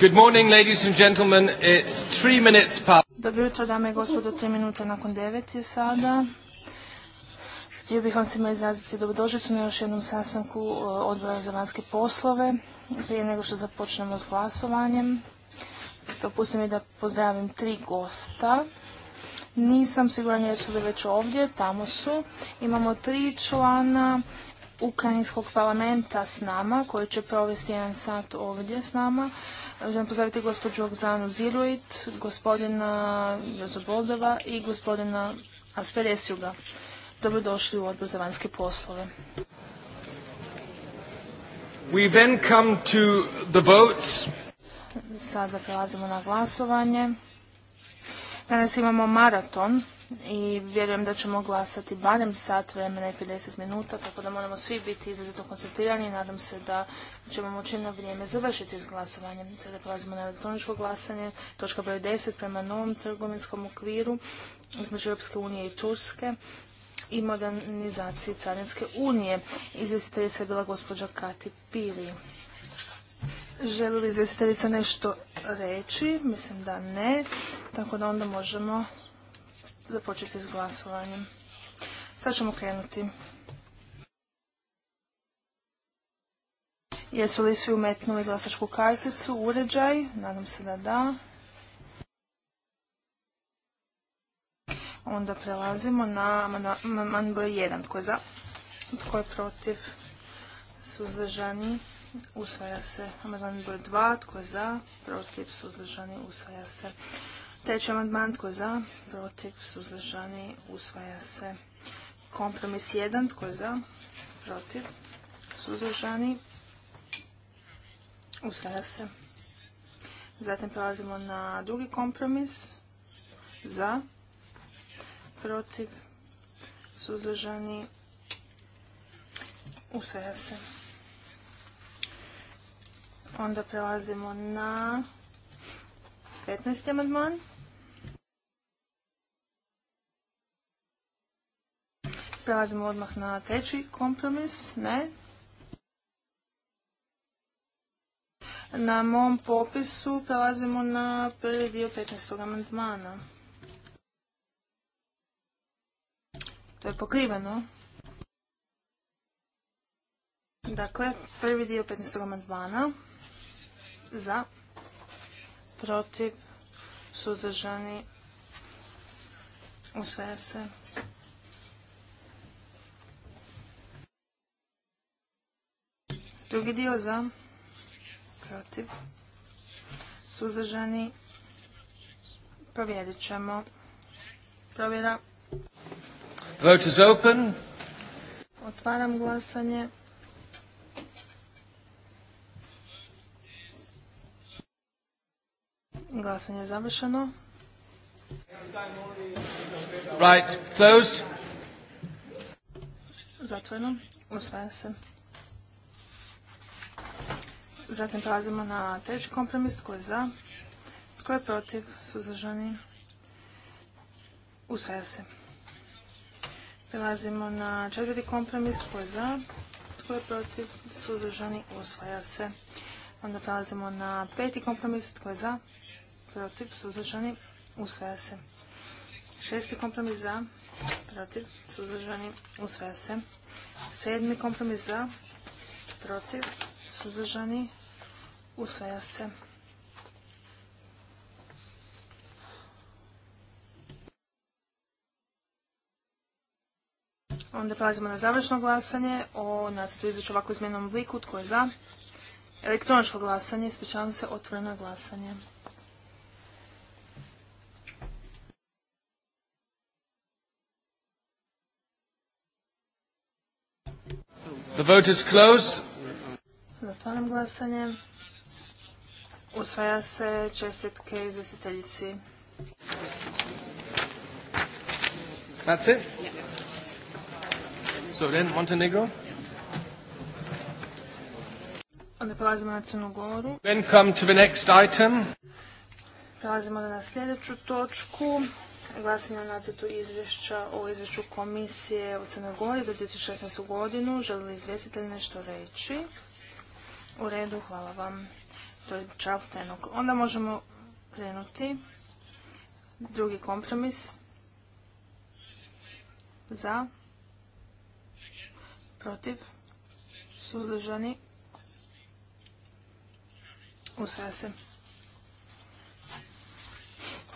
Good morning, ladies and gentlemen. It's three minutes past. Dobro jutro, dame i gospodo, tri minute nakon devet je sada. Htio bih vam svima izraziti dobrodošlicu na još jednom sastanku e, odbora za vanjske poslove. Prije nego što započnemo s glasovanjem, dopustite mi da pozdravim tri gosta. Nisam siguran jesu li već ovdje, tamo su. Imamo tri člana Ukrajinskog parlamenta s nama, koji će provesti jedan sat ovdje s nama. Želim pozdraviti gospođu Oksanu Ziruit, gospodina Jozo i gospodina Asperesjuga. Dobrodošli u odbor za vanjske poslove. We then come to the votes. Sada prelazimo na glasovanje. Danas imamo maraton i vjerujem da ćemo glasati barem sat vremena i 50 minuta, tako da moramo svi biti izrazito koncentrirani i nadam se da ćemo moći na vrijeme završiti s glasovanjem. Sada prelazimo na elektroničko glasanje, točka broj 10 prema novom trgovinskom okviru između Europske unije i Turske i modernizaciji Carinske unije. Izvjestiteljica je bila gospođa Kati Pili Želi li izvjestiteljica nešto reći? Mislim da ne, tako da onda možemo započeti s glasovanjem. Sad ćemo krenuti. Jesu li svi umetnuli glasačku karticu, uređaj? Nadam se da da. Onda prelazimo na amandman broj 1. Tko je za? Tko je protiv? Suzdržani? Usvaja se. Amandman broj 2. Tko je za? Protiv? Suzdržani? Usvaja se. Treći amandman tko je za, protiv, suzdržani, usvaja se. Kompromis 1 tko je za, protiv, suzdržani, usvaja se. Zatim prelazimo na drugi kompromis za, protiv, suzdržani, usvaja se. Onda prelazimo na 15. amandman. Prelazimo odmah na treći kompromis. Ne. Na mom popisu prelazimo na prvi dio 15. amandmana. To je pokriveno. Dakle, prvi dio 15. amandmana za, protiv, suzdržani, usvaja se. Drugi dio za, protiv, suzdržani, provjerit ćemo. Provjera. Vote is open. Otvaram glasanje. Glasanje je završeno. Right, closed. Zatvoreno. se. Zatim prelazimo na treći kompromis. Tko je za? Tko je protiv? Suzdržani? Usvaja se. Prelazimo na četvrti kompromis. Tko je za? Tko je protiv? Suzdržani? Usvaja se. Onda prelazimo na peti kompromis. Tko je za? Protiv? Suzdržani? Usvaja se. Šesti kompromis za? Protiv? Suzdržani? Usvaja se. Sedmi kompromis za? Protiv? Suzdržani? Usvaja se. Onda prelazimo na završno glasanje o nacrtu izvješću ovako izmjenom obliku. Tko je za? Elektroničko glasanje, ispričavam se, otvoreno glasanje. The Zatvaram glasanje. Usvaja se čestitke izvjestiteljici. Onda prelazimo na Crnu Goru. Prelazimo na sljedeću točku. Glasanje o nacrtu izvješća o izvješću komisije u Crnoj Gori za 2016. godinu. Želi li izvjestitelj nešto reći? U redu, hvala vam. To je Charles Tenok. Onda možemo krenuti. Drugi kompromis. Za. Protiv. Suzdržani. Usvaja se.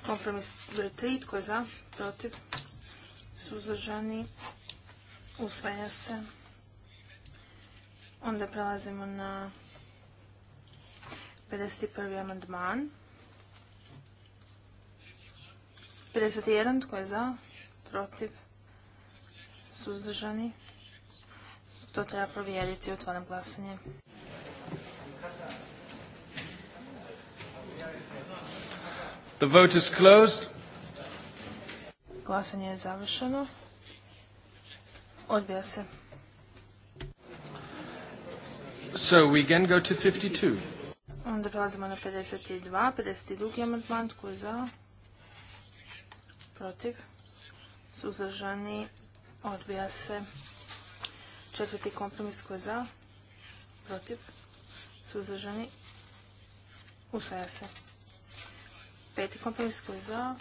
Kompromis broj 3. Tko je za? Protiv. Suzdržani. Usvaja se. Onda prelazimo na 51. amandman. 51. Tko je za? Protiv? Suzdržani? To treba provjeriti. u Otvaram glasanje. The vote is closed. Glasanje je završeno. Odbija se. So we again go to 52. Onda prelazimo na 52. 52. amandman. Tko je za? Protiv? Suzdržani? Odbija se. Četvrti kompromis. Tko je za? Protiv? Suzdržani? Usvaja se. Peti kompromis. Tko je za?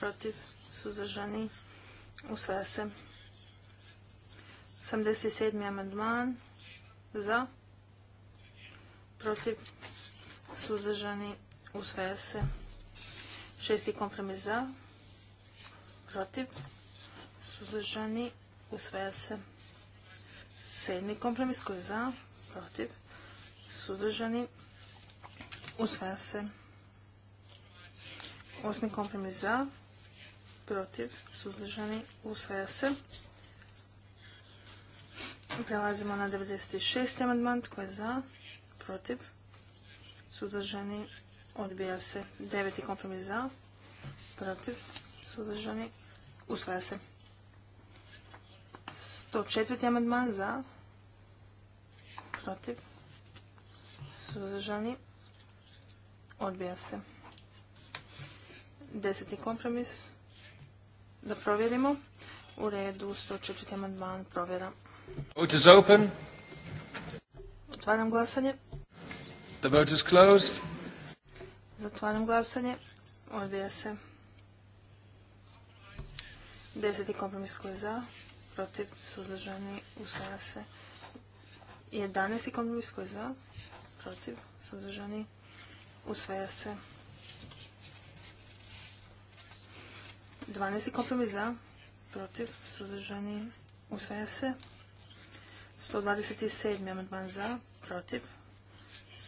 Protiv? Suzdržani? Usvaja se. 77. amandman. Za? protiv, suzdržani, usvaja se. Šesti kompromis za, protiv, suzdržani, usvaja se. Sedmi kompromis koji je za, protiv, suzdržani, usvaja se. Osmi kompromis za, protiv, suzdržani, usvaja se. Prelazimo na 96. amandman, tko je za, protiv, suzdržani, odbija se. Deveti kompromis za, protiv, suzdržani, usvaja se. 104. amandman za, protiv, suzdržani, odbija se. Deseti kompromis, da provjerimo. U redu, 104. amandman provjera. Otvaram glasanje. The vote is closed. Zatvaram glasanje. Odbija se. Deseti kompromis koji je za, protiv, suzdržani, usvaja se. Jedanesti kompromis koji je za, protiv, suzdržani, usvaja se. Dvanesti kompromis za, protiv, suzdržani, usvaja se. 127. amandman za, protiv,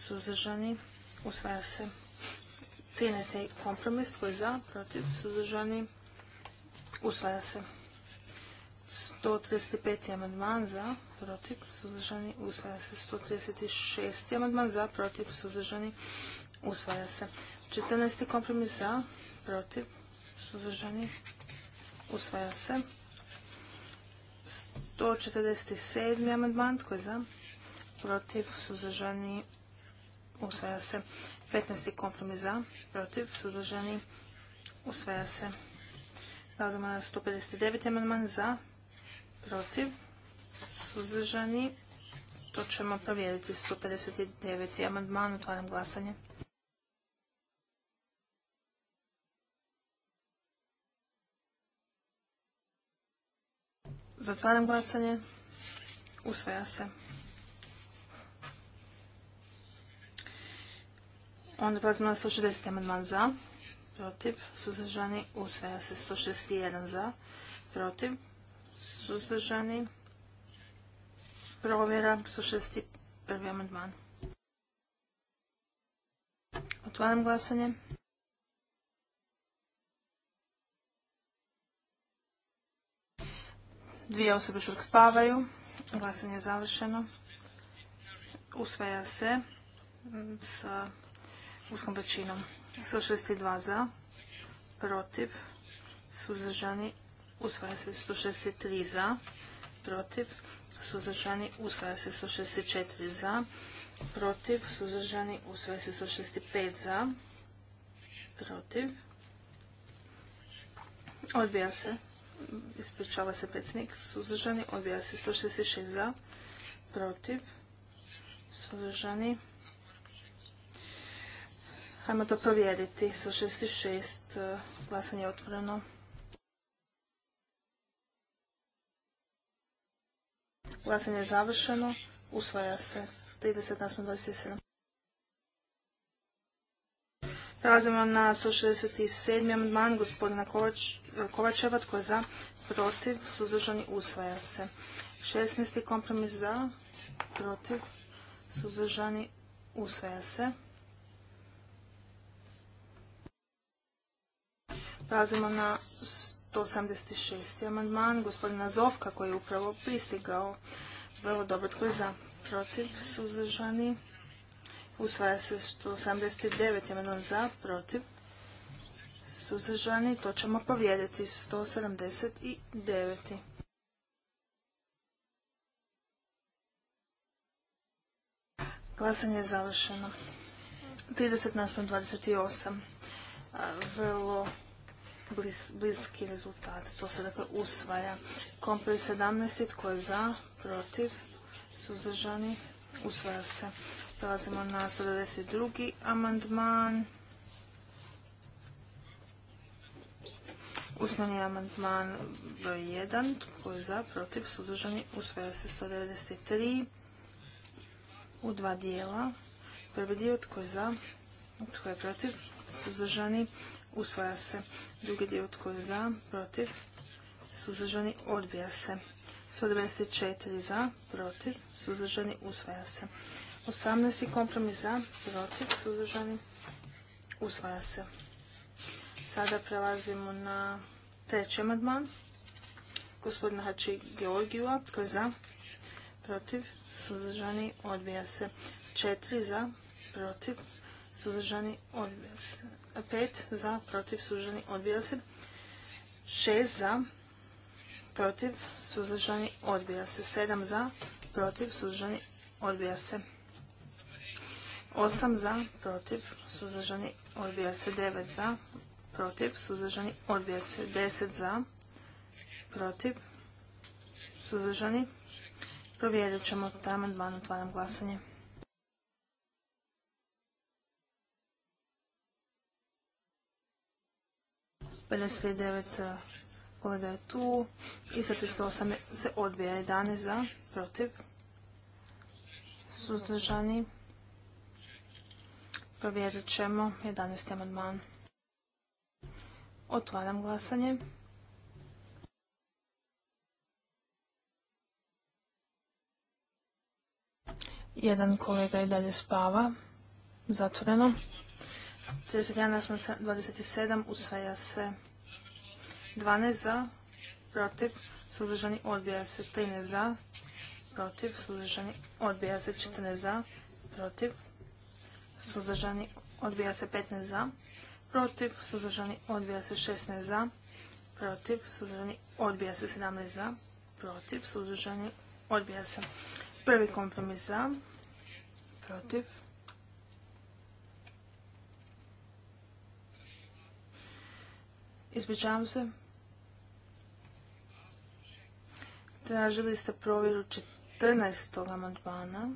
suzdržani, usvaja se. 13. kompromis, tko je za, protiv, suzdržani, usvaja se. 135. amandman za, protiv, suzdržani, usvaja se. 136. amandman za, protiv, suzdržani, usvaja se. 14. kompromis za, protiv, suzdržani, usvaja se. 147. amandman, tko je za, protiv, suzdržani, usvaja se. 15. kompromis za, protiv, suzdržani, usvaja se. Razuma na 159. amandman za, protiv, suzdržani, to ćemo provjeriti. 159. amandman, otvaram glasanje. Zatvaram glasanje. Usvaja se. Onda prelazimo na 160. amandman za, protiv, suzdržani, usvaja se 161 za, protiv, suzdržani, provjera 161. amandman. Otvaram glasanje. Dvije osobe što spavaju. Glasanje je završeno. Usvaja se sa uskom većinom. 162 za, protiv, suzdržani, usvaja se 163 za, protiv, suzdržani, usvaja se 164 za, protiv, suzdržani, usvaja se 165 za, protiv, odbija se, ispričava se pecnik, suzdržani, odbija se 166 za, protiv, suzdržani, Hajmo to provjeriti. 166 e, glasanje je otvoreno. Glasanje je završeno. Usvaja se. 30 nasmo 27. Prelazimo na 167. amandman gospodina e, Kovačeva, tko je za, protiv, suzdržani, usvaja se. 16. kompromis za, protiv, suzdržani, usvaja se. Prelazimo na 186. amandman gospodina Zovka koji je upravo pristigao. Vrlo dobro tko je za protiv suzdržani. Usvaja se 179. amandman za protiv suzdržani. To ćemo povijediti. 179. Glasanje je završeno. 30 naspram 28. Vrlo bliski rezultat. To se dakle usvaja. Kompromis 17. Tko je za? Protiv? Suzdržani? Usvaja se. Prelazimo na 192. amandman. usmeni amandman broj 1. Tko je za? Protiv? Suzdržani? Usvaja se. 193. U dva dijela. Prvi dio. Tko je za? Tko je protiv? Suzdržani? Usvaja usvaja se. Drugi dio tko je za, protiv, suzdržani, odbija se. 194 za, protiv, suzdržani, usvaja se. 18. kompromis za, protiv, suzdržani, usvaja se. Sada prelazimo na treći amandman gospodina Hači Georgijua, tko je za, protiv, suzdržani, odbija se. 4 za, protiv, suzdržani, odbija se. 5 za, protiv, suzdržani, odbija se. 6 za, protiv, suzdržani, odbija se. 7 za, protiv, suzdržani, odbija se. 8 za, protiv, suzdržani, odbija se. 9 za, protiv, suzdržani, odbija se. 10 za, protiv, suzdržani. Provjerit ćemo taj amandman, otvaram glasanje. 59 e, kolega je tu i sa 308 se odbija 11 za, protiv, suzdržani. Provjerit ćemo 11. amandman. Otvaram glasanje. Jedan kolega i dalje spava. Zatvoreno. 31 usvaja se. 12 za, protiv, suzdržani odbija se. 13 za, protiv, suzdržani odbija se. 14 za, protiv, suzdržani odbija se. 15 za, protiv, suzdržani odbija se. 16 za, protiv, suzdržani odbija se. 17 za, protiv, suzdržani odbija se. Prvi kompromis za, protiv, Ispričavam se. Tražili ste provjeru 14. amandmana.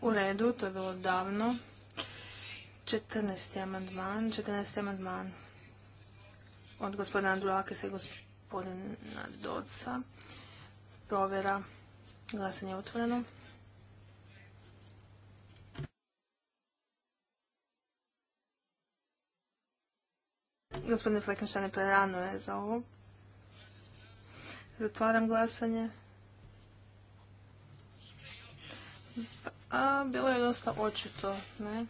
U redu, to je bilo davno. 14. amandman, 14. amandman od gospodina Andrulakisa i gospodina Doca. Provjera, glasanje je otvoreno. Gospodine Flekenštane, prerano je za ovo. Zatvaram glasanje. A, bilo je dosta očito, ne?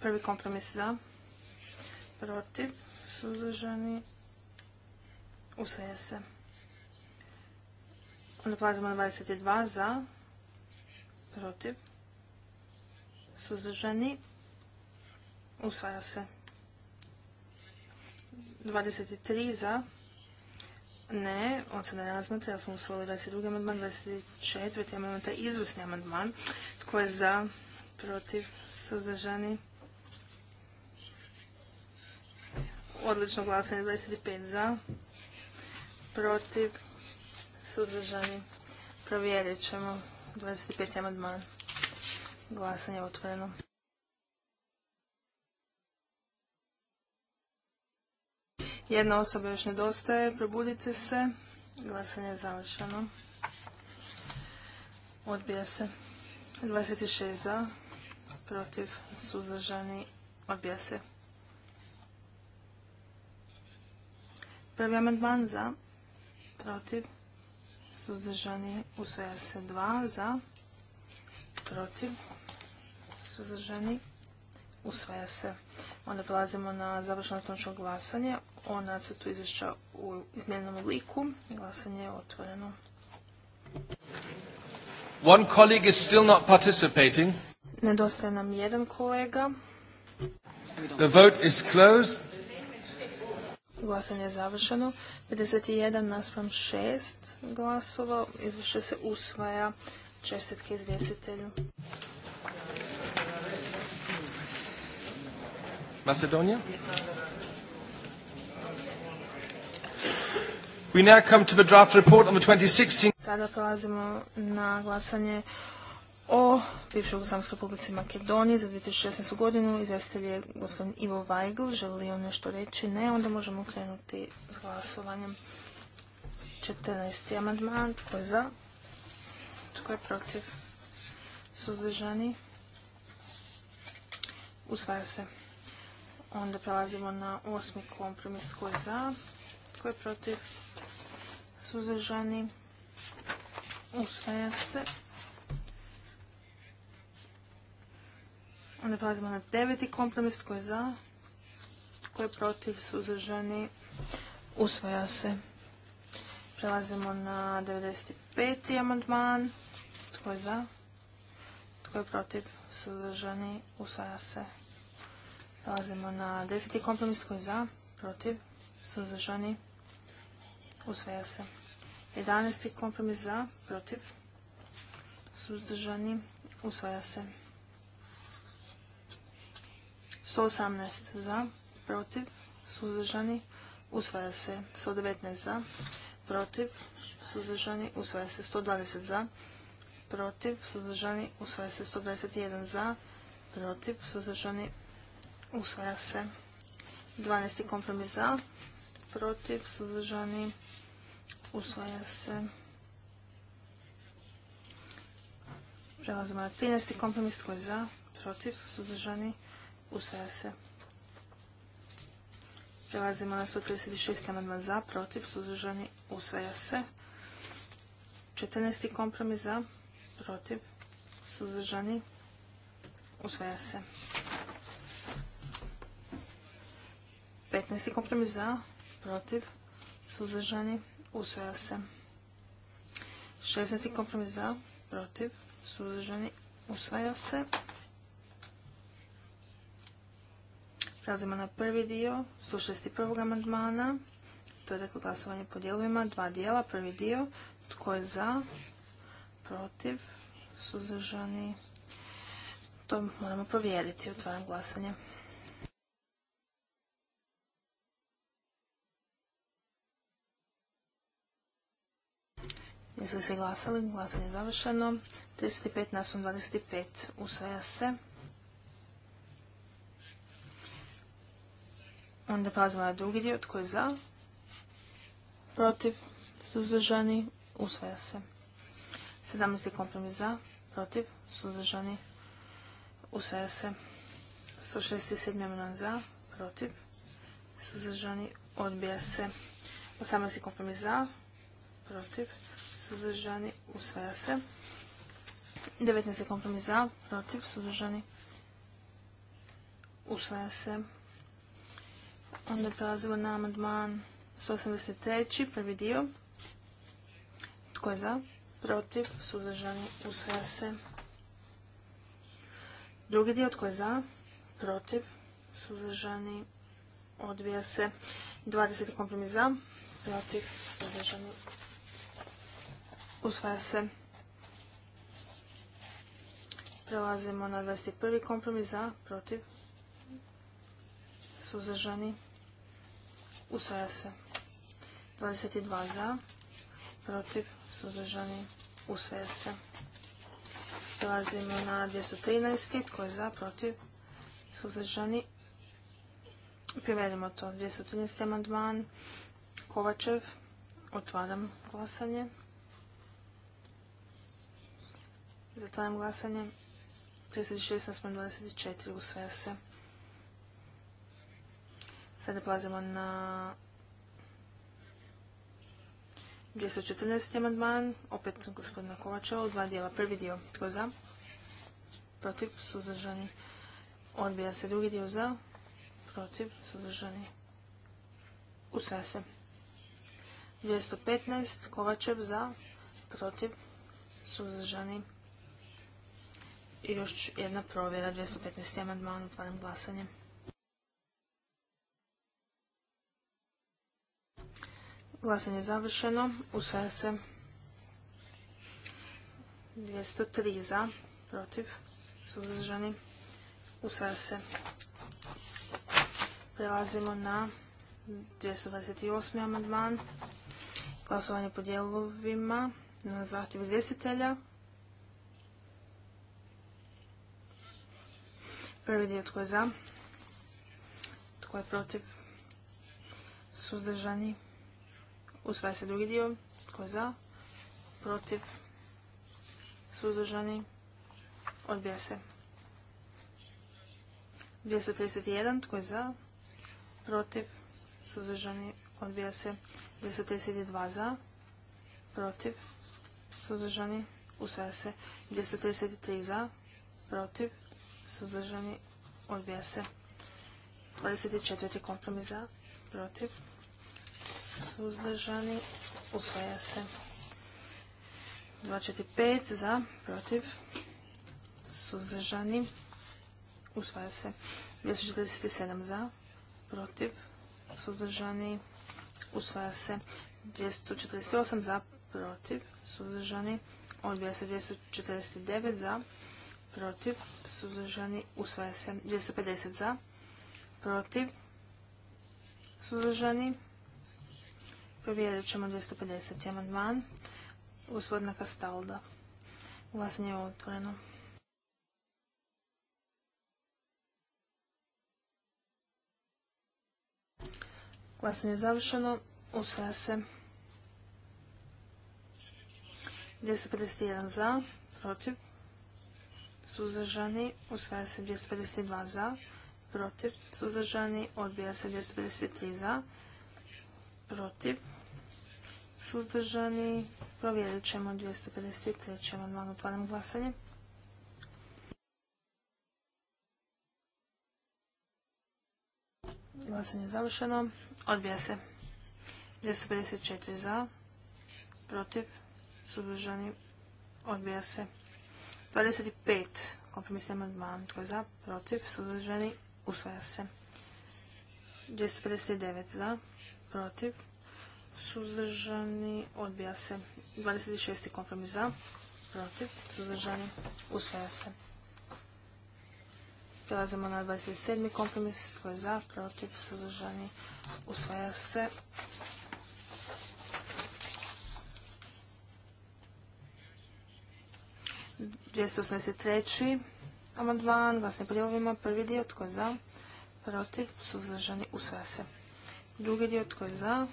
Prvi kompromis za, protiv, suzdržani, Usaje se. Onda plazimo na 22 za, protiv, suzdržani, usvaja se. 23 za, ne, on se ne razmatra, ja smo usvojili 22. amandman, 24. amandman, taj izvrsni amandman. Tko je za, protiv, suzdržani? Odlično glasanje, 25 za, protiv, suzdržani. Provjerit ćemo 25. amandman. Glasanje je otvoreno. Jedna osoba još nedostaje. Probudite se. Glasanje je završeno. Odbija se. 26 za. Protiv. Suzdržani. Odbija se. Prvi amandman za. Protiv. Suzdržani. Usvaja se. dva za protiv, suzdržani, usvaja se. Onda prelazimo na završeno tonično glasanje o nacrtu izvješća u izmijenjenom obliku. Glasanje je otvoreno. One colleague is still not participating. Nedostaje nam jedan kolega. The vote is closed. Glasanje je završeno. 51 naspram 6 glasova. Izvješće se usvaja. Čestitke izvjestitelju. Macedonija? We now come to the draft report on the 2016... Sada prolazimo na glasanje o bivšoj ugosanskoj republici Makedoniji za 2016. godinu. Izvjestitelj je gospodin Ivo Vajgl. Želi li on nešto reći? Ne, onda možemo krenuti s glasovanjem. 14. amandman. Tko je za? Tko je protiv? Suzdržani? Usvaja se. Onda prelazimo na osmi kompromis. Tko je za? Tko je protiv? Suzdržani? Usvaja se. Onda prelazimo na deveti kompromis. Tko je za? Tko je protiv? Suzdržani? Usvaja se. Prelazimo na 95. amandman. Tko je za? Tko je protiv? Suzdržani? Usvaja se. Prelazimo na deseti kompromis. Tko je za? Protiv? Suzdržani? Usvaja se. Jedanesti kompromis za? Protiv? Suzdržani? Usvaja se. 118 za? Protiv? Suzdržani? Usvaja se. 119 za? Protiv? Suzdržani? Usvaja se. 120 za? protiv, suzdržani, usvaja se 121 za, protiv, suzdržani, usvaja se 12. kompromis za, protiv, suzdržani, usvaja se. Prelazimo na 13. kompromis tko je za, protiv, suzdržani, usvaja se. Prelazimo na 136. amandman za, protiv, suzdržani, usvaja se. 14. kompromis za, protiv, suzdržani, usvaja se. 15. kompromis za, protiv, suzdržani, usvaja se. 16. kompromis za, protiv, suzdržani, usvaja se. Prelazimo na prvi dio 161. amandmana. To je dakle glasovanje po dijelovima, dva dijela, prvi dio, tko je za, protiv, suzdržani. To moramo provjeriti. Otvaram glasanje. nisu li glasali? Glasanje je završeno. 35 nasom 25 usvaja se. Onda prelazimo na drugi dio. Tko je za? Protiv? Suzdržani? Usvaja se. 17. kompromis za, protiv, suzdržani, usvaja se. 167. amandman za, protiv, suzdržani, odbija se. 18. kompromis za, protiv, suzdržani, usvaja se. 19. kompromis za, protiv, suzdržani, usvaja se. Onda prelazimo na amandman 183. prvi dio. Tko je za? protiv, suzdržani, usvaja se. Drugi dio tko je za, protiv, suzdržani, odvija se. 20. kompromis za, protiv, suzdržani, usvaja se. Prelazimo na 21. kompromis za, protiv, suzdržani, usvaja se. 22 za, protiv, suzdržani, usvaja se. Prelazimo na 213. Tko je za, protiv, suzdržani, Privedimo to. 213. amandman. Kovačev. Otvaram glasanje. Zatvaram glasanje. 24. Usvaja se. Sada plazimo na 214. amandman, opet gospodina Kovačeva, u dva dijela. Prvi dio, tko za? Protiv, suzdržani. Odbija se drugi dio za, protiv, suzdržani. sve se. 215. Kovačev za, protiv, suzdržani. I još jedna provjera, 215. amandman, otvaram glasanje. Glasanje je završeno. Usvaja se 203 za, protiv, suzdržani. Usvaja se. Prelazimo na 228. amandman. Glasovanje po dijelovima na zahtjev izvjestitelja. Prvi dio tko je za, tko je protiv, suzdržani, Usvaja se drugi dio. Tko je za? Protiv? Suzdržani? Odbija se. 231. Tko je za? Protiv? Suzdržani? Odbija se. 232 za. Protiv? Suzdržani? Usvaja se. 233 za. Protiv? Suzdržani? Odbija se. 24. kompromis za. Protiv? suzdržani, usvaja se. 245 za, protiv, suzdržani, usvaja se. 247 za, protiv, suzdržani, usvaja se. 248 za, protiv, suzdržani, odbija se. 249 za, protiv, suzdržani, usvaja se. 250 za, protiv, suzdržani, Provjerit ćemo 250. amandman gospodina Kastalda. Glasanje je otvoreno. Glasanje je završeno. Usvaja se. 251 za, protiv, suzdržani, usvaja se 252 za, protiv, suzdržani, odbija se 253 za, protiv, suzdržani. Provjerit ćemo 253. amandman. Otvaram glasanje. Glasanje je završeno. Odbija se. 254 za, protiv, suzdržani. Odbija se. 25 kompromisni amandman. Tko je za, protiv, suzdržani. Usvaja se. 259 za, protiv, suzdržani, odbija se. 26. kompromis za, protiv, suzdržani, usvaja se. Prelazimo na 27. kompromis, tko je za, protiv, suzdržani, usvaja se. treći amandman, glasni prilovima, prvi dio, tko je za, protiv, suzdržani, usvaja se. Drugi dio, tko je za,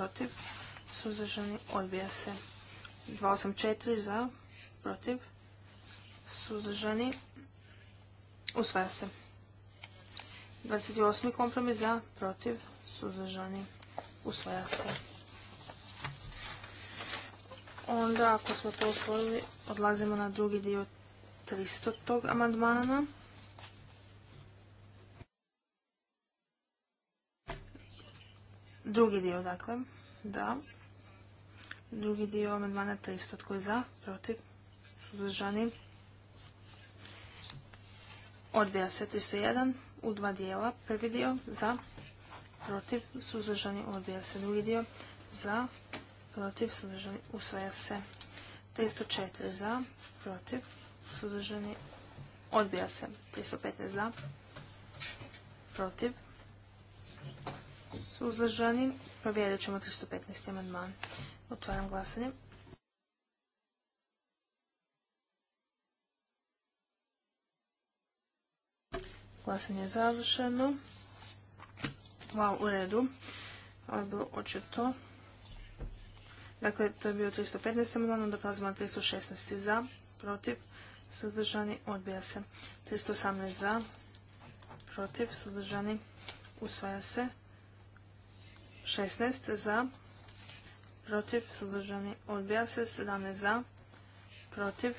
protiv, suzdržani, odbija se. 284 za, protiv, suzdržani, usvaja se. 28. kompromis za, protiv, suzdržani, usvaja se. Onda, ako smo to usvojili, odlazimo na drugi dio 300. amandmana. Drugi dio, dakle, da. Drugi dio amandmana 300. Tko je za? Protiv? Suzdržani? Odbija se 301 u dva dijela. Prvi dio za, protiv, suzdržani, odbija se. Drugi dio za, protiv, suzdržani, usvaja se. 304 za, protiv, suzdržani, odbija se. 315 za, protiv, Suzdržani. Provjerit ćemo 315. amandman. Otvaram glasanje. Glasanje je završeno. Wow, u redu. Ovo je bilo očito. Dakle, to je bio 315. amandman, onda prelazimo 316. za, protiv, suzdržani, odbija se. 318 za, protiv, suzdržani, usvaja se. 16 za, protiv, suzdržani, odbija se. 17 za, protiv,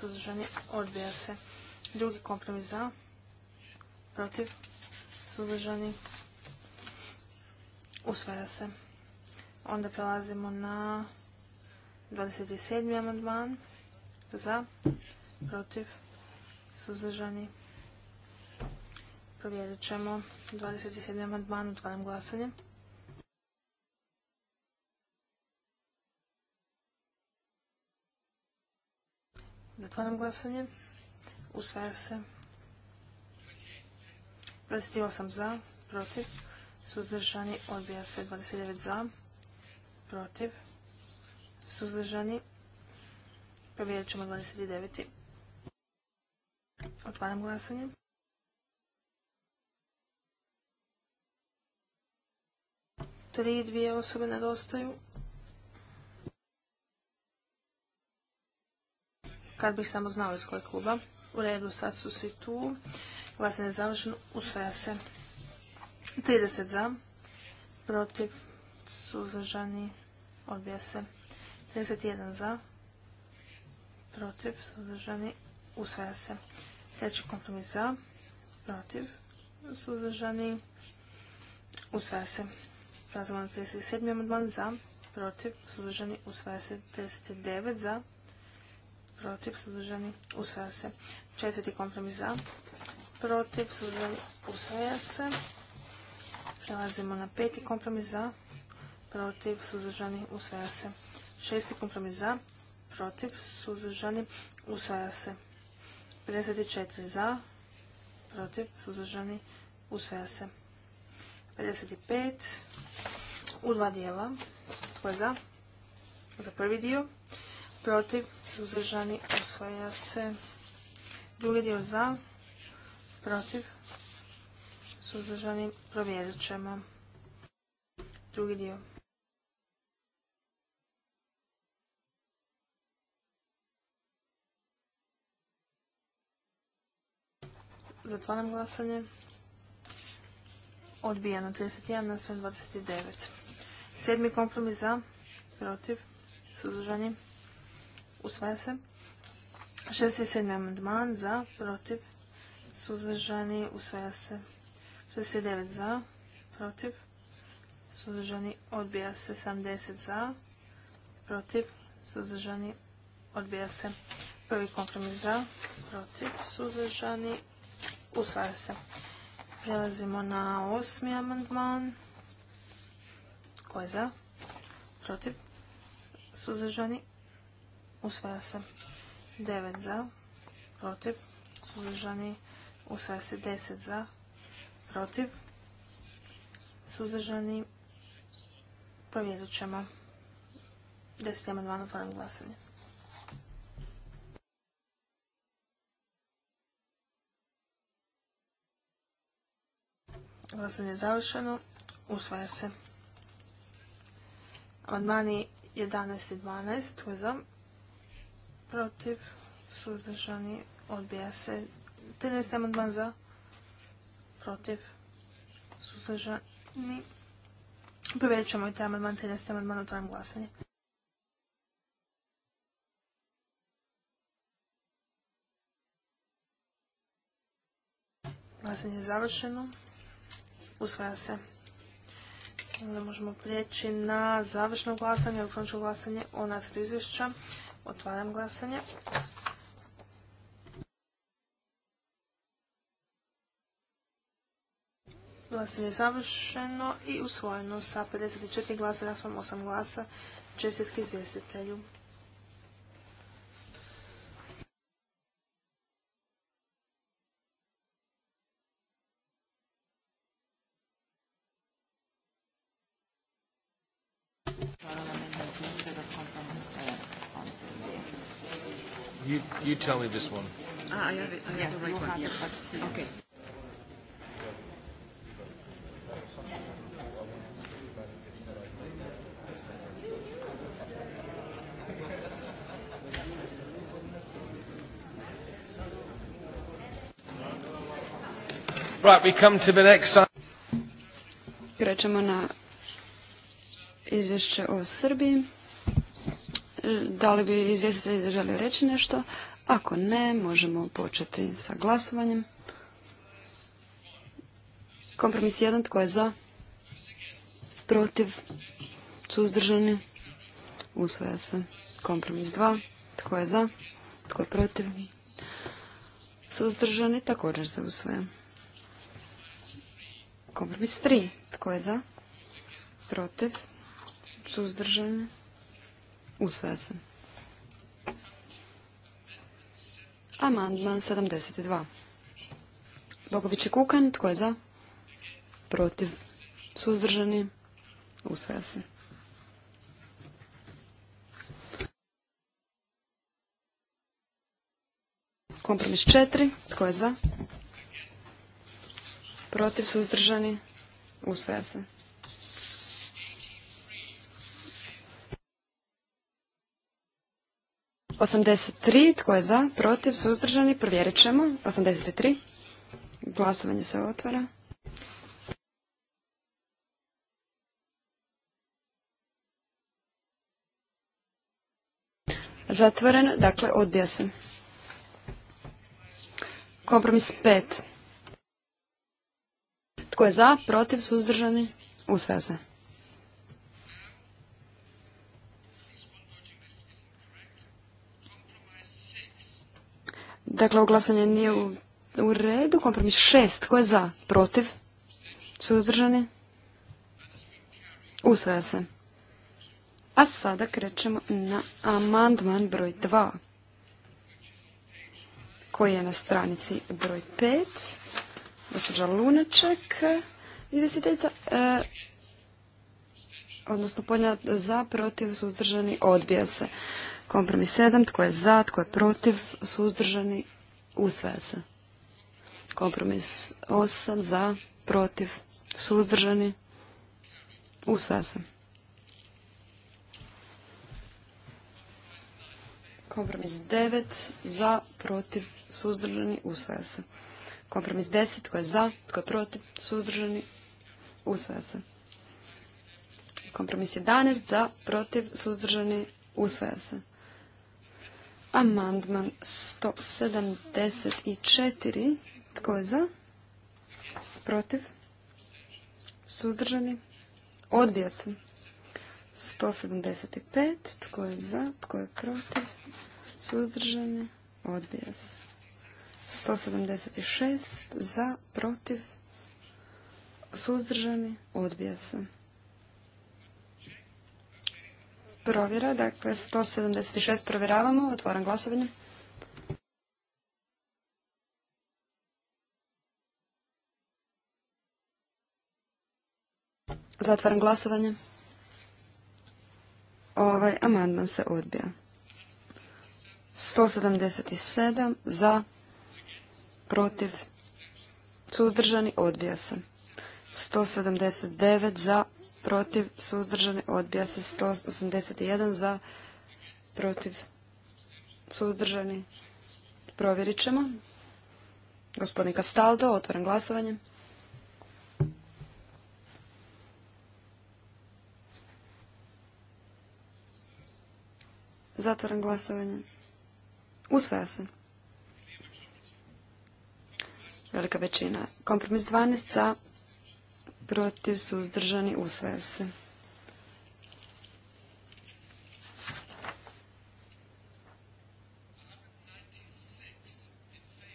suzdržani, odbija se. Drugi kompromis za, protiv, suzdržani, usvaja se. Onda prelazimo na 27. amandman za, protiv, suzdržani. Provjerit ćemo 27. amandman, otvaram glasanje. Zatvaram glasanje. Usvaja se. 28 za, protiv. Suzdržani odbija se. 29 za, protiv. Suzdržani. Provjerit ćemo 29. Otvaram glasanje. Tri, dvije osobe nedostaju. Kad bih samo znao iz kojeg kluba. U redu, sad su svi tu. Glasanje je završeno. Usvaja se. 30 za. Protiv. Suzdržani. Odbija se. 31 za. Protiv. Suzdržani. Usvaja se. Treći kompromis za. Protiv. Suzdržani. Usvaja se. trideset 37. amandman za. Protiv. Suzdržani. Usvaja se. 39 za protiv, suzdržani, usvaja se. Četvrti kompromis za, protiv, suzdržani, usvaja se. Prelazimo na peti kompromis za, protiv, suzdržani, usvaja se. Šesti kompromis za, protiv, suzdržani, usvaja se. 54 za, protiv, suzdržani, usvaja se. 55 u dva dijela. Tko je za? Za prvi dio protiv, suzdržani, usvaja se. Drugi dio za, protiv, suzdržani, provjerit ćemo. Drugi dio. Zatvaram glasanje. Odbijeno 31 na 29. Sedmi kompromis za, protiv, suzdržani, usvaja se. 67. amandman za, protiv, suzdržani, usvaja se. 69 za, protiv, suzdržani, odbija se. 70 za, protiv, suzdržani, odbija se. Prvi kompromis za, protiv, suzdržani, usvaja se. Prelazimo na osmi amandman. Tko je za? Protiv? Suzdržani? usvaja se 9 za, protiv, suzdržani, usvaja se 10 za, protiv, suzdržani, provjerit ćemo. 10 amandman otvaram glasanje. Glasanje je završeno. Usvaja se. Amandmani 11 i 12. tu je za? protiv, suzdržani, odbija se. 13. amandman za, protiv, suzdržani. Provjerit ćemo i taj amandman, 13. amandman, trajem glasanje. Glasanje je završeno. Usvaja se. Onda možemo prijeći na završno glasanje, elektroničko glasanje o nacrtu izvješća. Otvaram glasanje. Glasanje je završeno i usvojeno sa 54 glasa, sam 8 glasa. Čestitke izvjestitelju. you tell me this one. Ah, I have it. I have the right one. yes. Okay. Right, we come to the next... Krećemo na izvješće o Srbiji. E, da li bi izvjestitelji želi reći nešto? Ako ne, možemo početi sa glasovanjem. Kompromis 1. Tko je za? Protiv? Suzdržani? usvoja se. Kompromis 2. Tko je za? Tko je protiv? Suzdržani? Također se usvaja. Kompromis 3. Tko je za? Protiv? Suzdržani? usvoja se. Amandman 72. Bogović i Kukan, tko je za? Protiv. Suzdržani. Usvaja se. Kompromis 4. Tko je za? Protiv. Suzdržani. Usvaja se. 83. Tko je za? Protiv? Suzdržani? Provjerit ćemo. 83. Glasovanje se otvara. Zatvoren, dakle odbija se. Kompromis 5. Tko je za? Protiv? Suzdržani? Usvaja se. Dakle, oglasanje nije u, redu. Kompromis šest. Ko je za? Protiv? Suzdržani? Usvaja se. A sada krećemo na amandman broj 2, koji je na stranici broj 5. Gospođa Lunaček, i e, odnosno podnijela za, protiv, suzdržani, odbija se. Kompromis 7, tko je za, tko je protiv, suzdržani, usvaja se. Kompromis 8, za, protiv, suzdržani, usvaja se. Kompromis 9, za, protiv, suzdržani, usvaja se. Kompromis 10, tko je za, tko je protiv, suzdržani, usvaja se. Kompromis 11 za, protiv, suzdržani, usvaja se. Amandman 174. Tko je za? Protiv? Suzdržani? Odbija se. 175. Tko je za? Tko je protiv? Suzdržani? Odbija se. 176. Za? Protiv? Suzdržani? Odbija se. Provjera, dakle 176 provjeravamo, otvaram glasovanje. Zatvaram glasovanje. Ovaj amandman se odbija. 177 za, protiv, suzdržani, odbija se. 179 za, protiv, suzdržani, odbija se 181 za, protiv, suzdržani. Provjerit ćemo. Gospodin Kastaldo, otvoren glasovanje. Zatvoren glasovanje. Usvaja se. Velika većina. Kompromis 12 sa protiv, suzdržani, usvaja se.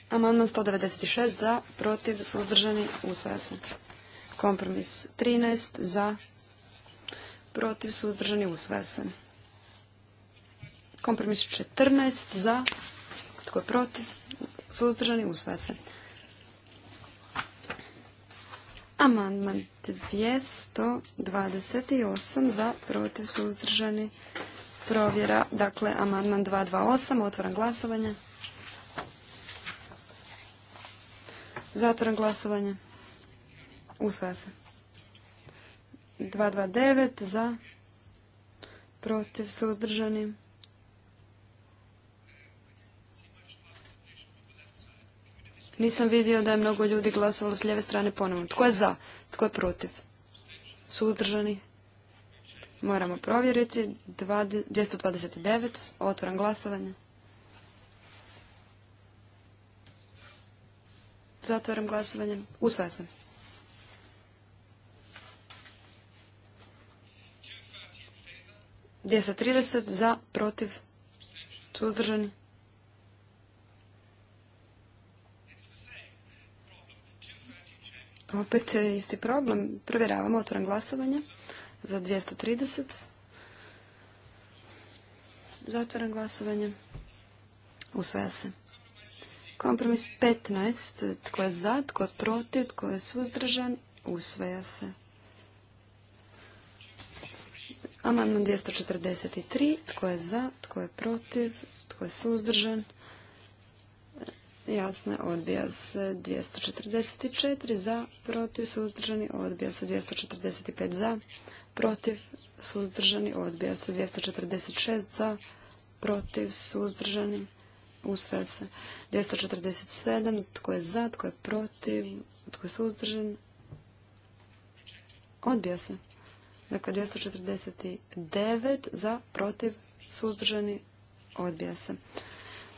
Amandman 196 za, protiv, suzdržani, usvaja se. Kompromis 13 za, protiv, suzdržani, usvaja se. Kompromis 14 za, tko je protiv, suzdržani, usvaja se. Amandman 228 za protiv suzdržani provjera. Dakle, amandman 228. Otvoram glasovanje. Zatvoram glasovanje. Usvaja se. 229 za protiv suzdržani provjera. Nisam vidio da je mnogo ljudi glasovalo s lijeve strane ponovno. Tko je za? Tko je protiv? Suzdržani? Moramo provjeriti. 229. Otvoram glasovanje. Zatvaram glasovanje. Usvaja se. 30 za, protiv, suzdržani. Opet je isti problem. Provjeravamo, otvoren glasovanje za 230. zatvaram glasovanje. Usvaja se. Kompromis 15. Tko je za, tko je protiv, tko je suzdržan, usvaja se. Amandman 243. Tko je za, tko je protiv, tko je suzdržan, jasne, odbija se 244 za, protiv, suzdržani, odbija se 245 za, protiv, suzdržani, odbija se 246 za, protiv, suzdržani, usve se 247, tko je za, tko je protiv, tko je suzdržan, odbija se. Dakle, 249 za, protiv, suzdržani, odbija se.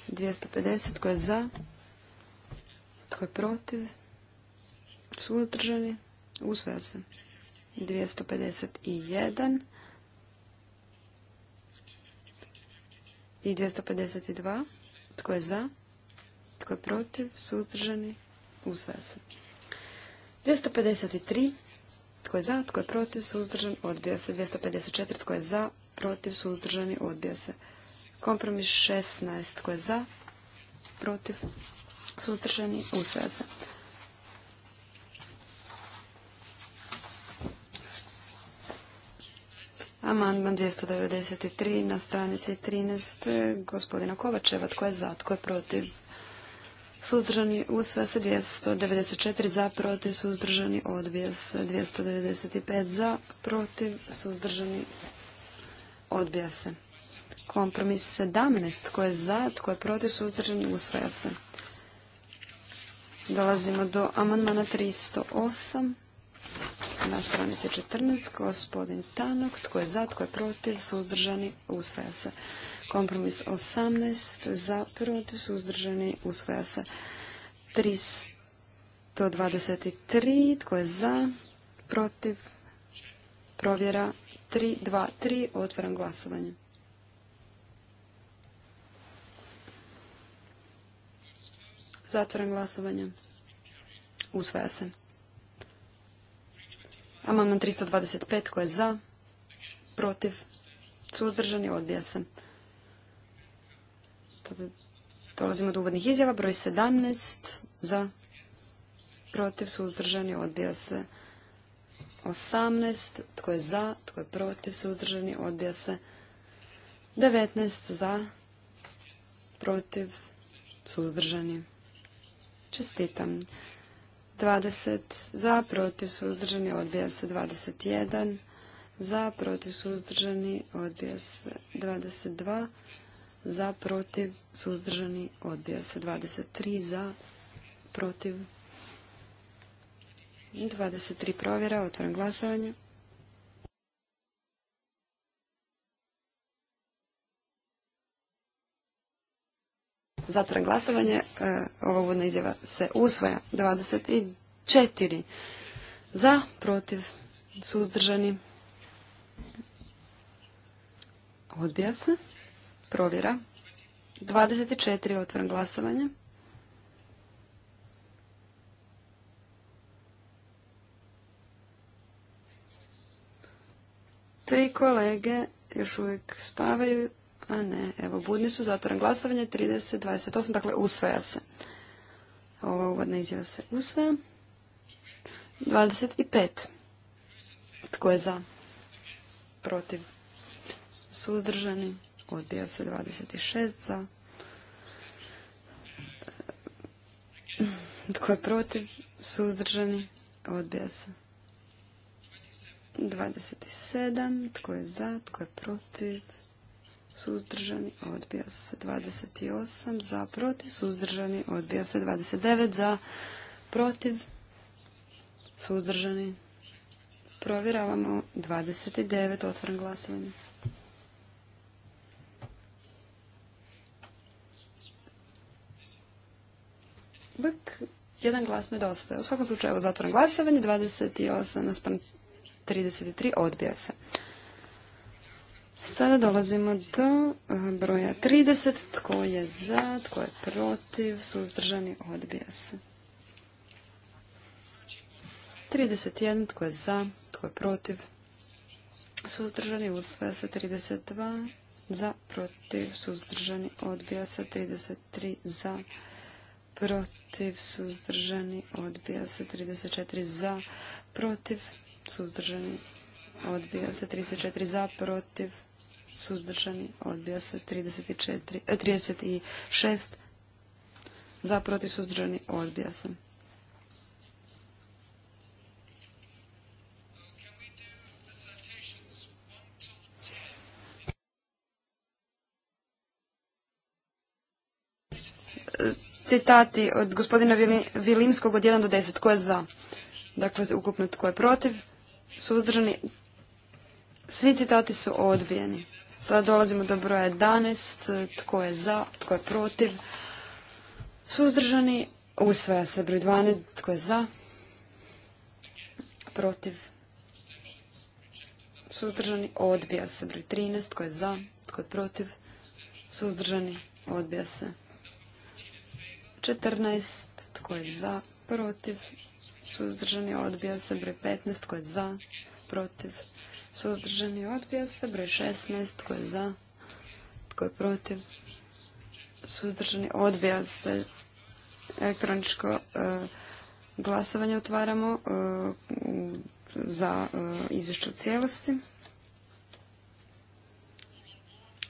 250 tko je za, tko je protiv? Suzdržani? Usvaja se. 251 i 252. Tko je za? Tko je protiv? Suzdržani? usvoja se. 253. Tko je za? Tko je protiv? Suzdržan? Odbija se. 254. Tko je za? Protiv? Suzdržani? Odbija se. Kompromis 16. Tko je za? Protiv? suzdržani, usvaja se. Amandman 293 na stranici 13 gospodina Kovačeva. Tko je za? Tko je protiv? Suzdržani usvaja se 294 za, protiv, suzdržani odbija se 295 za, protiv, suzdržani odbija se. Kompromis 17. Tko je za? Tko je protiv? Suzdržani usvaja se. Dolazimo do amandmana 308 na stranici 14. Gospodin Tanok, tko je za, tko je protiv, suzdržani, usvaja se. Kompromis 18, za, protiv, suzdržani, usvaja se. 323, tko je za, protiv, provjera 323, otvaram glasovanje. Zatvoren glasovanje. Usvaja se. Amandman 325 koje je za, protiv, suzdržani, odbija se. Tada dolazimo do uvodnih izjava. Broj 17 za, protiv, suzdržani, odbija se. 18, tko je za, tko je protiv, suzdržani, odbija se. 19 za, protiv, suzdržani, Čestitam. 20 za, protiv, suzdržani, odbija se 21. Za, protiv, suzdržani, odbija se 22. Za, protiv, suzdržani, odbija se 23. Za, protiv, 23 provjera, otvoram glasovanje. Zatvoren glasovanje. E, ova uvodna izjava se usvaja. 24 za, protiv, suzdržani. Odbija se. Provjera. 24 otvoren glasovanje. Tri kolege još uvijek spavaju. A ne, evo, budni su, zatvoren glasovanje, 30, 28, dakle, usvaja se. Ova uvodna izjava se usvaja. 25. Tko je za? Protiv. Suzdržani. Odbija se 26 za. Tko je protiv? Suzdržani. Odbija se. 27. Tko je za? Tko je protiv? suzdržani, odbija se 28 za, protiv, suzdržani, odbija se 29 za, protiv, suzdržani. Provjeravamo 29, otvoren glasovanje. Bk, jedan glas nedostaje. U svakom slučaju, zatvoren glasovanje, 28 naspram 33, odbija se. Sada dolazimo do eh, broja 30. Tko je za, tko je protiv, suzdržani, odbija se. 31. Tko je za, tko je protiv, suzdržani, usvaja se. 32. Za, protiv, suzdržani, odbija se. 33. Za, protiv, suzdržani, odbija se. 34. Za, protiv, suzdržani, odbija se. 34. Za, protiv, suzdržani, odbija se 34, 36, e, za protiv suzdržani, odbija se. Citati od gospodina Vilimskog od 1 do 10. Tko je za? Dakle, ukupno tko je protiv? Suzdržani. Svi citati su odbijeni. Sada dolazimo do broja 11. Tko je za? Tko je protiv? Suzdržani. Usvaja se broj 12. Tko je za? Protiv. Suzdržani. Odbija se broj 13. Tko je za? Tko je protiv? Suzdržani. Odbija se. 14. Tko je za? Protiv. Suzdržani. Odbija se broj 15. Tko je za? Protiv suzdržani, odbija se. Broj 16, tko je za, tko je protiv, suzdržani, odbija se. Elektroničko e, glasovanje otvaramo e, za izvješću izvješće u cijelosti.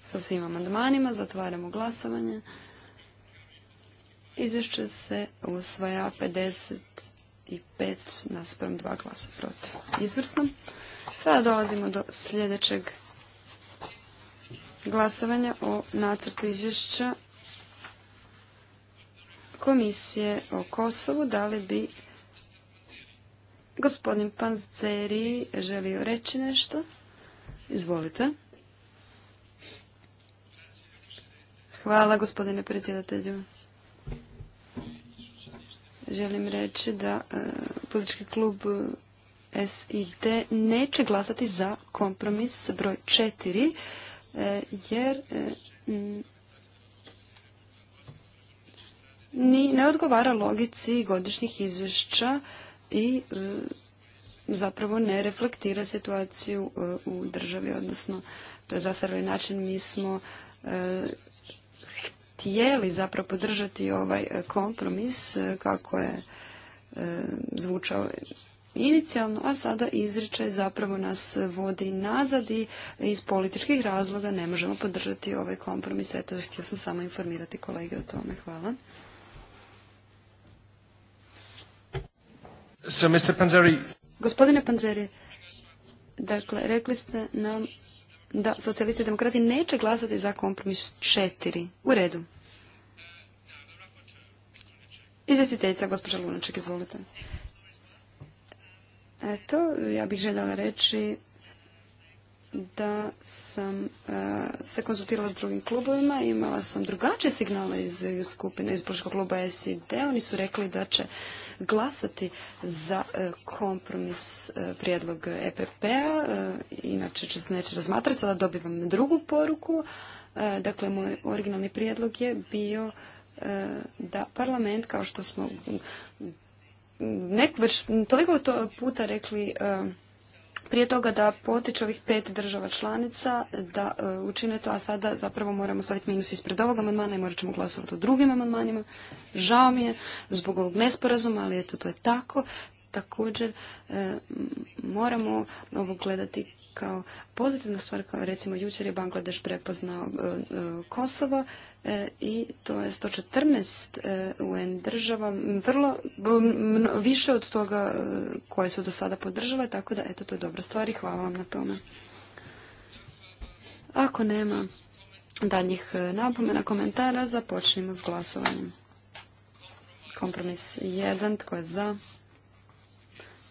Sa svim amandmanima zatvaramo glasovanje. Izvješće se usvaja 55 naspram dva glasa protiv. Izvrsno. Sada dolazimo do sljedećeg glasovanja o nacrtu izvješća komisije o Kosovu. Da li bi gospodin Panzeri želio reći nešto? Izvolite. Hvala gospodine predsjedatelju. Želim reći da e, politički klub SID neće glasati za kompromis broj četiri e, jer e, ni ne odgovara logici godišnjih izvješća i e, zapravo ne reflektira situaciju u državi, odnosno to je zasarali način. Mi smo htjeli zapravo podržati ovaj kompromis kako je zvučao inicijalno, a sada izričaj zapravo nas vodi nazad i iz političkih razloga ne možemo podržati ovaj kompromis. Eto, htio sam samo informirati kolege o tome. Hvala. Gospodine Panzeri, dakle, rekli ste nam da socijalisti i demokrati neće glasati za kompromis četiri. U redu. Izvjestiteljica, gospođa Lunaček, izvolite. Eto, ja bih željela reći da sam e, se konzultirala s drugim klubovima, imala sam drugačije signale iz skupine iz kluba SID, oni su rekli da će glasati za e, kompromis e, prijedlog EPP-a, inače će se neće razmatrati, sada dobivam drugu poruku, dakle moj originalni prijedlog je bio da parlament, kao što smo nek, već toliko to puta rekli e, prije toga da potiče ovih pet država članica da e, učine to, a sada zapravo moramo staviti minus ispred ovog amandmana i morat ćemo glasovati o drugim amandmanima. Žao mi je zbog ovog nesporazuma, ali eto to je tako. Također e, moramo ovo gledati kao pozitivna stvar, kao recimo jučer je Bangladeš prepoznao e, e, Kosovo e, i to je 114 UN država, vrlo više od toga koje su do sada podržale, tako da eto to je dobra stvar i hvala vam na tome. Ako nema daljih napomena, komentara, započnimo s glasovanjem. Kompromis 1, tko je za,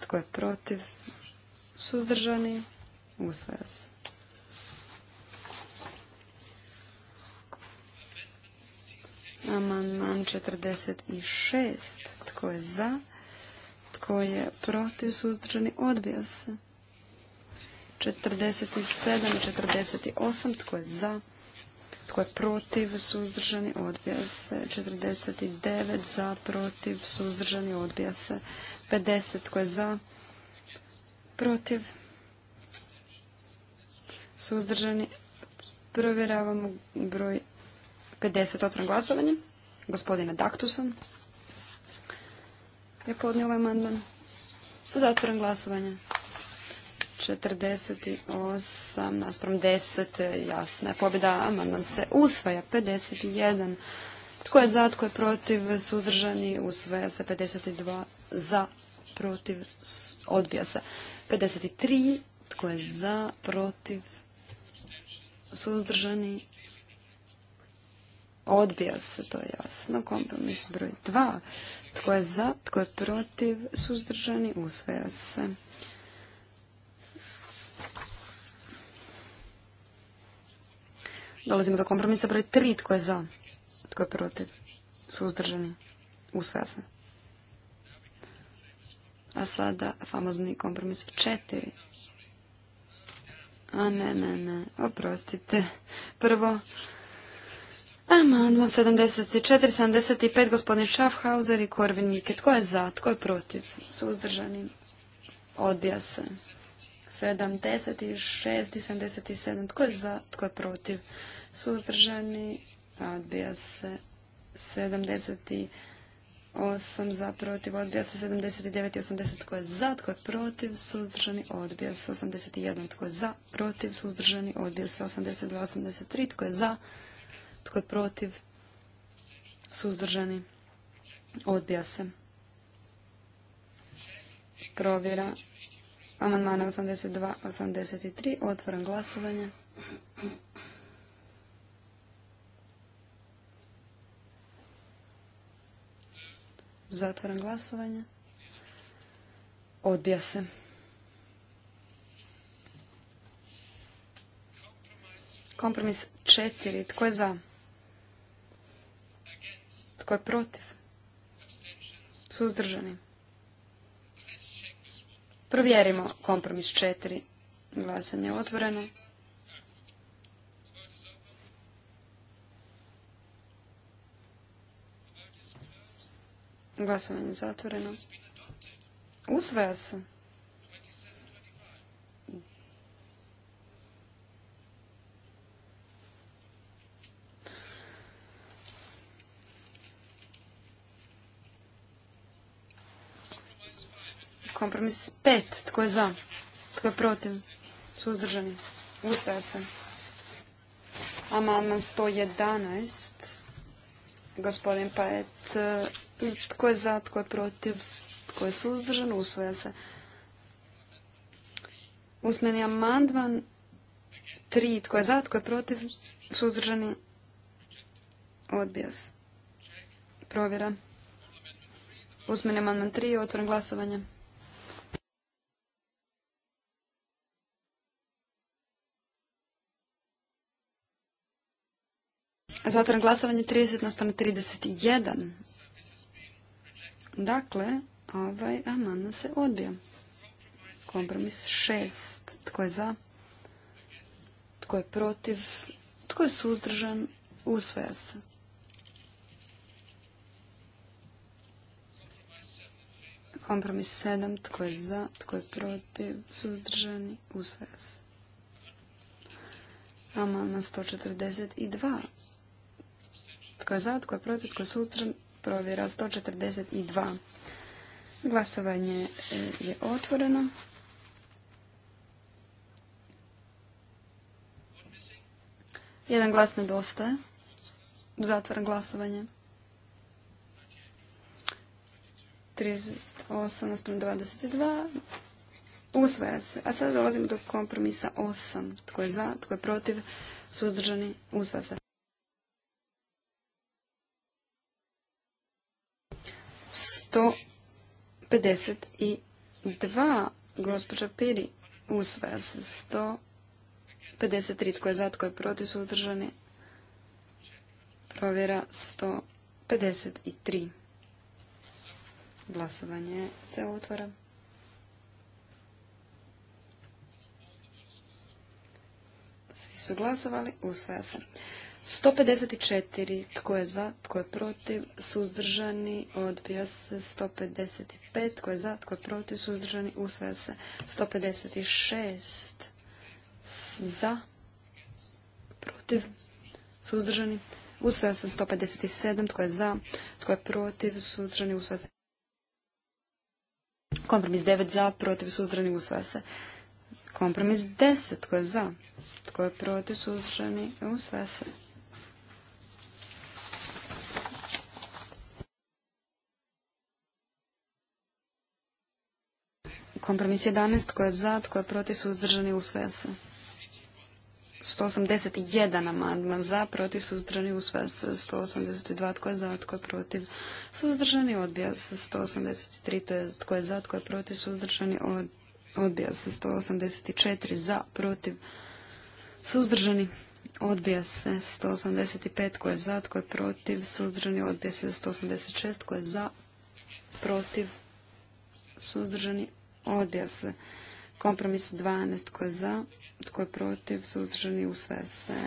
tko je protiv, suzdržani, Usvaja se. Amandman 46. Tko je za? Tko je protiv? Suzdržani odbija se. 47 i 48. Tko je za? Tko je protiv? Suzdržani odbija se. 49 za, protiv, suzdržani odbija se. 50. Tko je za? Protiv, suzdržani. Provjeravamo broj 50 otvoren glasovanje. Gospodina Daktusom je podnio ovaj mandan. Zatvoren glasovanje. 48 naspram 10, jasna je pobjeda, amandman se usvaja, 51. Tko je za, tko je protiv, suzdržani, usvaja se 52, za, protiv, odbija se. 53, tko je za, protiv, suzdržani, odbija se, to je jasno. Kompromis broj dva, Tko je za, tko je protiv, suzdržani, usvaja se. Dolazimo do kompromisa broj tri, Tko je za, tko je protiv, suzdržani, usvaja se. A sada famozni kompromis četiri. A ne, ne, ne, oprostite. Prvo, amandman 74, 75, gospodin Schaffhauser i Korvin Tko je za, tko je protiv? Suzdržani. Odbija se. 76 i 77. Tko je za, tko je protiv? Suzdržani. Odbija se. i 8 za, protiv, odbija se 79 i 80 tko je za, tko je protiv, suzdržani, odbija se 81 tko je za, protiv, suzdržani, odbija se 82, 83 tko je za, tko je protiv, suzdržani, odbija se. Provjera amandmana 82, 83, otvoram glasovanje. Zatvaram glasovanje. Odbija se. Kompromis četiri. Tko je za? Tko je protiv? Suzdržani. Provjerimo kompromis četiri. Glasanje je otvoreno. Glasovanje zatvoreno. Usvaja se. Kompromis pet. Tko je za? Tko je protiv? Suzdržani. Usvaja se. Amalman 111. Gospodin paet tko je za, tko je protiv, tko je suzdržan, usvoja se. Usmeni amandman tri. Tko je za, tko je protiv, suzdržani, odbija se. Provjera. Usmeni amandman tri. Otvoren glasovanje. Zatvoren glasovanje 30 trideset 31. Dakle, ovaj amandman se odbija. Kompromis šest. Tko je za? Tko je protiv? Tko je suzdržan? Usvaja se. Kompromis sedam. Tko je za? Tko je protiv? Suzdržani? Usvaja se. Amandman 142. Tko je za? Tko je protiv? Tko je suzdržan? provjera 142. Glasovanje e, je otvoreno. Jedan glas nedostaje. Zatvaram glasovanje. 38 dvadeset 22. Usvaja se. A sada dolazimo do kompromisa 8. Tko je za, tko je protiv, suzdržani, usvaja se. 152. Gospođa Piri usvaja se. 153. Tko je za, tko je protiv, suzdržani. Provjera 153. Glasovanje se otvara. Svi su glasovali, usvaja se. 154. Tko je za? Tko je protiv? Suzdržani. Odbija se. 155. Tko je za? Tko je protiv? Suzdržani. Usvaja se. 156. Za. Protiv. Suzdržani. Usvaja se. 157. Tko je za? Tko je protiv? Suzdržani. Usvaja se. Kompromis 9 za, protiv, suzdržani, usvaja se. Kompromis 10, tko je za, tko je protiv, suzdržani, usvaja se. Kompromis 11. Tko je za? Tko je protiv? Suzdržani? Usvaja se. 181 amandman za, protiv, suzdržani, usvaja se 182, tko je za, tko je protiv, suzdržani, odbija se 183, to je tko je za, tko je protiv, suzdržani, odbija se 184, za, protiv, suzdržani, odbija se 185, tko je za, tko je protiv, suzdržani, odbija se 186, tko je za, protiv, suzdržani, Odbija se. Kompromis 12. Tko je za? Tko je protiv? Suzdržani sve se.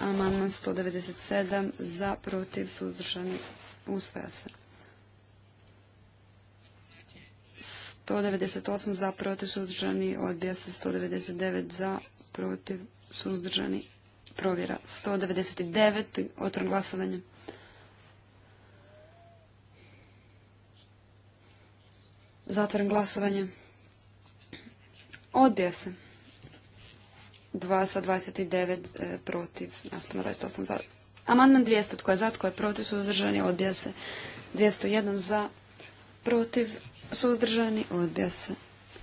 Amandman 197. Za, protiv, suzdržani sve se. 198 za, protiv, suzdržani, odbija se 199 za, protiv, suzdržani, provjera. 199, otvoren glasovanje. Zatvorim glasovanje. Odbija se. 2 sa 29 e, protiv, Naspuno 28 za. Amandman 200, tko je za, tko je protiv, suzdržani, odbija se. 201 za, protiv, suzdržani, odbija se.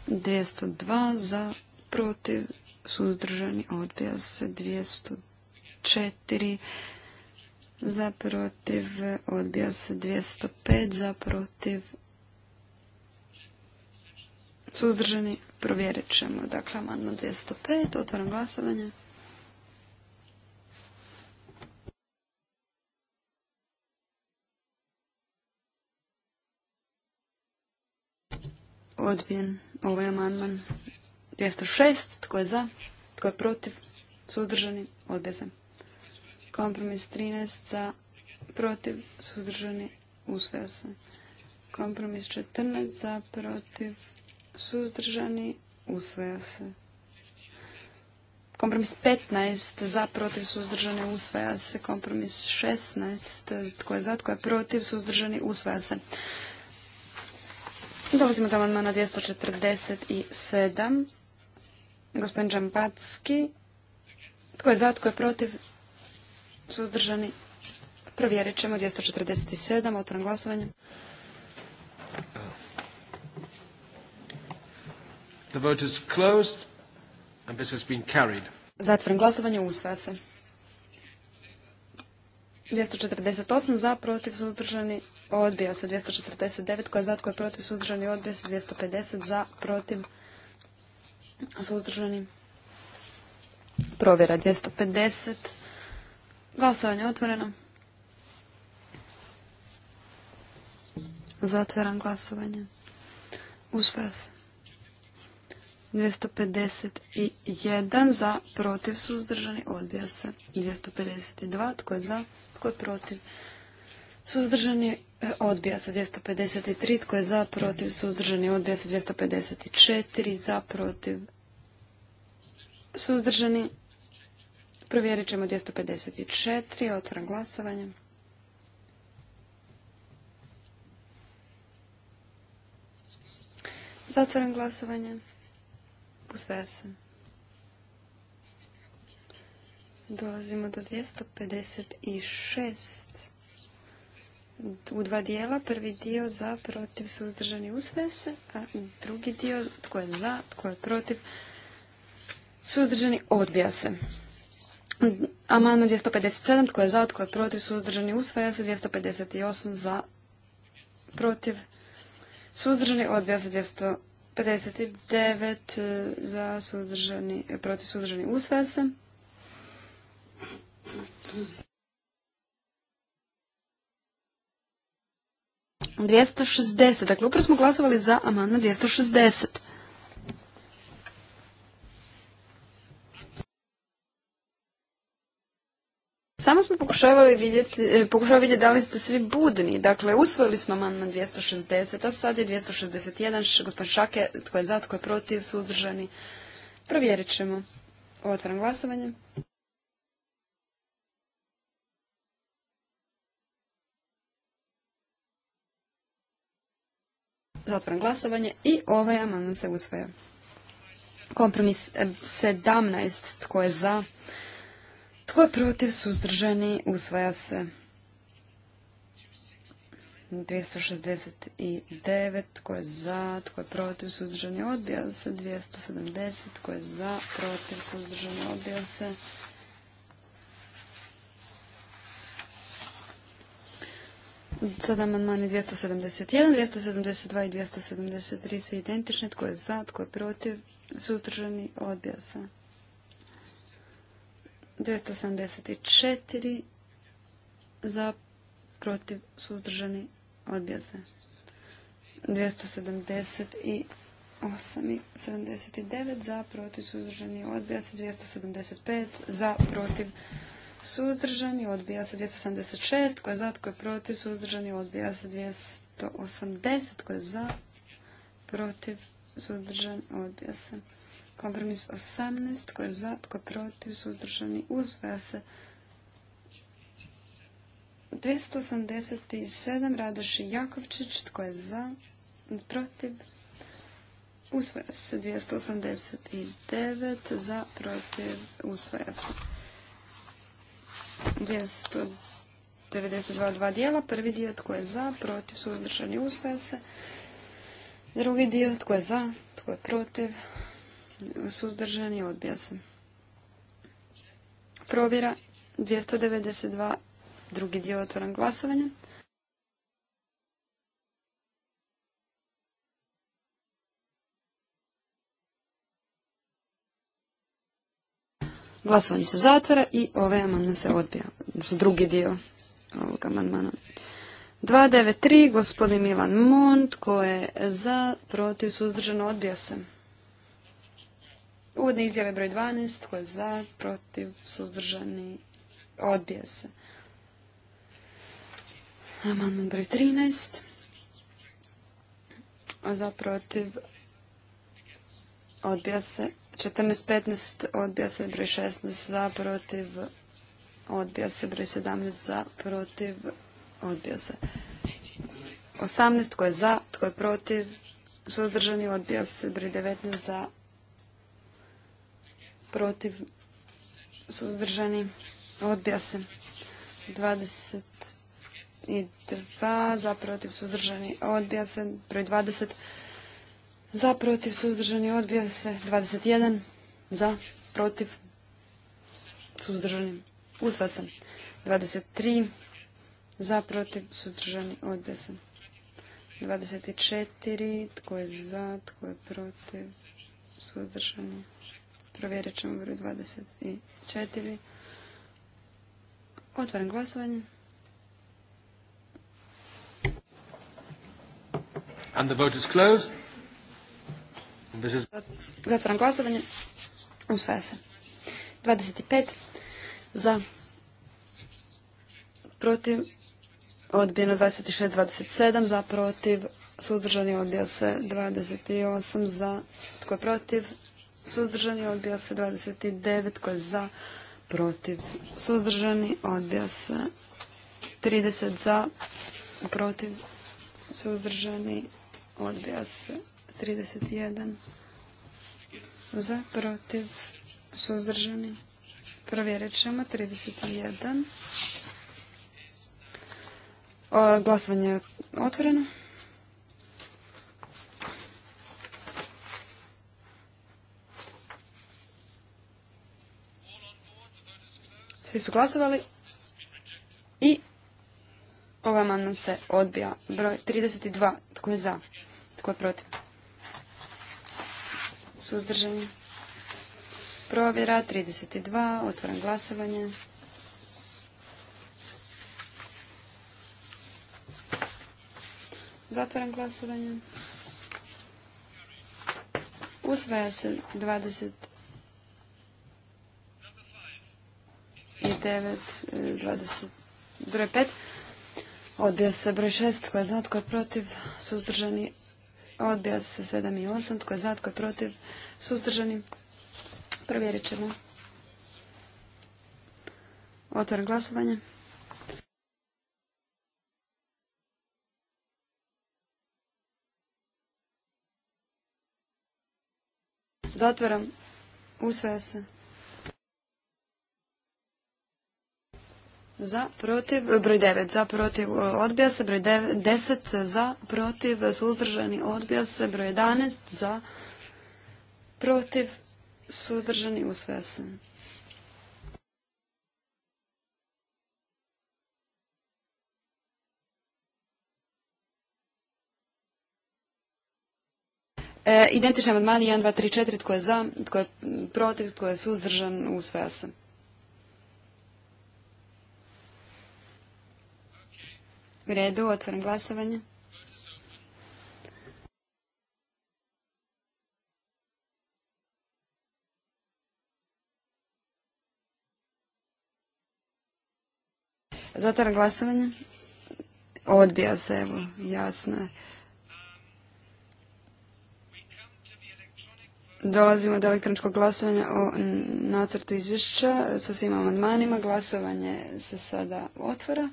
202 za, protiv, suzdržani, odbija se. 204 za, protiv, odbija se. 205 za, protiv, Suzdržani provjerit ćemo. Dakle, amandman 205. Otvaram glasovanje. Odbijen ovaj amandman. 206. Tko je za? Tko je protiv? Suzdržani? Odbija se. Kompromis 13. Za? Protiv? Suzdržani? usvija se. Kompromis 14. Za? Protiv? suzdržani, usvaja se. Kompromis 15 za, protiv, suzdržani, usvaja se. Kompromis 16 tko je za, tko je protiv, suzdržani, usvaja se. Dolazimo do amandmana 247. Gospodin Đampacki. Tko je za, tko je protiv, suzdržani, provjerit ćemo 247. Otvoram glasovanjem. glasovanje. The vote is closed and this has been carried. glasovanje usvaja se. 248 za, protiv, suzdržani, odbija se. 249 koja je za, koja je protiv, suzdržani, odbija se. 250 za, protiv, suzdržani. Provjera 250. Glasovanje otvoreno. Zatvaram glasovanje. Usvaja se. 251 za, protiv, suzdržani, odbija se. 252, tko je za, tko je protiv, suzdržani, e, odbija se. 253, tko je za, protiv, suzdržani, odbija se. 254, za, protiv, suzdržani. Provjerit ćemo 254, otvoram glasovanje. Zatvorim glasovanje usvaja Dolazimo do 256 u dva dijela. Prvi dio za, protiv, suzdržani, usvaja se, a drugi dio tko je za, tko je protiv, suzdržani, odbija se. Amandman 257, tko je za, tko je protiv, suzdržani, usvaja se, 258 za, protiv, suzdržani, odbija se, 200 59 e, za suzdržani, e, protiv suzdržani usvaja se. Dvijesto Dakle, upravo smo glasovali za amandman 260. Samo smo pokušavali vidjeti, e, pokušavali vidjeti da li ste svi budni. Dakle, usvojili smo amandman 260, a sad je 261. Gospodin Šake, tko je za, tko je protiv, suzdržani. Provjerit ćemo. Otvaram glasovanje. Zatvaram glasovanje i ovaj amandman se usvaja. Kompromis 17. E, tko je za? Tko je protiv? Suzdržani? Usvaja se. 269. Tko je za? Tko je protiv? Suzdržani? Odbija se. 270. Tko je za? Protiv? Suzdržani? Odbija se. Sada amandmani 271, 272 i 273 su identični. Tko je za? Tko je protiv? Suzdržani? Odbija se. 274 za protiv suzdržani odbija se. 278 i 79 za protiv suzdržani odbija se. 275 za protiv suzdržani odbija se. 276 koje je za je protiv suzdržani odbija 280 koje je za protiv suzdržani odbija Kompromis 18. Tko je za? Tko je protiv? Suzdržani? Uzvaja se. 287. Radoši Jakovčić. Tko je za? Protiv? Usvaja se 289, za, protiv, usvaja se 292 dva dijela, prvi dio tko je za, protiv, suzdržani, usvaja se, drugi dio tko je za, tko je protiv, i odbija se. Provjera 292, drugi dio otvoran glasovanja Glasovanje se zatvara i ovaj amandman se odbija. Odnosno drugi dio ovog amandmana. 293, gospodin Milan Mont, tko je za, protiv, suzdržano, odbija se. Uvodne izjave broj 12. Tko je za, protiv, suzdržani, odbija se. Amandman broj 13. Za, protiv, odbija se. 14, 15, odbija se broj 16, za, protiv, odbija se broj 17, za, protiv, odbija se. 18, tko je za, tko je protiv, suzdržani, odbija se broj 19, za, protiv, suzdržani, odbija se. 22 za, protiv, suzdržani, odbija se. Broj 20 za, protiv, suzdržani, odbija se. 21 za, protiv, suzdržani, usva se. 23 za, protiv, suzdržani, odbija se. 24 tko je za, tko je protiv, suzdržani, Provjerit ćemo broj 24. Otvaram glasovanje. And the vote is closed. This is... Zatvaram glasovanje. Usvaja se. 25 za protiv odbijeno 26, 27 za protiv suzdržani odbija se 28 za tko je protiv suzdržani, odbija se 29 tko je za, protiv, suzdržani, odbija se 30 za, protiv, suzdržani, odbija se 31 za, protiv, suzdržani. Provjerit ćemo 31. glasovanje je otvoreno. Svi su glasovali i ovaj amandman se odbija. Broj 32. Tko je za? Tko je protiv? Suzdržani. Provjera 32. Otvoram glasovanje. Zatvoram glasovanje. Usvaja se 20 9, 20, broj 5. Odbija se broj 6, tko je za, tko je protiv, suzdržani. Odbija se 7 i 8, tko je za, tko je protiv, suzdržani. Provjerit ćemo. Otvoram glasovanje. Zatvaram. Usvaja se. za, protiv, broj 9 za, protiv, e, odbija se, broj 9, 10 za, protiv, suzdržani, odbija se, broj 11 za, protiv, suzdržani, usvaja se. E, identični amandmani 1, 2, 3, 4, tko je za, tko je protiv, tko je suzdržan, usvaja se. U redu, otvorim glasovanje. Zatvaram glasovanje. Odbija se, evo, jasno je. Dolazimo do elektroničkog glasovanja o nacrtu izvješća sa svim amandmanima. Glasovanje se sada otvora.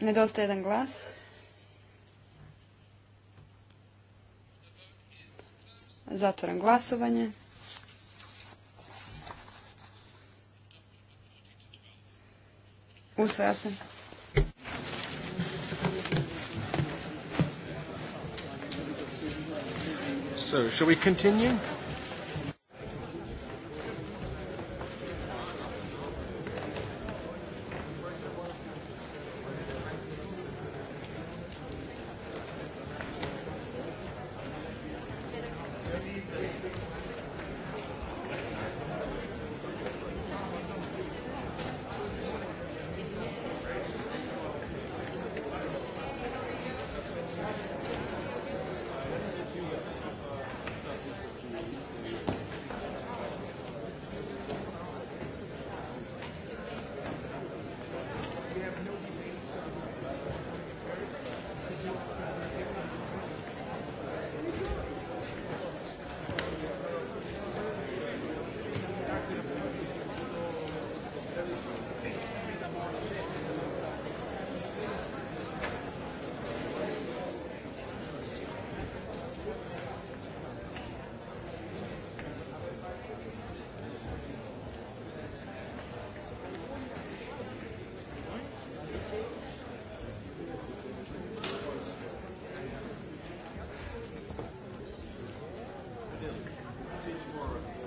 Nedostaje jedan glas. Zatvoram glasovanje. Usvaja se. So, shall we continue? forward.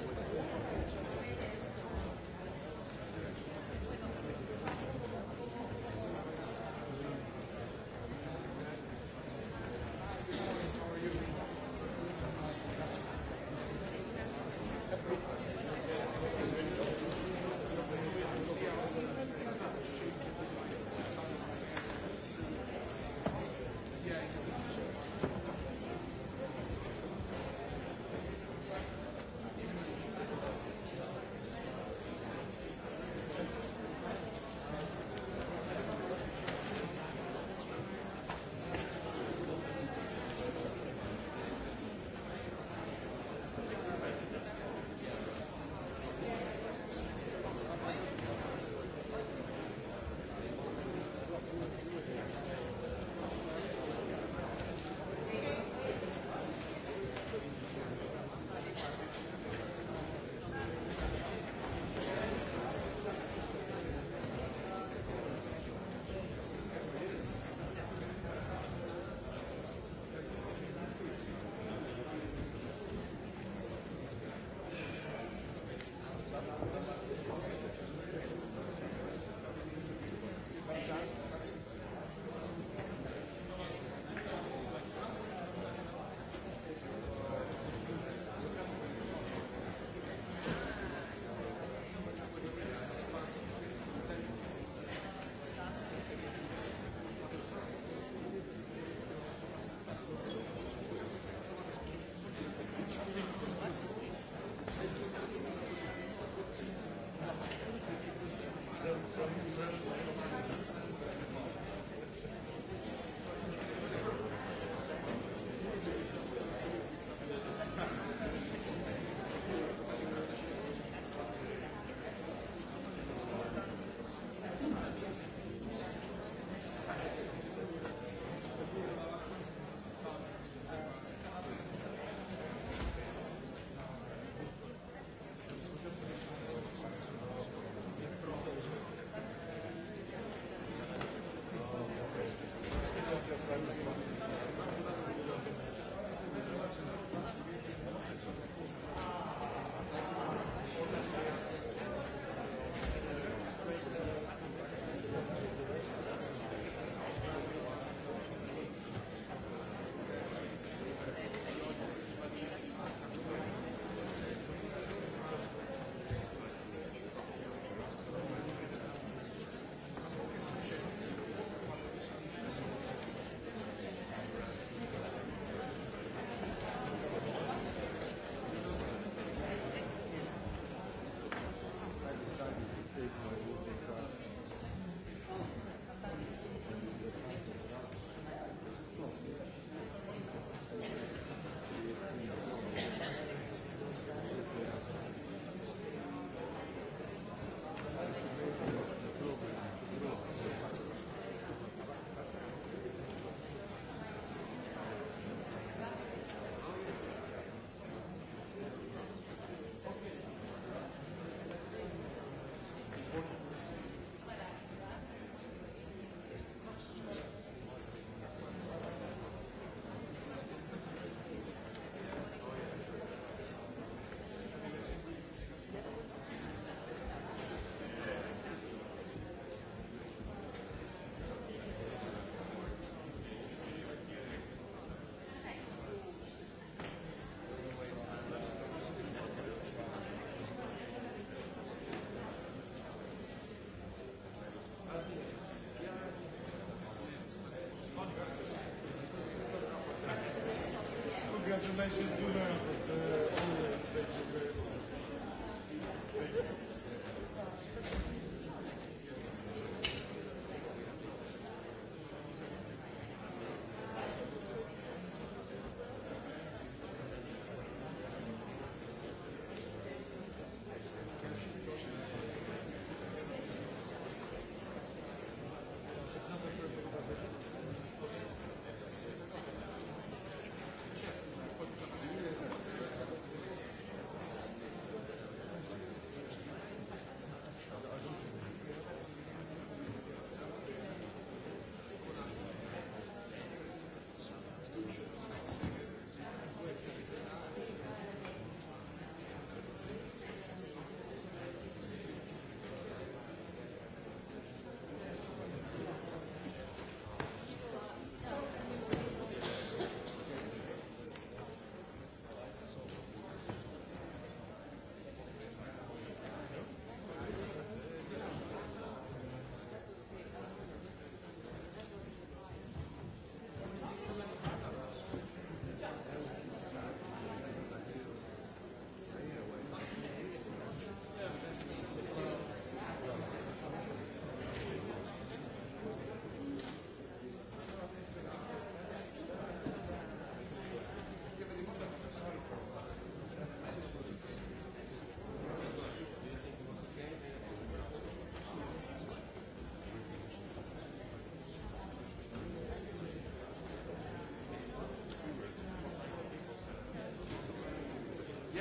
Congratulations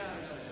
Oh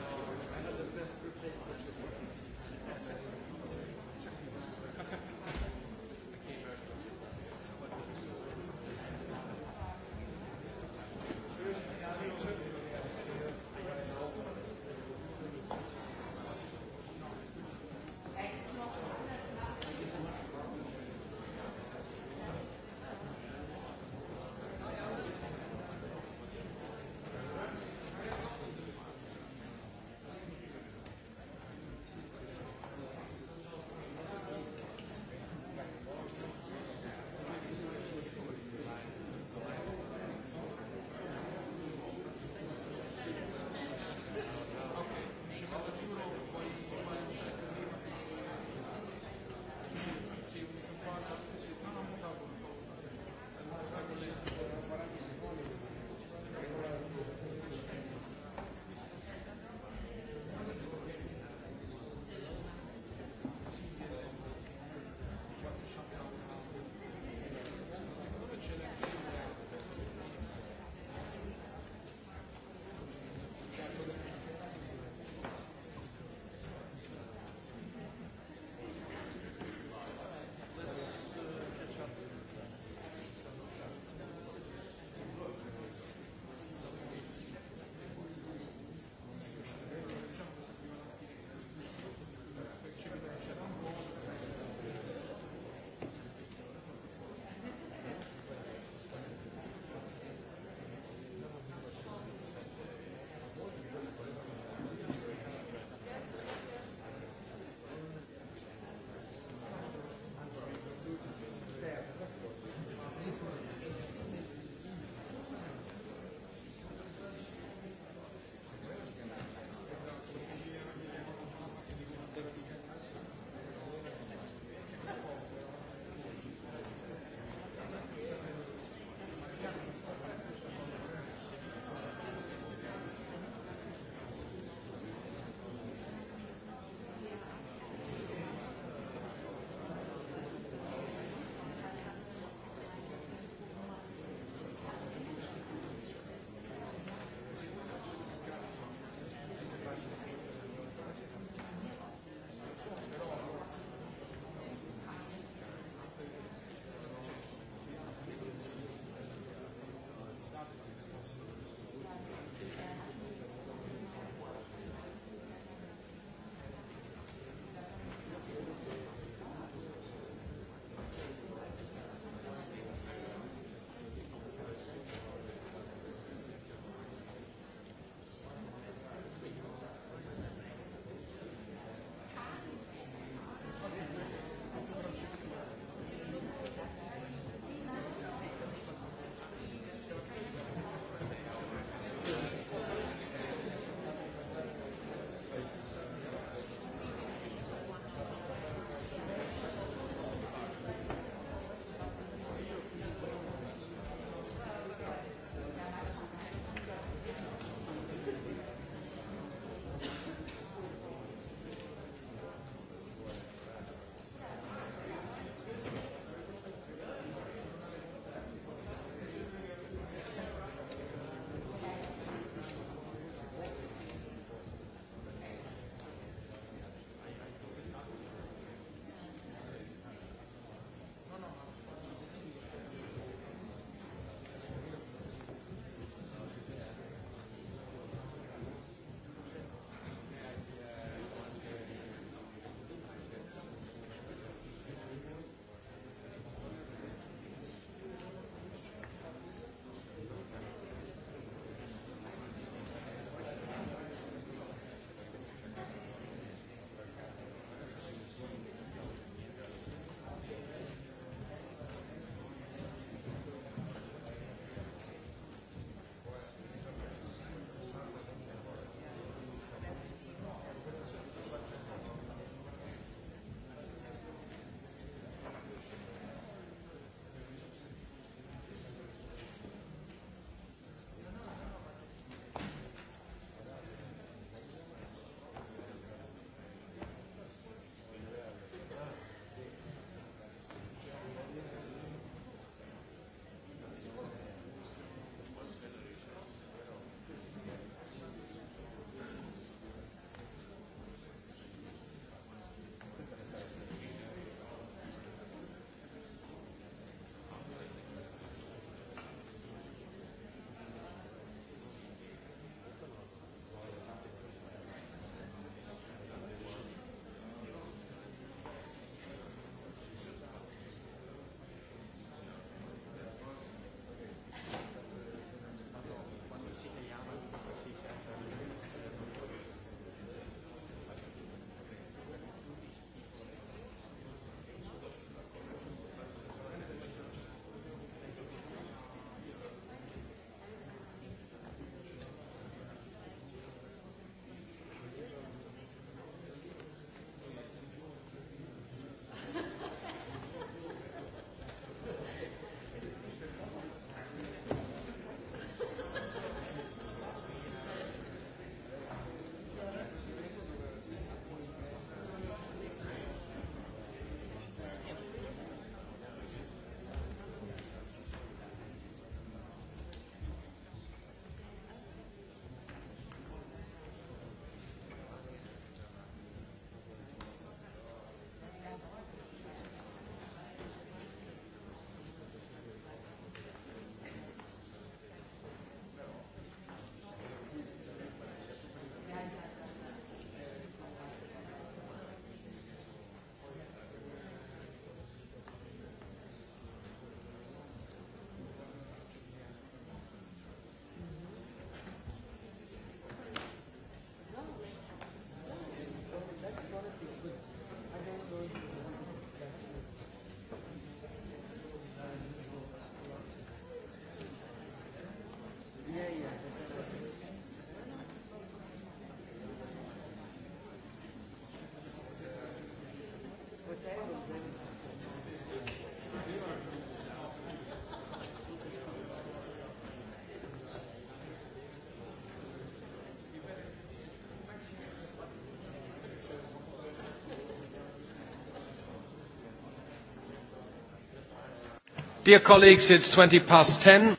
Dear colleagues, it's 20 past 10.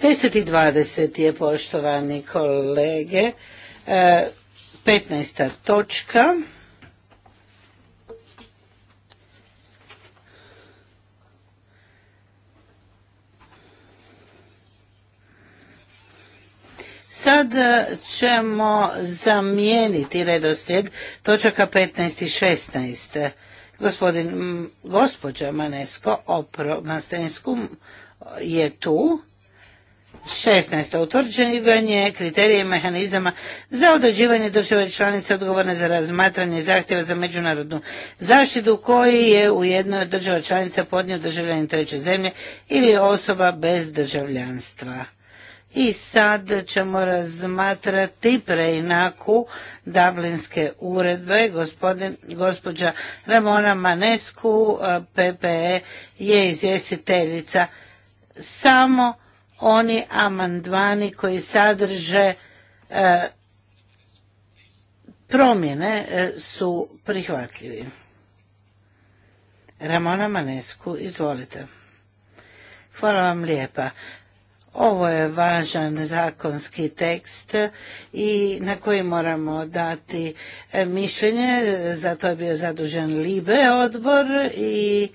10 i 20 je poštovani kolege. 15. E, točka. Sad e, ćemo zamijeniti redosljed točaka 15 i 16 Gospodin, gospođa Manesko opro, Manstensku, je tu. 16. utvrđivanje kriterije i mehanizama za određivanje države članice odgovorne za razmatranje zahtjeva za međunarodnu zaštitu koji je u jednoj od država članica podnio državljanin treće zemlje ili osoba bez državljanstva i sad ćemo razmatrati preinaku Dublinske uredbe. Gospodin, gospođa Ramona Manesku, PPE, je izvjestiteljica. Samo oni amandmani koji sadrže promjene su prihvatljivi. Ramona Manesku, izvolite. Hvala vam lijepa. Ovo je važan zakonski tekst i na koji moramo dati e, mišljenje, zato je bio zadužen LIBE odbor i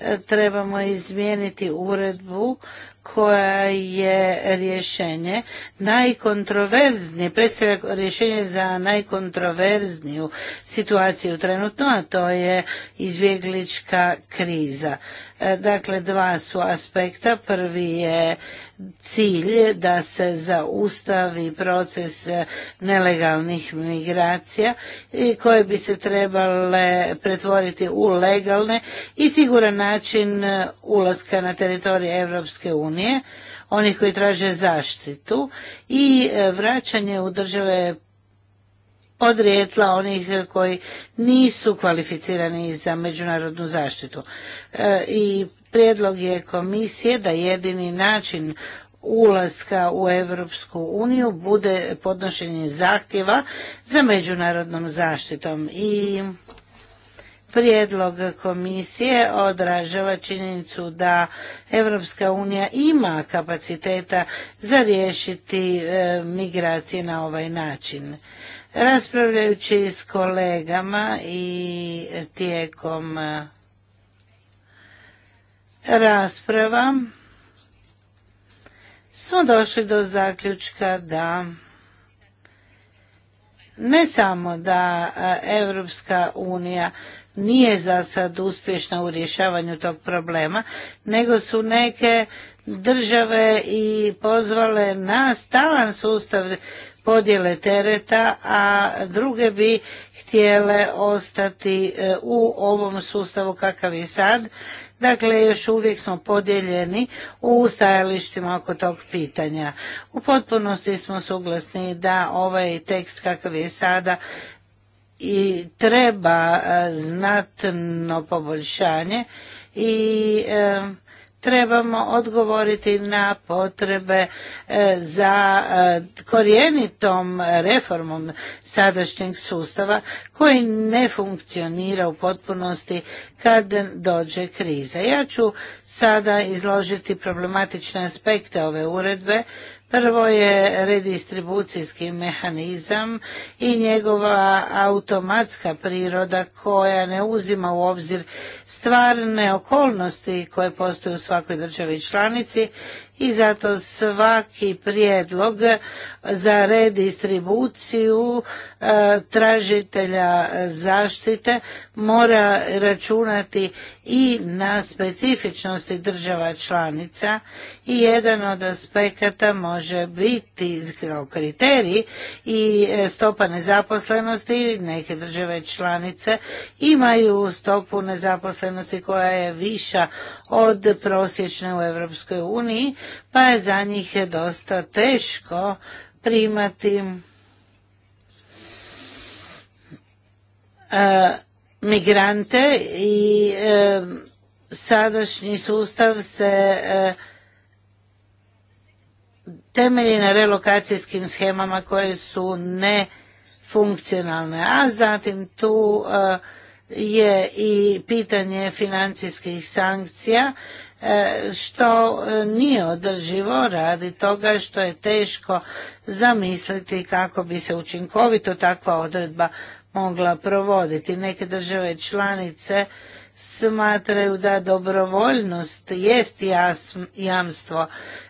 e, trebamo izmijeniti uredbu koja je rješenje najkontroverznije, predstavlja rješenje za najkontroverzniju situaciju trenutno, a to je izbjeglička kriza. E, dakle, dva su aspekta. Prvi je cilj da se zaustavi proces e, nelegalnih migracija koje bi se trebale pretvoriti u legalne i siguran način e, ulaska na teritorij Europske unije onih koji traže zaštitu i vraćanje u države podrijetla onih eh, koji nisu kvalificirani za međunarodnu zaštitu. Eh, I prijedlog je komisije da jedini način ulaska u Europsku uniju bude podnošenje zahtjeva za međunarodnom zaštitom i prijedlog komisije odražava činjenicu da Europska unija ima kapaciteta za riješiti eh, migracije na ovaj način. Raspravljajući s kolegama i tijekom e, rasprava smo došli do zaključka da ne samo da Europska unija nije za sad uspješna u rješavanju tog problema, nego su neke države i pozvale na stalan sustav podjele tereta, a druge bi htjele ostati e, u ovom sustavu kakav je sad. Dakle, još uvijek smo podijeljeni u stajalištima oko tog pitanja. U potpunosti smo suglasni da ovaj tekst kakav je sada i treba e, znatno poboljšanje i e, trebamo odgovoriti na potrebe e, za e, korijenitom reformom sadašnjeg sustava koji ne funkcionira u potpunosti kad dođe kriza. Ja ću sada izložiti problematične aspekte ove uredbe Prvo je redistribucijski mehanizam i njegova automatska priroda koja ne uzima u obzir stvarne okolnosti koje postoje u svakoj državi članici i zato svaki prijedlog za redistribuciju e, tražitelja zaštite mora računati i na specifičnosti država članica i jedan od aspekata može biti kao kriterij i e, stopa nezaposlenosti neke države članice imaju stopu nezaposlenosti koja je viša od prosječne u Europskoj uniji pa je za njih je dosta teško primati e, migrante i e, sadašnji sustav se e, temelji na relokacijskim schemama koje su ne funkcionalne, A zatim tu e, je i pitanje financijskih sankcija e, što e, nije održivo radi toga što je teško zamisliti kako bi se učinkovito takva odredba mogla provoditi. Neke države članice smatraju da dobrovoljnost jest jamstvo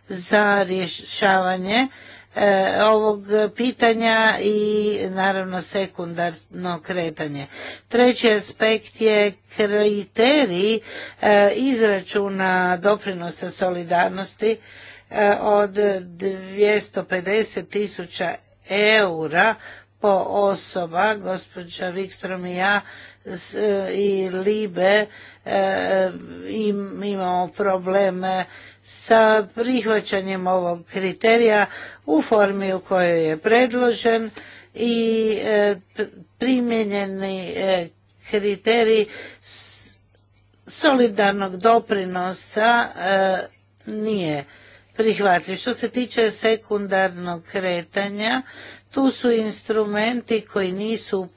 za rješavanje E, ovog pitanja i naravno sekundarno kretanje. Treći aspekt je kriterij e, izračuna doprinosa solidarnosti e, od 250 tisuća eura po osoba, gospođa Vikstrom i ja i Libe imamo probleme sa prihvaćanjem ovog kriterija u formi u kojoj je predložen i e, primjenjeni e, kriterij solidarnog doprinosa e, nije prihvatljiv. Što se tiče sekundarnog kretanja, tu su instrumenti koji nisu u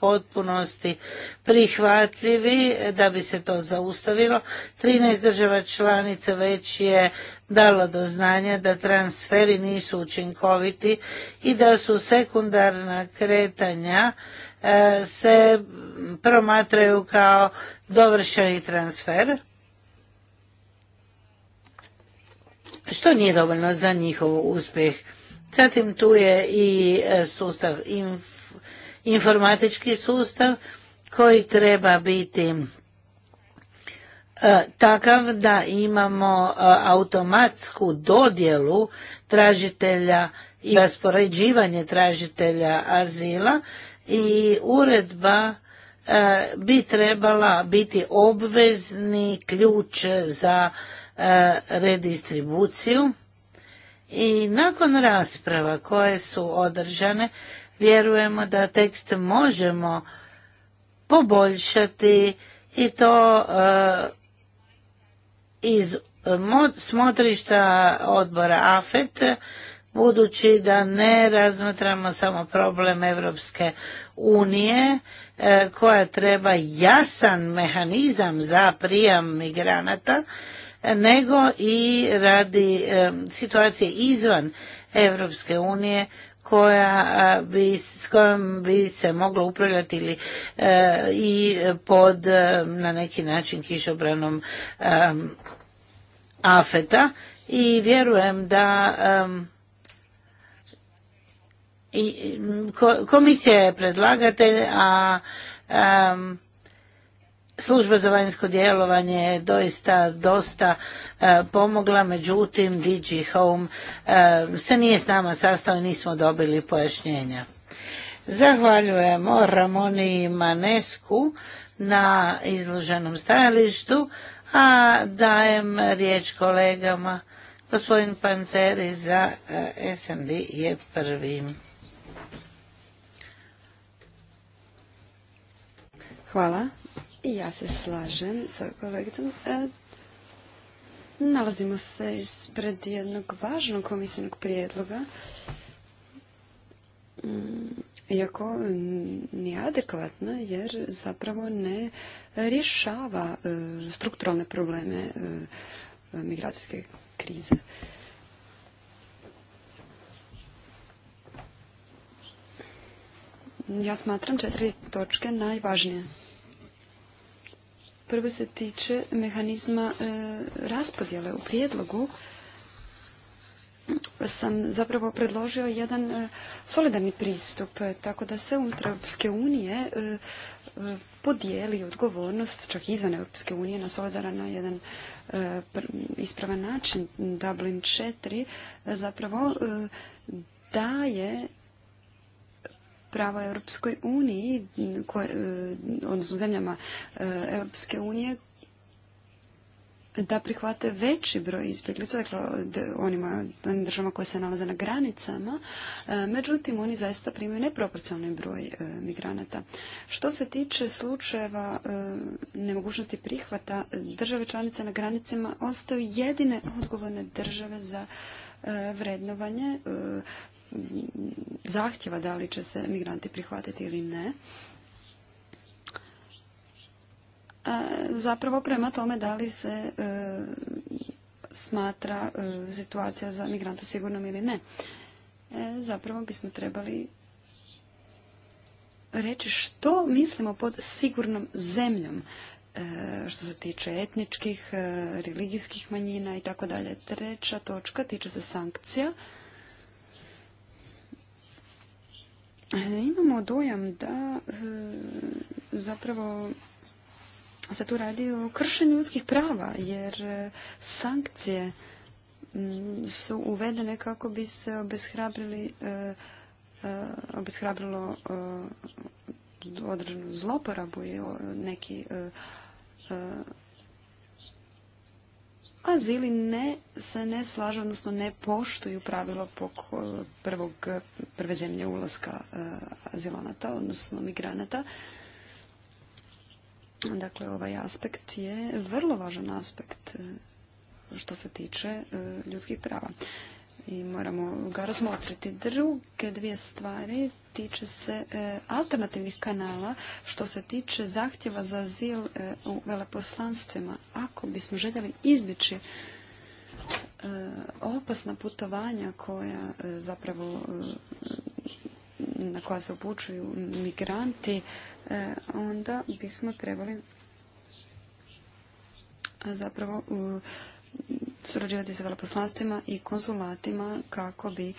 potpunosti prihvatljivi da bi se to zaustavilo. 13 država članica već je dalo do znanja da transferi nisu učinkoviti i da su sekundarna kretanja e, se promatraju kao dovršeni transfer. Što nije dovoljno za njihov uspjeh Zatim tu je i e, sustav informatički sustav koji treba biti e, takav da imamo e, automatsku dodjelu tražitelja i raspoređivanje tražitelja azila i uredba bi trebala biti obvezni ključ za redistribuciju i nakon rasprava koje su održane, vjerujemo da tekst možemo poboljšati i to e, iz smotrišta odbora AFET, budući da ne razmatramo samo problem Evropske unije e, koja treba jasan mehanizam za prijam migranata, nego i radi situacije izvan Europske unije koja bi, s kojom bi se moglo upravljati ili e, i pod e, na neki način kišobranom e, afeta i vjerujem da komisija je predlagatelj a Služba za vanjsko djelovanje je doista dosta e, pomogla, međutim DG Home e, se nije s nama sastao i nismo dobili pojašnjenja. Zahvaljujemo Ramoni Manesku na izloženom stajalištu, a dajem riječ kolegama. Gospodin Panceri za e, SMD je prvi. Hvala ja se slažem sa kolegicom. E, nalazimo se ispred jednog važnog komisijnog prijedloga. Mm, iako nije adekvatna jer zapravo ne rješava e, strukturalne probleme e, migracijske krize. Ja smatram četiri točke najvažnije. Prvo se tiče mehanizma e, raspodjele u prijedlogu sam zapravo predložio jedan e, solidarni pristup, tako da se unutar Europske unije e, podijeli odgovornost, čak izvan Europske unije, na solidaran na jedan ispravan način. Dublin 4 zapravo daje prava Europskoj uniji, e, odnosno zemljama e, Europske unije da prihvate veći broj izbjeglica, dakle onima, onim državama koje se nalaze na granicama, e, međutim oni zaista primaju neproporcionalni broj migranata. Što se tiče slučajeva nemogućnosti prihvata, države članice na granicama ostaju jedine odgovorne države za vrednovanje zahtjeva da li će se migranti prihvatiti ili ne, e, zapravo prema tome da li se e, smatra e, situacija za migranta sigurnom ili ne. zapravo bismo trebali reći što mislimo pod sigurnom zemljom što se tiče etničkih, religijskih manjina i tako dalje. Treća točka tiče se sankcija. E, imamo dojam da e, zapravo se tu radi o kršenju ljudskih prava, jer e, sankcije su uvedene kako bi se obeshrabrili obeshrabrilo određenu zloporabu i neki azili ne, se ne slažu, odnosno ne poštuju pravilo prvog, prve zemlje ulaska eh, azilanata, odnosno migranata. Dakle, ovaj aspekt je vrlo važan aspekt eh, što se tiče eh, ljudskih prava i moramo ga razmotriti. Druge dvije stvari tiče se e, alternativnih kanala što se tiče zahtjeva za azil e, u veleposlanstvima. Ako bismo željeli izbjeći e, opasna putovanja koja zapravo na koja se upućuju migranti, onda bismo trebali zapravo surađivati sa veleposlanstvima i konzulatima kako bi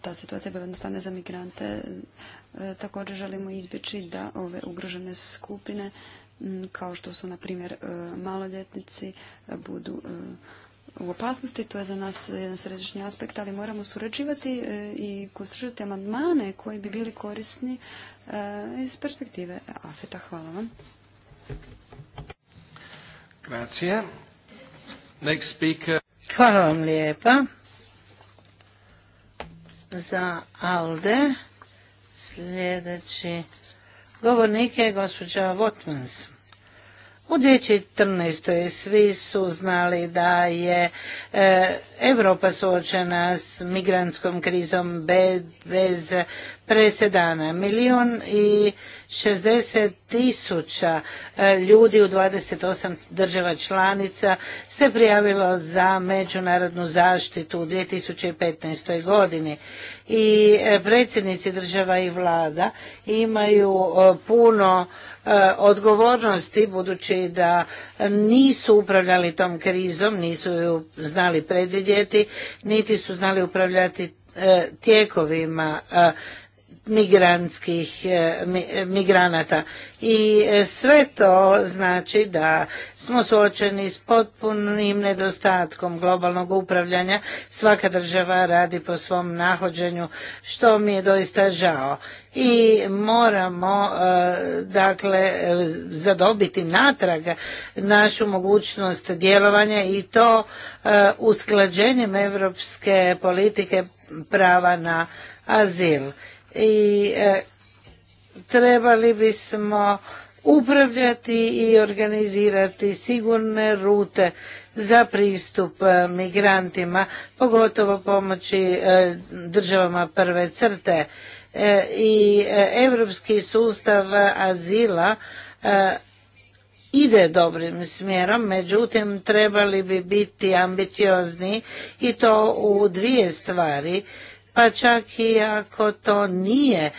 ta situacija bila jednostavna za migrante. E, također želimo izbjeći da ove ugrožene skupine kao što su na primjer e, maloljetnici e, budu u opasnosti. To je za nas jedan središnji aspekt, ali moramo surađivati i konstruirati amandmane koji bi bili korisni iz perspektive AFETA. Hvala vam. Next speaker. Hvala vam lijepa. Za Alde sljedeći govornik je gospođa Votmans. U 2014. svi su znali da je e, Europa suočena s migrantskom krizom bez presedana. Milion i 60 tisuća e, ljudi u 28 država članica se prijavilo za međunarodnu zaštitu u 2015. godini. I e, predsjednici država i vlada imaju e, puno odgovornosti budući da nisu upravljali tom krizom, nisu ju znali predvidjeti vidjeti, niti su znali upravljati e, tijekovima e, migrantskih e, e, migranata i e, sve to znači da smo suočeni s potpunim nedostatkom globalnog upravljanja svaka država radi po svom nahođenju što mi je doista žao i moramo dakle zadobiti natrag našu mogućnost djelovanja i to usklađenjem europske politike prava na azil i e, trebali bismo upravljati i organizirati sigurne rute za pristup e, migrantima, pogotovo pomoći e, državama prve crte i europski sustav azila ide dobrim smjerom, međutim trebali bi biti ambiciozni i to u dvije stvari pa čak i ako to nije e,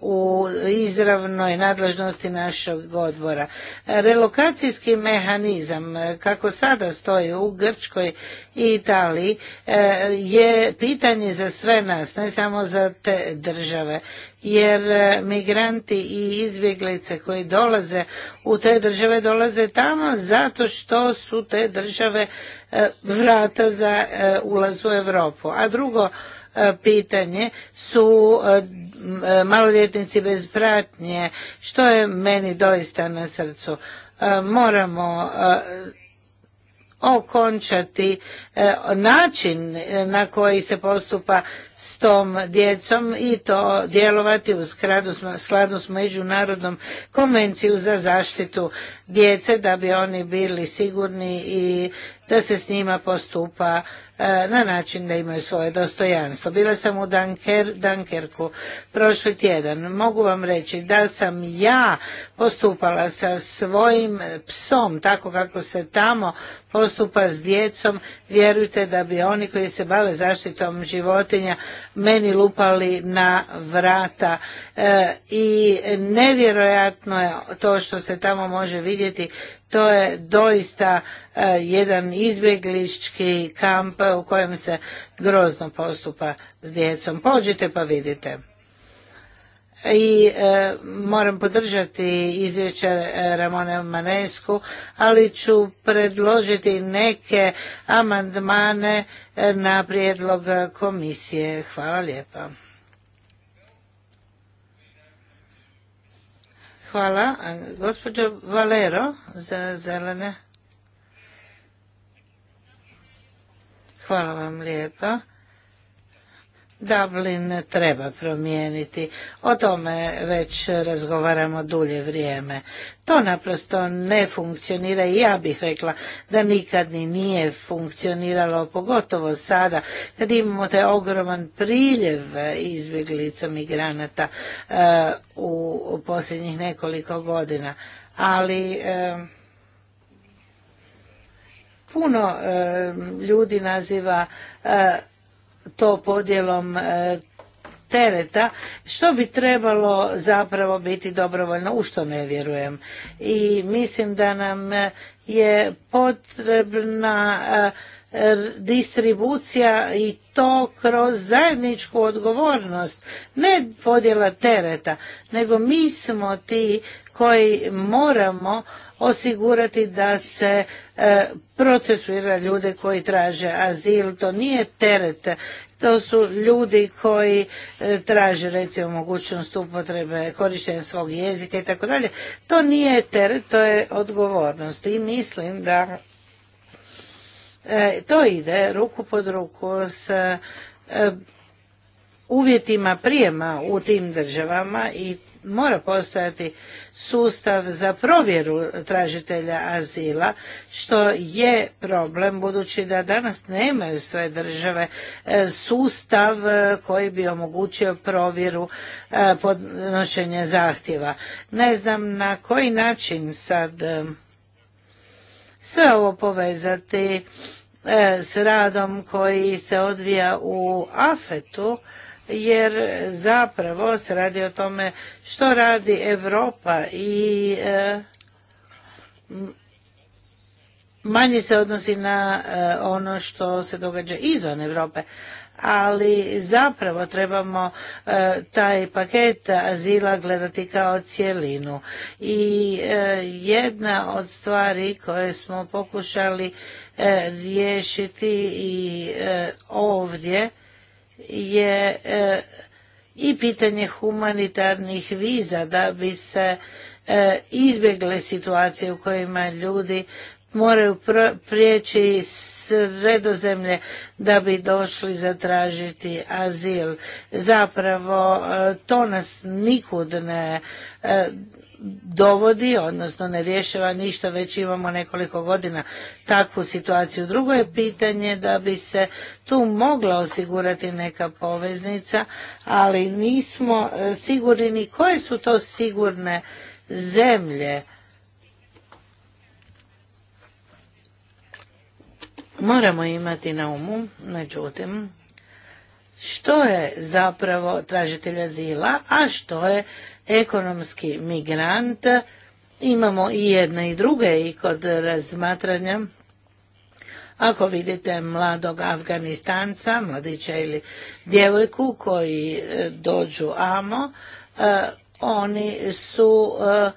u izravnoj nadležnosti našeg odbora. Relokacijski mehanizam, e, kako sada stoji u Grčkoj i Italiji, e, je pitanje za sve nas, ne samo za te države jer migranti i izbjeglice koji dolaze u te države dolaze tamo zato što su te države vrata za ulaz u Europu. A drugo, E, pitanje su e, e, maloljetnici bez pratnje, što je meni doista na srcu. Moramo okončati način na koji se postupa s tom djecom i to djelovati u skladu s Međunarodnom konvenciju za zaštitu djece da bi oni bili sigurni i da se s njima postupa e, na način da imaju svoje dostojanstvo. Bila sam u Dunker, Dunkerku prošli tjedan. Mogu vam reći da sam ja postupala sa svojim psom, tako kako se tamo postupa s djecom. Vjerujte da bi oni koji se bave zaštitom životinja meni lupali na vrata e, i nevjerojatno je to što se tamo može vidjeti to je doista e, jedan izbjeglički kamp u kojem se grozno postupa s djecom pođite pa vidite i e, moram podržati izvješće Ramone Manesku, ali ću predložiti neke amandmane e, na prijedlog komisije. Hvala lijepa. Hvala. Gospođo Valero za zelene. Hvala vam lijepa. Dublin treba promijeniti. O tome već razgovaramo dulje vrijeme. To naprosto ne funkcionira i ja bih rekla da nikad ni nije funkcioniralo, pogotovo sada kad imamo taj ogroman priljev izbjeglica migranata eh, u, posljednjih nekoliko godina. Ali eh, puno eh, ljudi naziva to podjelom e, tereta što bi trebalo zapravo biti dobrovoljno u što ne vjerujem i mislim da nam je potrebna e, distribucija i to kroz zajedničku odgovornost ne podjela tereta nego mi smo ti koji moramo osigurati da se e, procesuira ljude koji traže azil. To nije teret, to su ljudi koji e, traže recimo mogućnost upotrebe, korištenja svog jezika i tako dalje. To nije teret, to je odgovornost i mislim da e, to ide ruku pod ruku s uvjetima prijema u tim državama i mora postojati sustav za provjeru tražitelja azila, što je problem budući da danas nemaju sve države e, sustav e, koji bi omogućio provjeru e, podnošenja zahtjeva. Ne znam na koji način sad sve ovo povezati s radom koji se odvija u afetu jer zapravo se radi o tome što radi Europa i e, manje se odnosi na e, ono što se događa izvan Europe ali zapravo trebamo e, taj paket azila gledati kao cjelinu. I jedna od stvari koje smo pokušali riješiti i ovdje je e, i pitanje humanitarnih viza da bi se e, izbjegle situacije u kojima ljudi moraju prijeći sredozemlje da bi došli zatražiti azil. Zapravo e, to nas nikud ne dovodi, odnosno ne rješava ništa, već imamo nekoliko godina takvu situaciju. Drugo je pitanje da bi se tu mogla osigurati neka poveznica, ali nismo e, sigurni ni koje su to sigurne zemlje. Moramo imati na umu, međutim, što je zapravo tražitelj azila, a što je ekonomski migrant. Imamo i jedne i druge i kod razmatranja. Ako vidite mladog Afganistanca, mladića ili djevojku koji e, dođu amo, e, oni su e,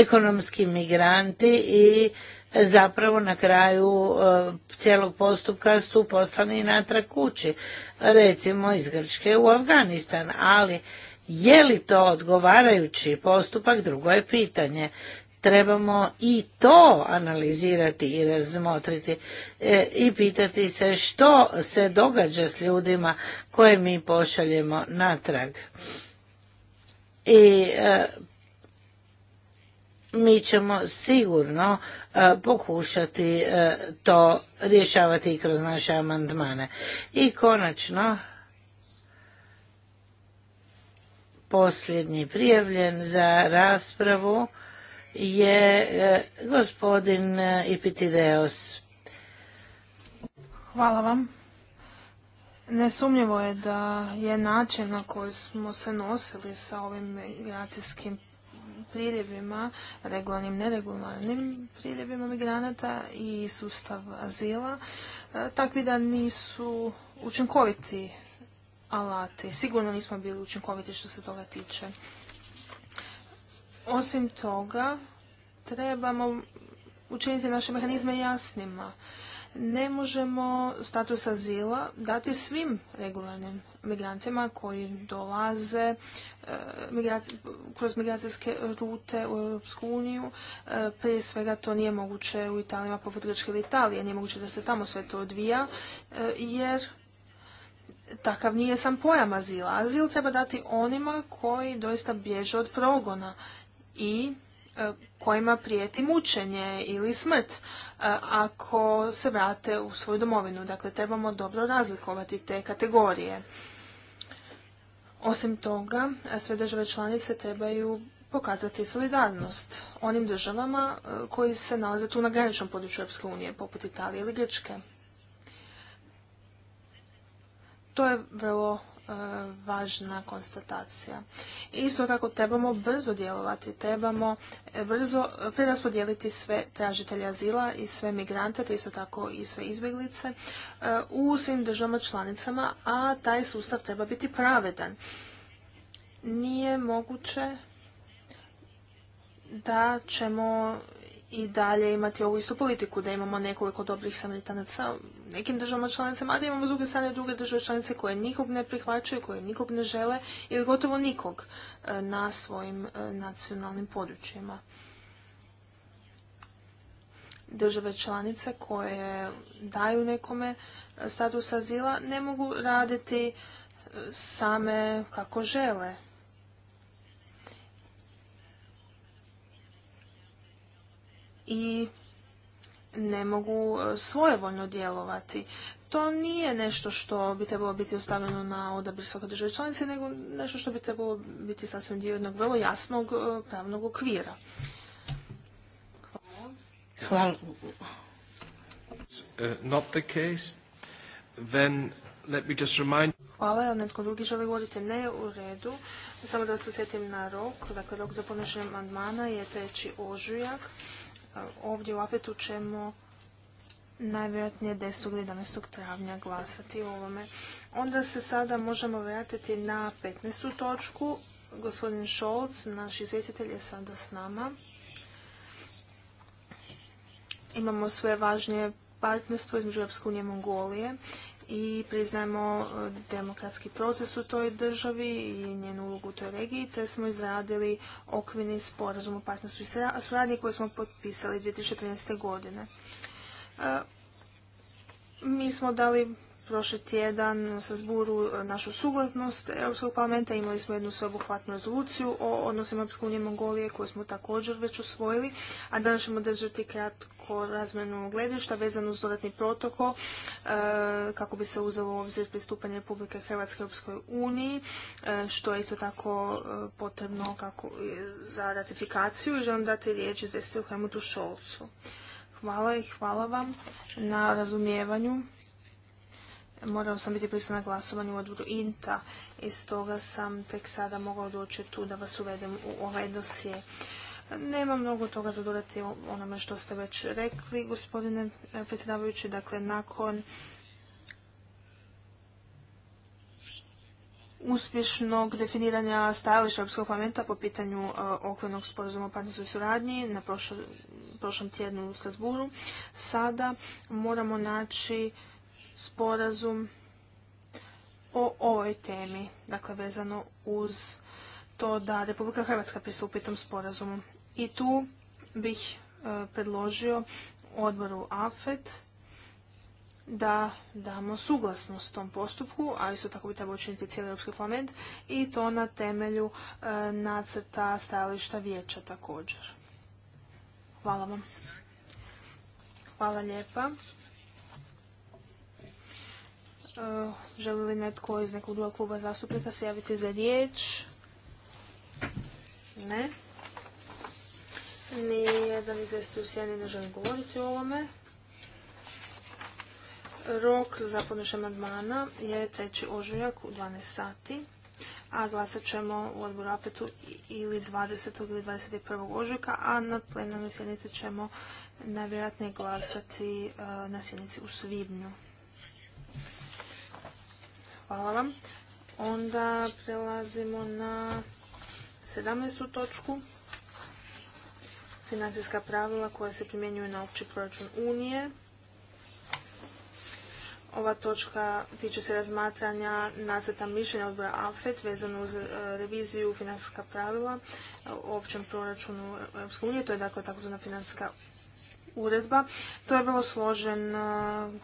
ekonomski migranti i zapravo na kraju e, cijelog postupka su poslani natrag kući, recimo iz Grčke u Afganistan, ali je li to odgovarajući postupak, drugo je pitanje. Trebamo i to analizirati i razmotriti e, i pitati se što se događa s ljudima koje mi pošaljemo natrag. I e, mi ćemo sigurno e, pokušati e, to rješavati i kroz naše amandmane. I konačno, posljednji prijavljen za raspravu je e, gospodin Ipitideos. Hvala vam. Nesumnjivo je da je način na koji smo se nosili sa ovim migracijskim priljevima, regularnim, neregularnim priljevima migranata i sustav azila, e, takvi da nisu učinkoviti alati. Sigurno nismo bili učinkoviti što se toga tiče. Osim toga, trebamo učiniti naše mehanizme jasnima ne možemo status azila dati svim regularnim migrantima koji dolaze e, kroz migracijske rute u Europsku uniju. E, prije svega to nije moguće u italijima poput Grčke ili Italije. Nije moguće da se tamo sve to odvija e, jer takav nije sam pojam azila. Azil treba dati onima koji doista bježe od progona i kojima prijeti mučenje ili smrt ako se vrate u svoju domovinu. Dakle, trebamo dobro razlikovati te kategorije. Osim toga, sve države članice trebaju pokazati solidarnost onim državama e, koji se nalaze tu na graničnom području Europske unije, poput Italije ili Grčke. To je vrlo E, važna konstatacija. Isto tako trebamo brzo djelovati, trebamo brzo preraspodijeliti sve tražitelje azila i sve migrante, te isto tako i sve izbjeglice e, u svim državama članicama, a taj sustav treba biti pravedan. Nije moguće da ćemo i dalje imati ovu istu politiku, da imamo nekoliko dobrih samaritanaca nekim državama članicama, a da imamo s druge strane druge države članice koje nikog ne prihvaćaju, koje nikog ne žele ili gotovo nikog e, na svojim e, nacionalnim područjima. Države članice koje daju nekome e, status azila ne mogu raditi same kako žele. I ne mogu e, svojevoljno djelovati. To nije nešto što bi trebalo biti ostavljeno na odabir svake države članice, nego nešto što bi trebalo biti sasvim dio jednog vrlo jasnog e, pravnog okvira. Hvala. Hvala, netko drugi želi govoriti? Ne, u redu. Samo da vas usjetim na rok. Dakle, rok za podnošenje amandmana je treći ožujak ovdje u Apetu ćemo najvjerojatnije 10. ili 11. travnja glasati o ovome. Onda se sada možemo vratiti na 15. točku. Gospodin Šolc, naš izvjetitelj, je sada s nama. Imamo sve važnije partnerstvo između Europske unije Mongolije i priznajemo e, demokratski proces u toj državi i njenu ulogu u toj regiji, te smo izradili okvirni sporazum o partnerstvu i suradnji koji smo potpisali 2013. godine. E, mi smo dali prošli tjedan sa zburu e, našu suglasnost Europskog parlamenta. Imali smo jednu sveobuhvatnu rezoluciju o odnosima Europske unije Mongolije koju smo također već usvojili, a danas ćemo držati kratko razmjenu gledišta vezano uz dodatni protokol e, kako bi se uzelo u obzir pristupanje Republike Hrvatske Europskoj uniji, e, što je isto tako potrebno za ratifikaciju i želim dati riječ u Hemutu Šolcu. Hvala i hvala vam na razumijevanju morao sam biti prisutna na glasovanju u odboru INTA i stoga sam tek sada mogao doći tu da vas uvedem u ovaj dosje. Nema mnogo toga za dodati onome što ste već rekli, gospodine predsjedavajući. Dakle, nakon uspješnog definiranja stajališta Europskog parlamenta po pitanju okrenog okvirnog sporazuma o i suradnji na prošlom tjednu u Strasburu, sada moramo naći sporazum o ovoj temi, dakle vezano uz to da Republika Hrvatska pristupi tom sporazumu. I tu bih e, predložio odboru AFET da damo suglasnost tom postupku, a isto tako bi trebalo učiniti cijeli Europski parlament i to na temelju e, nacrta stajališta vijeća također. Hvala vam. Hvala lijepa. E, želi li netko iz nekog drugog kluba zastupnika se javiti za riječ? Ne. Nijedan izvesti u sjeni ne želi govoriti o ovome. Rok za podnošenje amandmana je 3. ožujak u 12 sati, a glasat ćemo u odboru apetu ili 20. ili 21. ožujka, a na plenarnoj sjednici ćemo najvjerojatnije glasati e, na sjednici u svibnju. Hvala vam. Onda prelazimo na 17. točku. Financijska pravila koja se primjenjuju na opći proračun Unije. Ova točka tiče se razmatranja nacrta mišljenja odbora AFET vezano uz e, reviziju financijska pravila e, u općem proračunu EU. To je dakle takozvana financijska uredba. To je vrlo složen, e,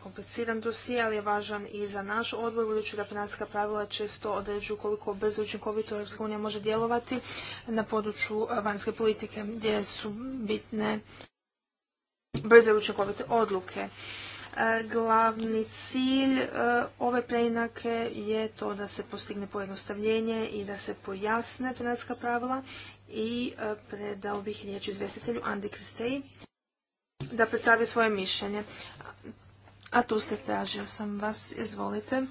kompliciran dosije, ali je važan i za naš odbor, budući da financijska pravila često određuju koliko bezučinkovito Europska unija može djelovati na području e, vanjske politike, gdje su bitne brzo učinkovite odluke. E, glavni cilj ove preinake je to da se postigne pojednostavljenje i da se pojasne financijska pravila i predao bih riječ izvjestitelju Andi Kristeji da predstavi svoje mišljenje. A tu se tražio sam vas, izvolite.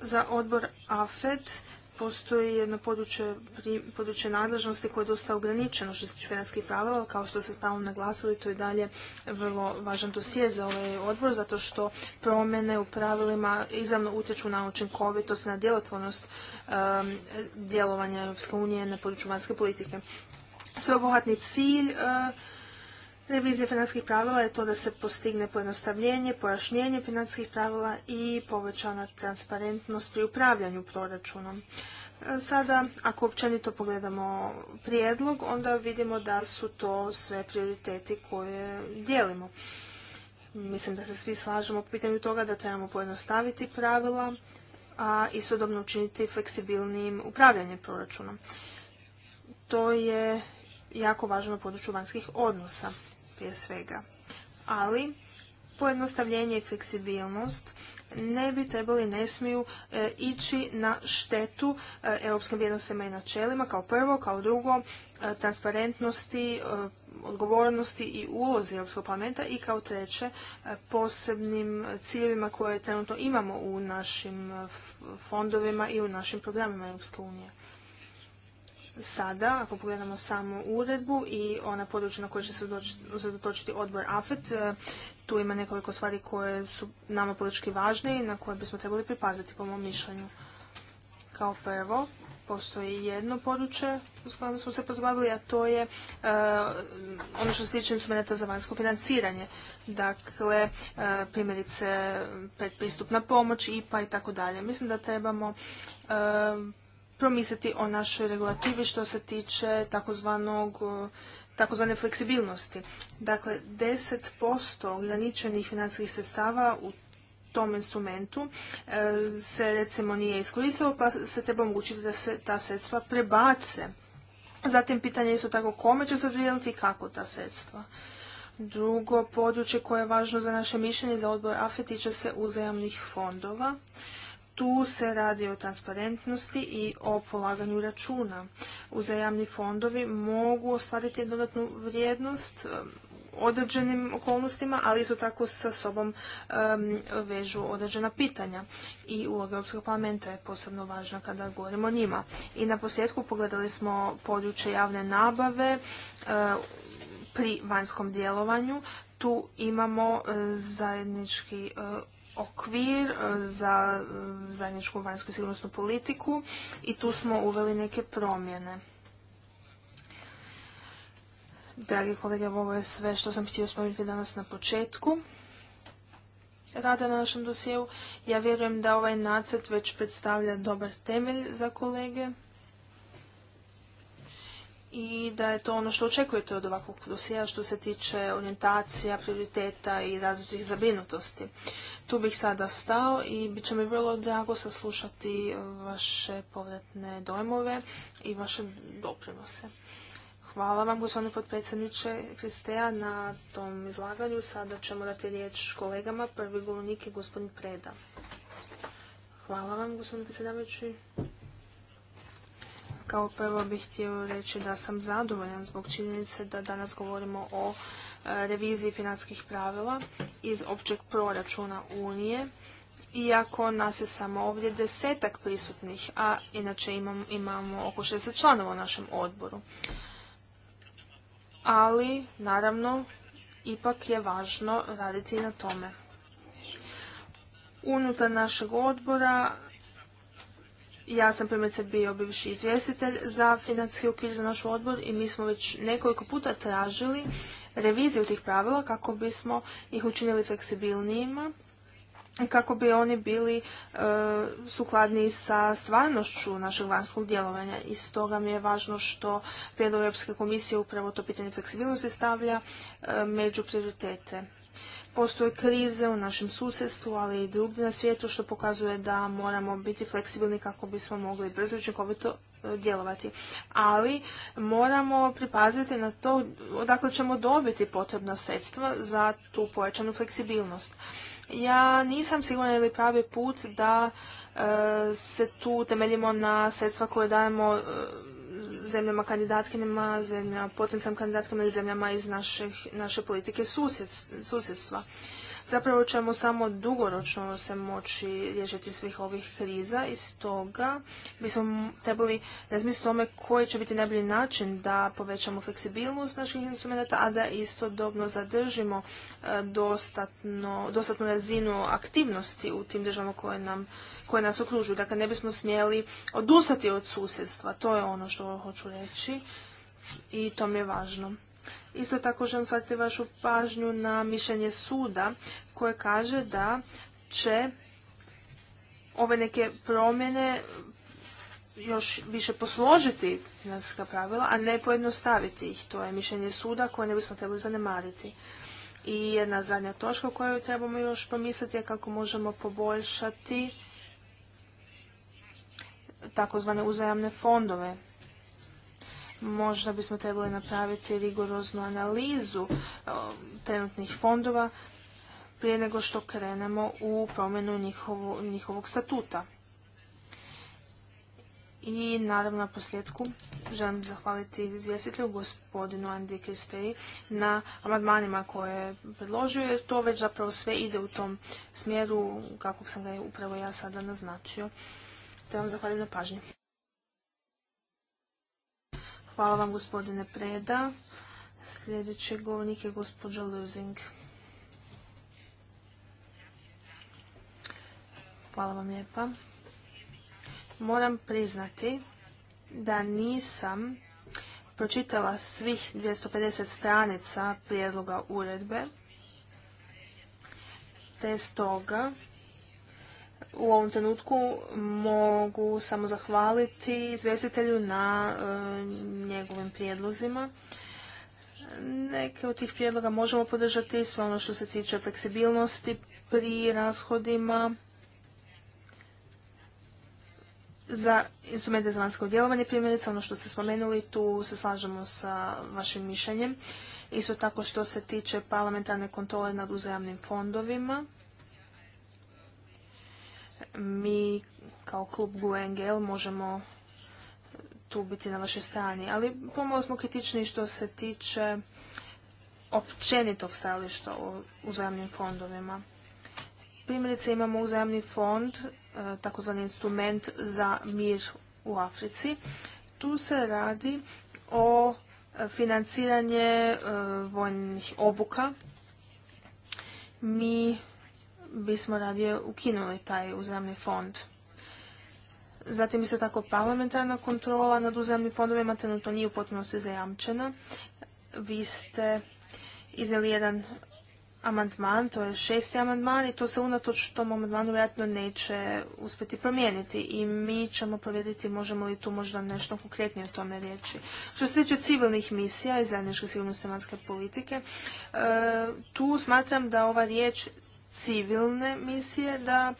Za odbor AFED postoji jedno područje, nadležnosti koje je dosta ograničeno što se tiče financijskih pravila, kao što ste pravom naglasili, to je dalje vrlo važan dosije za ovaj odbor, zato što promjene u pravilima izravno utječu na učinkovitost, na djelotvornost ehm, djelovanja Europske unije na području vanjske politike sveobuhvatni cilj e, revizije financijskih pravila je to da se postigne pojednostavljenje, pojašnjenje financijskih pravila i povećana transparentnost pri upravljanju proračunom. E, sada, ako općenito pogledamo prijedlog, onda vidimo da su to sve prioriteti koje dijelimo. Mislim da se svi slažemo po pitanju toga da trebamo pojednostaviti pravila, a istodobno učiniti fleksibilnijim upravljanjem proračunom. To je jako važno području vanjskih odnosa prije svega. Ali pojednostavljenje i fleksibilnost ne bi trebali, ne smiju e, ići na štetu e, europskim vrijednostima i načelima kao prvo, kao drugo, e, transparentnosti, odgovornosti i ulozi Europskog parlamenta i kao treće posebnim ciljevima koje trenutno imamo u našim fondovima i u našim programima Europske unije sada, ako pogledamo samu uredbu i ona područja na koje će se zadotočiti odbor AFET, e, tu ima nekoliko stvari koje su nama politički važne i na koje bismo trebali pripaziti po mom mišljenju. Kao prvo, postoji jedno područje s kojom smo se pozbavili, a to je e, ono što se tiče instrumenta za vanjsko financiranje. Dakle, e, primjerice predpristupna pomoć, IPA i tako dalje. Mislim da trebamo promisliti o našoj regulativi što se tiče takozvanog takozvane fleksibilnosti. Dakle, 10% ograničenih financijskih sredstava u tom instrumentu e, se recimo nije iskoristilo pa se treba omogućiti da se ta sredstva prebace. Zatim pitanje je isto tako kome će se dodijeliti i kako ta sredstva. Drugo područje koje je važno za naše mišljenje za odbor AFE tiče se uzajamnih fondova. Tu se radi o transparentnosti i o polaganju računa. Uzajamni fondovi mogu ostvariti dodatnu vrijednost um, određenim okolnostima, ali isto tako sa sobom um, vežu određena pitanja. I uloga Europskog parlamenta je posebno važna kada govorimo o njima. I na posljedku pogledali smo područje javne nabave uh, pri vanjskom djelovanju. Tu imamo uh, zajednički uh, okvir e, za e, zajedničku vanjsku sigurnosnu politiku i tu smo uveli neke promjene. Dragi kolege, ovo je sve što sam htio spomenuti danas na početku rada na našem dosjeu. Ja vjerujem da ovaj nacrt već predstavlja dobar temelj za kolege i da je to ono što očekujete od ovakvog dosija što se tiče orijentacija, prioriteta i različitih zabrinutosti. Tu bih sada stao i bit će mi vrlo drago saslušati vaše povratne dojmove i vaše doprinose. Hvala vam, gospodine potpredsjedniče Kristeja, na tom izlaganju. Sada ćemo dati riječ kolegama. Prvi govornik je gospodin Preda. Hvala vam, gospodine predsjedavajući. Kao prvo bih htio reći da sam zadovoljan zbog činjenice da danas govorimo o e, reviziji financijskih pravila iz općeg proračuna Unije, iako nas je samo ovdje desetak prisutnih, a inače imamo, imamo oko 60 članova u našem odboru. Ali, naravno, ipak je važno raditi na tome. Unutar našeg odbora ja sam primjerice bio bivši izvjestitelj za financijski okvir za naš odbor i mi smo već nekoliko puta tražili reviziju tih pravila kako bismo ih učinili fleksibilnijima kako bi oni bili e, sukladni sa stvarnošću našeg vanjskog djelovanja. I stoga mi je važno što prijedlog Europske komisije upravo to pitanje fleksibilnosti stavlja e, među prioritete postoje krize u našem susjedstvu, ali i drugdje na svijetu, što pokazuje da moramo biti fleksibilni kako bismo mogli brzo učinkovito e, djelovati. Ali moramo pripaziti na to odakle ćemo dobiti potrebna sredstva za tu pojačanu fleksibilnost. Ja nisam sigurna ili pravi put da e, se tu temeljimo na sredstva koje dajemo e, zemljama kandidatkinima, zemljama potencijalnim kandidatkama i zemljama iz naše politike susjedstva. Zapravo ćemo samo dugoročno se moći riješiti svih ovih kriza i stoga bismo trebali razmisliti o tome koji će biti najbolji način da povećamo fleksibilnost naših instrumenta, a da istodobno zadržimo e, dostatnu razinu aktivnosti u tim državama koje nam koje nas okružuju. Dakle, ne bismo smjeli odustati od susjedstva. To je ono što hoću reći i to mi je važno. Isto tako želim shvatiti vašu pažnju na mišljenje suda koje kaže da će ove neke promjene još više posložiti financijska pravila, a ne pojednostaviti ih. To je mišljenje suda koje ne bismo trebali zanemariti. I jedna zadnja točka koju trebamo još pomisliti je kako možemo poboljšati takozvane uzajamne fondove. Možda bismo trebali napraviti rigoroznu analizu e, trenutnih fondova prije nego što krenemo u promjenu njihovog statuta. I naravno na posljedku želim zahvaliti izvjestitelju gospodinu Andi Kristeji na amadmanima koje je predložio jer to već zapravo sve ide u tom smjeru kakvog sam ga upravo ja sada naznačio te vam zahvaljujem na pažnju. Hvala vam gospodine Preda. Sljedeći govornik je gospođa Luzing. Hvala vam lijepa. Moram priznati da nisam pročitala svih 250 stranica prijedloga uredbe, te stoga u ovom trenutku mogu samo zahvaliti izvjestitelju na e, njegovim prijedlozima. Neke od tih prijedloga možemo podržati, sve ono što se tiče fleksibilnosti pri rashodima za instrumente za vanjsko djelovanje primjerice, ono što ste spomenuli, tu se slažemo sa vašim mišljenjem. Isto tako što se tiče parlamentarne kontrole nad uzajamnim fondovima, mi kao klub GUNGL e možemo tu biti na vašoj strani. Ali pomalo smo kritični što se tiče općenitog stajališta o uzajamnim fondovima. Primjerice imamo uzajamni fond, e, takozvani instrument za mir u Africi. Tu se radi o financiranje e, vojnih obuka. Mi bismo radije ukinuli taj uzemni fond. Zatim isto tako parlamentarna kontrola nad uzemnim fondovima trenutno nije u potpunosti zajamčena. Vi ste iznijeli jedan amandman, to je šesti amandman i to se unatoč tom amandmanu vjerojatno neće uspjeti promijeniti i mi ćemo provjeriti možemo li tu možda nešto konkretnije o tome reći. Što se tiče civilnih misija i zajedničke sigurnosti vanjske politike, e, tu smatram da ova riječ civilne misije da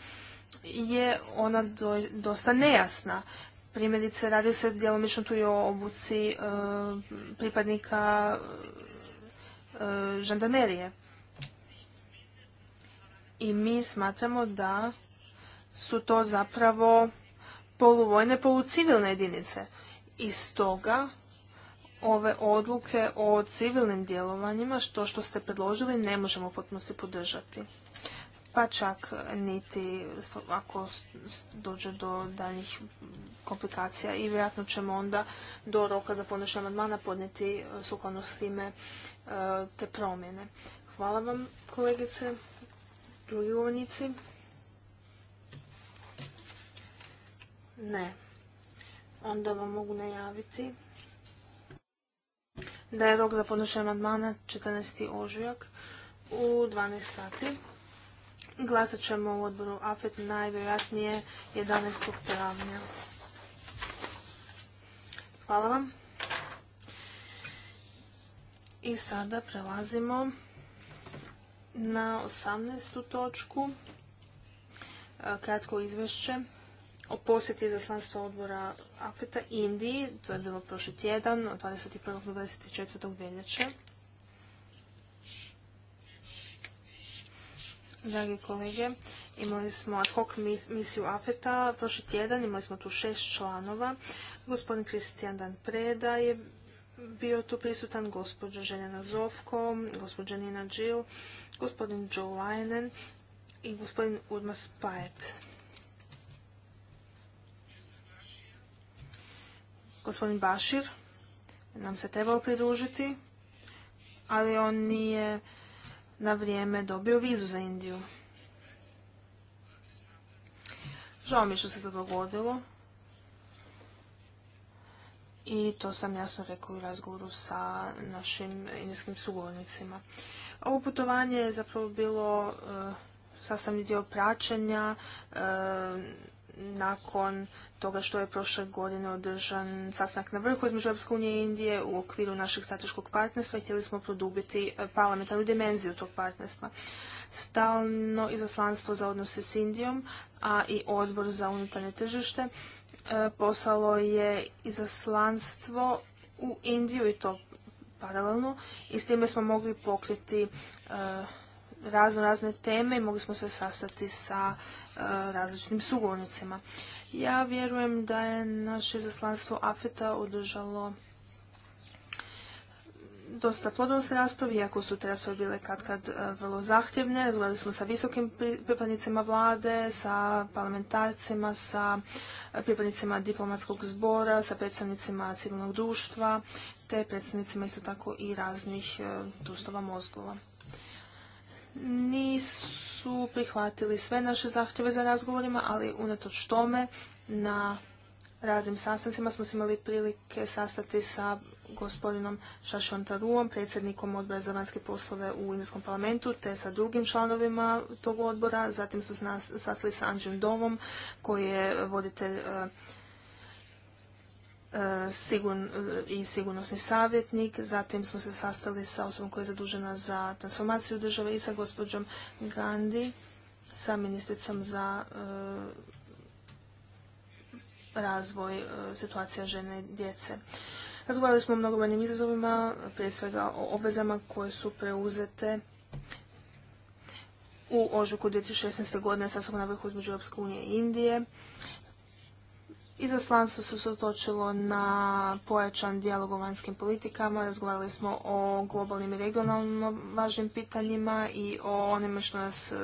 je ona dosta nejasna. Primjerice, radi se djelomično tu i o obuci e, pripadnika e, žandarmerije. I mi smatramo da su to zapravo poluvojne, polucivilne jedinice. I stoga ove odluke o civilnim djelovanjima, što što ste predložili, ne možemo potpuno se podržati pa čak niti ako dođe do daljih komplikacija i vjerojatno ćemo onda do roka za podnošenje amandmana podnijeti e, sukladno s time e, te promjene. Hvala vam kolegice, drugi govornici. Ne. Onda vam mogu najaviti da je rok za podnošenje amandmana 14. ožujak u 12 sati. Glasat ćemo u odboru AFET najvjerojatnije 11. travnja. Hvala vam. I sada prelazimo na 18. točku. E, kratko izvješće o posjeti zaslanstva odbora AFETA Indiji. To je bilo prošli tjedan od 21. do 24. veljače. Dragi kolege, imali smo ad hoc misiju AFETA prošli tjedan, imali smo tu šest članova. Gospodin Kristijan Dan Preda je bio tu prisutan, gospođa Željana Zovko, gospođa Nina Džil, gospodin Joe Leinen i gospodin Urmas Paet. Gospodin Bašir nam se trebao pridružiti, ali on nije na vrijeme dobio vizu za Indiju. Žao mi što se to dogodilo. I to sam jasno rekao u razgovoru sa našim indijskim sugovornicima. Ovo putovanje je zapravo bilo eh, sasvim dio praćenja eh, nakon toga što je prošle godine održan sastanak na vrhu između Europske unije i Indije u okviru našeg strateškog partnerstva i htjeli smo produbiti e, parlamentarnu dimenziju tog partnerstva. Stalno izaslanstvo za odnose s Indijom, a i odbor za unutarnje tržište e, poslalo je izaslanstvo u Indiju i to paralelno i s time smo mogli pokriti e, razno razne teme i mogli smo se sastati sa različnim e, različitim sugovornicima. Ja vjerujem da je naše zaslanstvo AFETA održalo dosta plodnost raspravi, iako su te rasprave bile kad kad e, vrlo zahtjevne. Razgledali smo sa visokim pripadnicima vlade, sa parlamentarcima, sa e, pripadnicima diplomatskog zbora, sa predstavnicima civilnog društva, te predstavnicima isto tako i raznih tustova mozgova nisu prihvatili sve naše zahtjeve za razgovorima, ali unatoč tome na raznim sastancima smo se imali prilike sastati sa gospodinom šašom Taruom, predsjednikom odbora za vanjske poslove u Indijskom parlamentu, te sa drugim članovima tog odbora. Zatim smo se sastali sa Anđem Domom, koji je voditelj eh, E, e, i sigurnosni savjetnik. Zatim smo se sastali sa osobom koja je zadužena za transformaciju države i sa gospođom Gandhi, sa ministricom za e, razvoj situacije situacija žene i djece. Razgovarali smo o mnogobrojnim izazovima, prije svega o obvezama koje su preuzete u ožuku 2016. godine sasvog na vrhu između Europske unije i Indije. Izaslanstvo se sotočilo na pojačan dijalog o vanjskim politikama, razgovarali smo o globalnim i regionalno važnim pitanjima i o onima što nas e,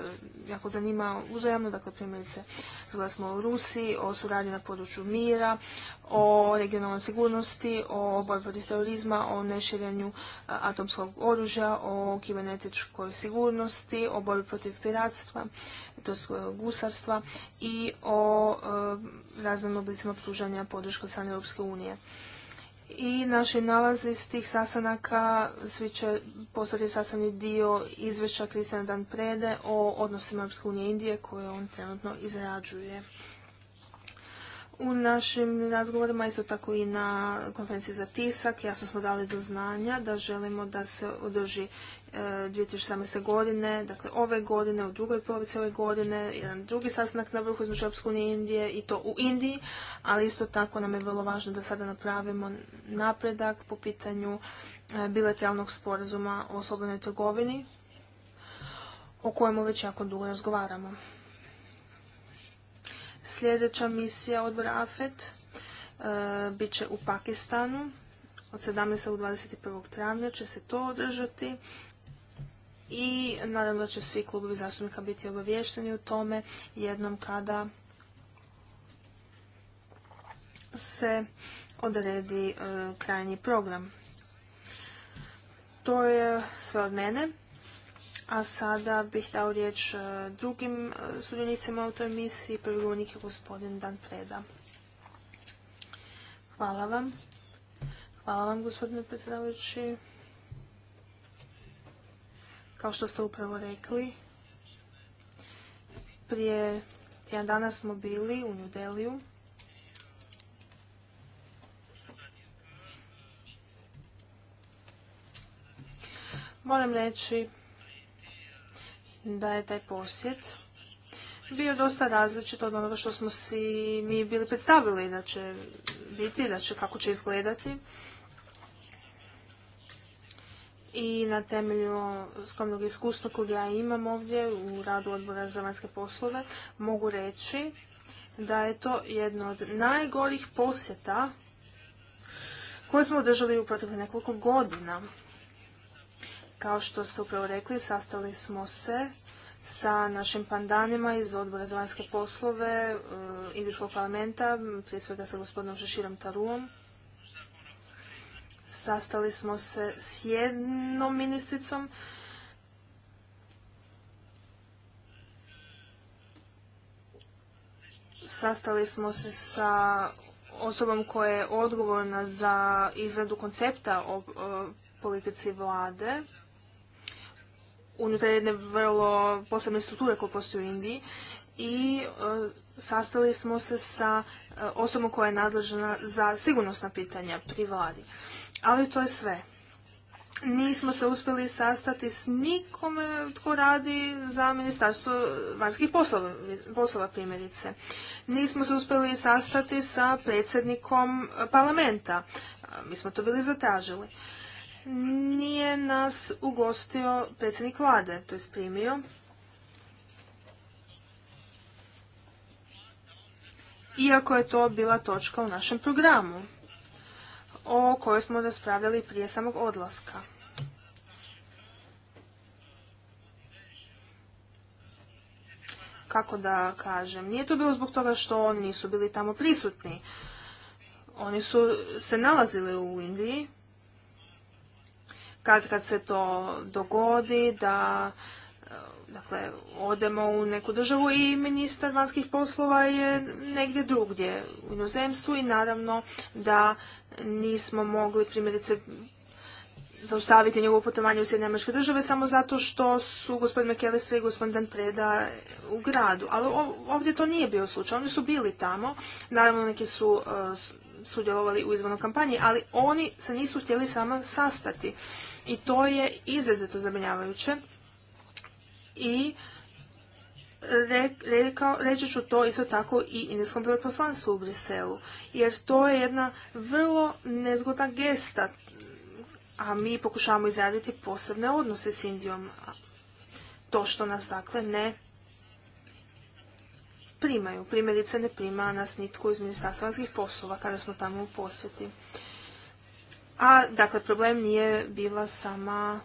jako zanima uzajamno, dakle primjerice razgovarali smo o Rusiji, o suradnji na području mira, o regionalnoj sigurnosti, o borbi protiv terorizma, o neširenju e, atomskog oružja, o kibernetičkoj sigurnosti, o borbi protiv piratstva, to gusarstva i o e, raznim oblicima pružanja podrške od strane Europske unije. I naši nalazi iz tih sastanaka svi će postati sastavni dio izvješća Kristijana Dan Prede o odnosima Europske unije Indije koje on trenutno izrađuje. U našim razgovorima, isto tako i na konferenciji za tisak, jasno smo dali do znanja da želimo da se održi 2018. godine, dakle ove godine, u drugoj polovici ove godine, jedan drugi sastanak na vrhu između Europske unije i Indije i to u Indiji, ali isto tako nam je vrlo važno da sada napravimo napredak po pitanju e, bilateralnog sporazuma o slobodnoj trgovini o kojemu već jako dugo razgovaramo. Sljedeća misija odbora AFET e, bit će u Pakistanu od 17. do 21. travnja će se to održati i naravno da će svi klubovi zastupnika biti obavješteni u tome jednom kada se odredi e, krajnji program. To je sve od mene. A sada bih dao riječ e, drugim e, sudionicima u toj emisiji. Prvi govornik gospodin Dan Preda. Hvala vam. Hvala vam gospodine predsjedavajući. Kao što ste upravo rekli, prije tjedan dana smo bili u New Deliju. Moram reći da je taj posjet bio dosta različit od onoga što smo si mi bili predstavili da će biti, da će kako će izgledati i na temelju skromnog iskustva kojeg ja imam ovdje u radu odbora za vanjske poslove mogu reći da je to jedno od najgorih posjeta koje smo održali u proteklih nekoliko godina. Kao što ste upravo rekli, sastali smo se sa našim pandanima iz odbora za vanjske poslove e, Indijskog parlamenta, prije svega sa gospodinom Šeširom Taruom, Sastali smo se s jednom ministricom. Sastali smo se sa osobom koja je odgovorna za izradu koncepta o, e, politici vlade unutar jedne vrlo posebne strukture koja postoji u Indiji i e, sastali smo se sa e, osobom koja je nadležna za sigurnosna pitanja pri vladi. Ali to je sve. Nismo se uspjeli sastati s nikom tko radi za ministarstvo vanjskih poslova, poslova primjerice. Nismo se uspjeli sastati sa predsjednikom parlamenta. Mi smo to bili zatražili. Nije nas ugostio predsjednik vlade, to je primio. Iako je to bila točka u našem programu o kojoj smo raspravljali prije samog odlaska. Kako da kažem, nije to bilo zbog toga što oni nisu bili tamo prisutni. Oni su se nalazili u Indiji, kad, kad se to dogodi, da Dakle, odemo u neku državu i ministar vanjskih poslova je negdje drugdje u inozemstvu i naravno da nismo mogli primjerice zaustaviti njegovo putovanje u Sjedinu američke države samo zato što su gospodin McAllister i gospodin Preda u gradu. Ali ovdje to nije bio slučaj. Oni su bili tamo. Naravno, neki su e, sudjelovali u izbornoj kampanji, ali oni se nisu htjeli samo sastati. I to je izrazito zabrinjavajuće i reći ću to isto tako i indijskom veleposlanstvu u Briselu, jer to je jedna vrlo nezgodna gesta, a mi pokušavamo izraditi posebne odnose s Indijom. To što nas dakle ne primaju. Primjerice ne prima nas nitko iz Ministarstva vanjskih poslova kada smo tamo u posjeti. A dakle problem nije bila sama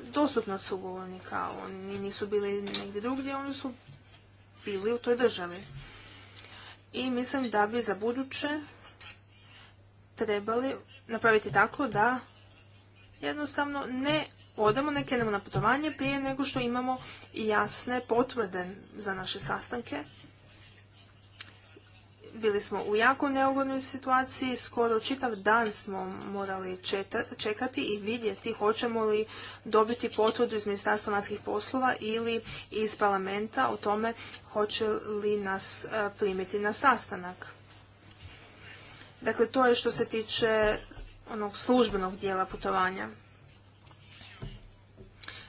dostupnost sugovornika. Oni nisu bili negdje drugdje, oni su bili u toj državi. I mislim da bi za buduće trebali napraviti tako da jednostavno ne odemo, neke na putovanje prije nego što imamo jasne potvrde za naše sastanke bili smo u jako neugodnoj situaciji, skoro čitav dan smo morali čekati i vidjeti hoćemo li dobiti potvrdu iz Ministarstva vanjskih poslova ili iz parlamenta o tome hoće li nas e, primiti na sastanak. Dakle, to je što se tiče onog službenog dijela putovanja.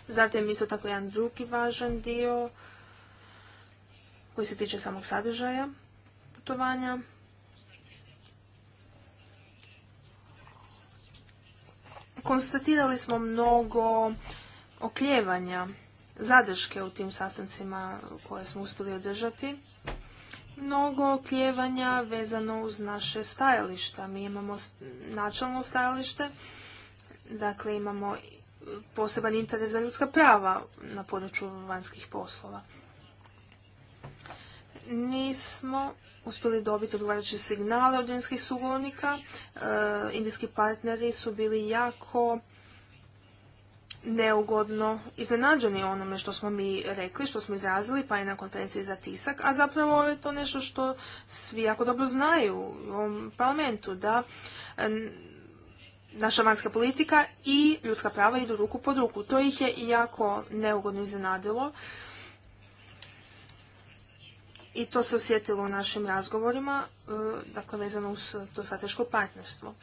Zatim isto tako jedan drugi važan dio koji se tiče samog sadržaja putovanja. Konstatirali smo mnogo okljevanja, zadrške u tim sastancima koje smo uspjeli održati. Mnogo okljevanja vezano uz naše stajališta. Mi imamo načalno stajalište, dakle imamo poseban interes za ljudska prava na području vanjskih poslova. Nismo uspjeli dobiti odgovarajući signale od indijskih sugovornika. E, indijski partneri su bili jako neugodno iznenađeni onome što smo mi rekli, što smo izrazili, pa i na konferenciji za tisak, a zapravo je to nešto što svi jako dobro znaju u ovom parlamentu, da e, naša vanjska politika i ljudska prava idu ruku pod ruku. To ih je jako neugodno iznenadilo i to se osjetilo u našim razgovorima, e, dakle vezano uz to strateško partnerstvo.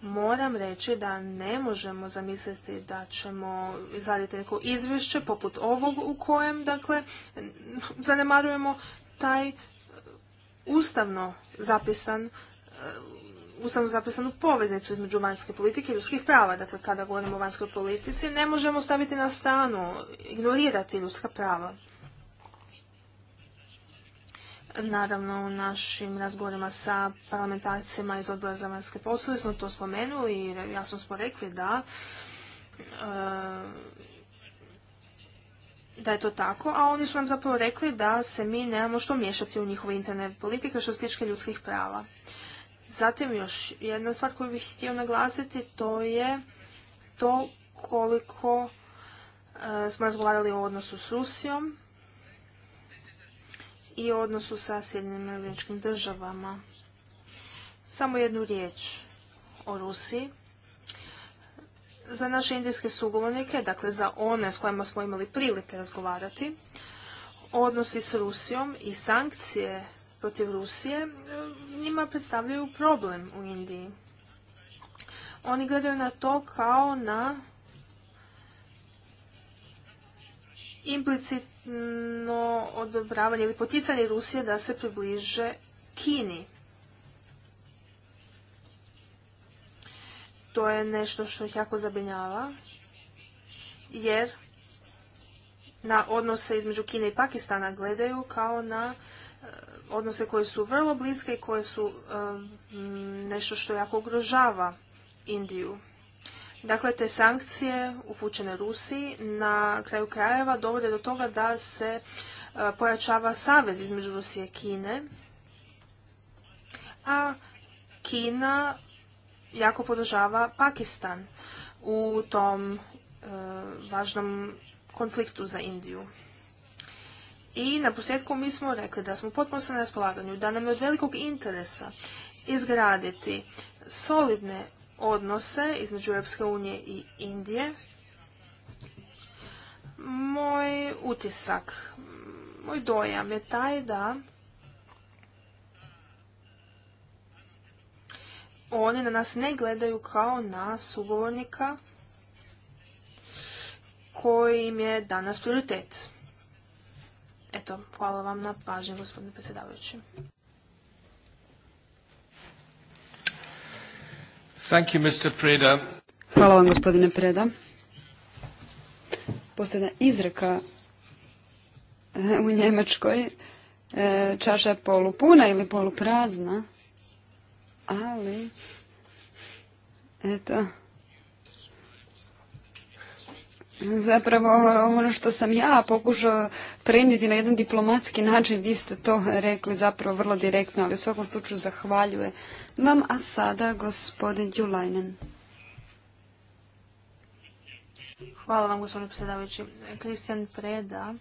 Moram reći da ne možemo zamisliti da ćemo izraditi neko izvješće poput ovog u kojem, dakle, zanemarujemo taj e, ustavno zapisan e, ustavno zapisanu poveznicu između vanjske politike i ljudskih prava. Dakle, kada govorimo o vanjskoj politici, ne možemo staviti na stranu, ignorirati ljudska prava. Naravno, u našim razgovorima sa parlamentarcima iz odbora za vanjske poslove smo to spomenuli i jasno smo rekli da e, da je to tako, a oni su nam zapravo rekli da se mi nemamo što miješati u njihove interne politike što se tiče ljudskih prava. Zatim još jedna stvar koju bih htio naglasiti, to je to koliko e, smo razgovarali o odnosu s Rusijom i odnosu sa Sjedinim američkim državama. Samo jednu riječ o Rusiji. Za naše indijske sugovornike, dakle za one s kojima smo imali prilike razgovarati, odnosi s Rusijom i sankcije protiv Rusije eh, njima predstavljaju problem u Indiji. Oni gledaju na to kao na implicit no odobravanje ili poticanje Rusije da se približe Kini. To je nešto što ih jako zabrinjava, jer na odnose između Kine i Pakistana gledaju kao na e, odnose koje su vrlo bliske i koje su e, nešto što jako ugrožava Indiju. Dakle, te sankcije upućene Rusiji na kraju krajeva dovode do toga da se e, pojačava savez između Rusije i Kine, a Kina jako podržava Pakistan u tom e, važnom konfliktu za Indiju. I na posljedku mi smo rekli da smo potpuno na raspolaganju, da nam je od velikog interesa izgraditi solidne odnose između Europske unije i Indije, moj utisak, moj dojam je taj da oni na nas ne gledaju kao na sugovornika koji im je danas prioritet. Eto, hvala vam na pažnji, gospodine predsjedavajući. Thank you, Hvala vam, gospodine Preda. Posljedna izreka eh, u Njemačkoj eh, čaša je polupuna ili poluprazna, ali eto, Zapravo ono što sam ja pokušao prenijeti na jedan diplomatski način, vi ste to rekli zapravo vrlo direktno, ali u svakom slučaju zahvaljuje vam, a sada gospodin Julajnen. Hvala vam gospodine predsjedavajući. Kristijan Preda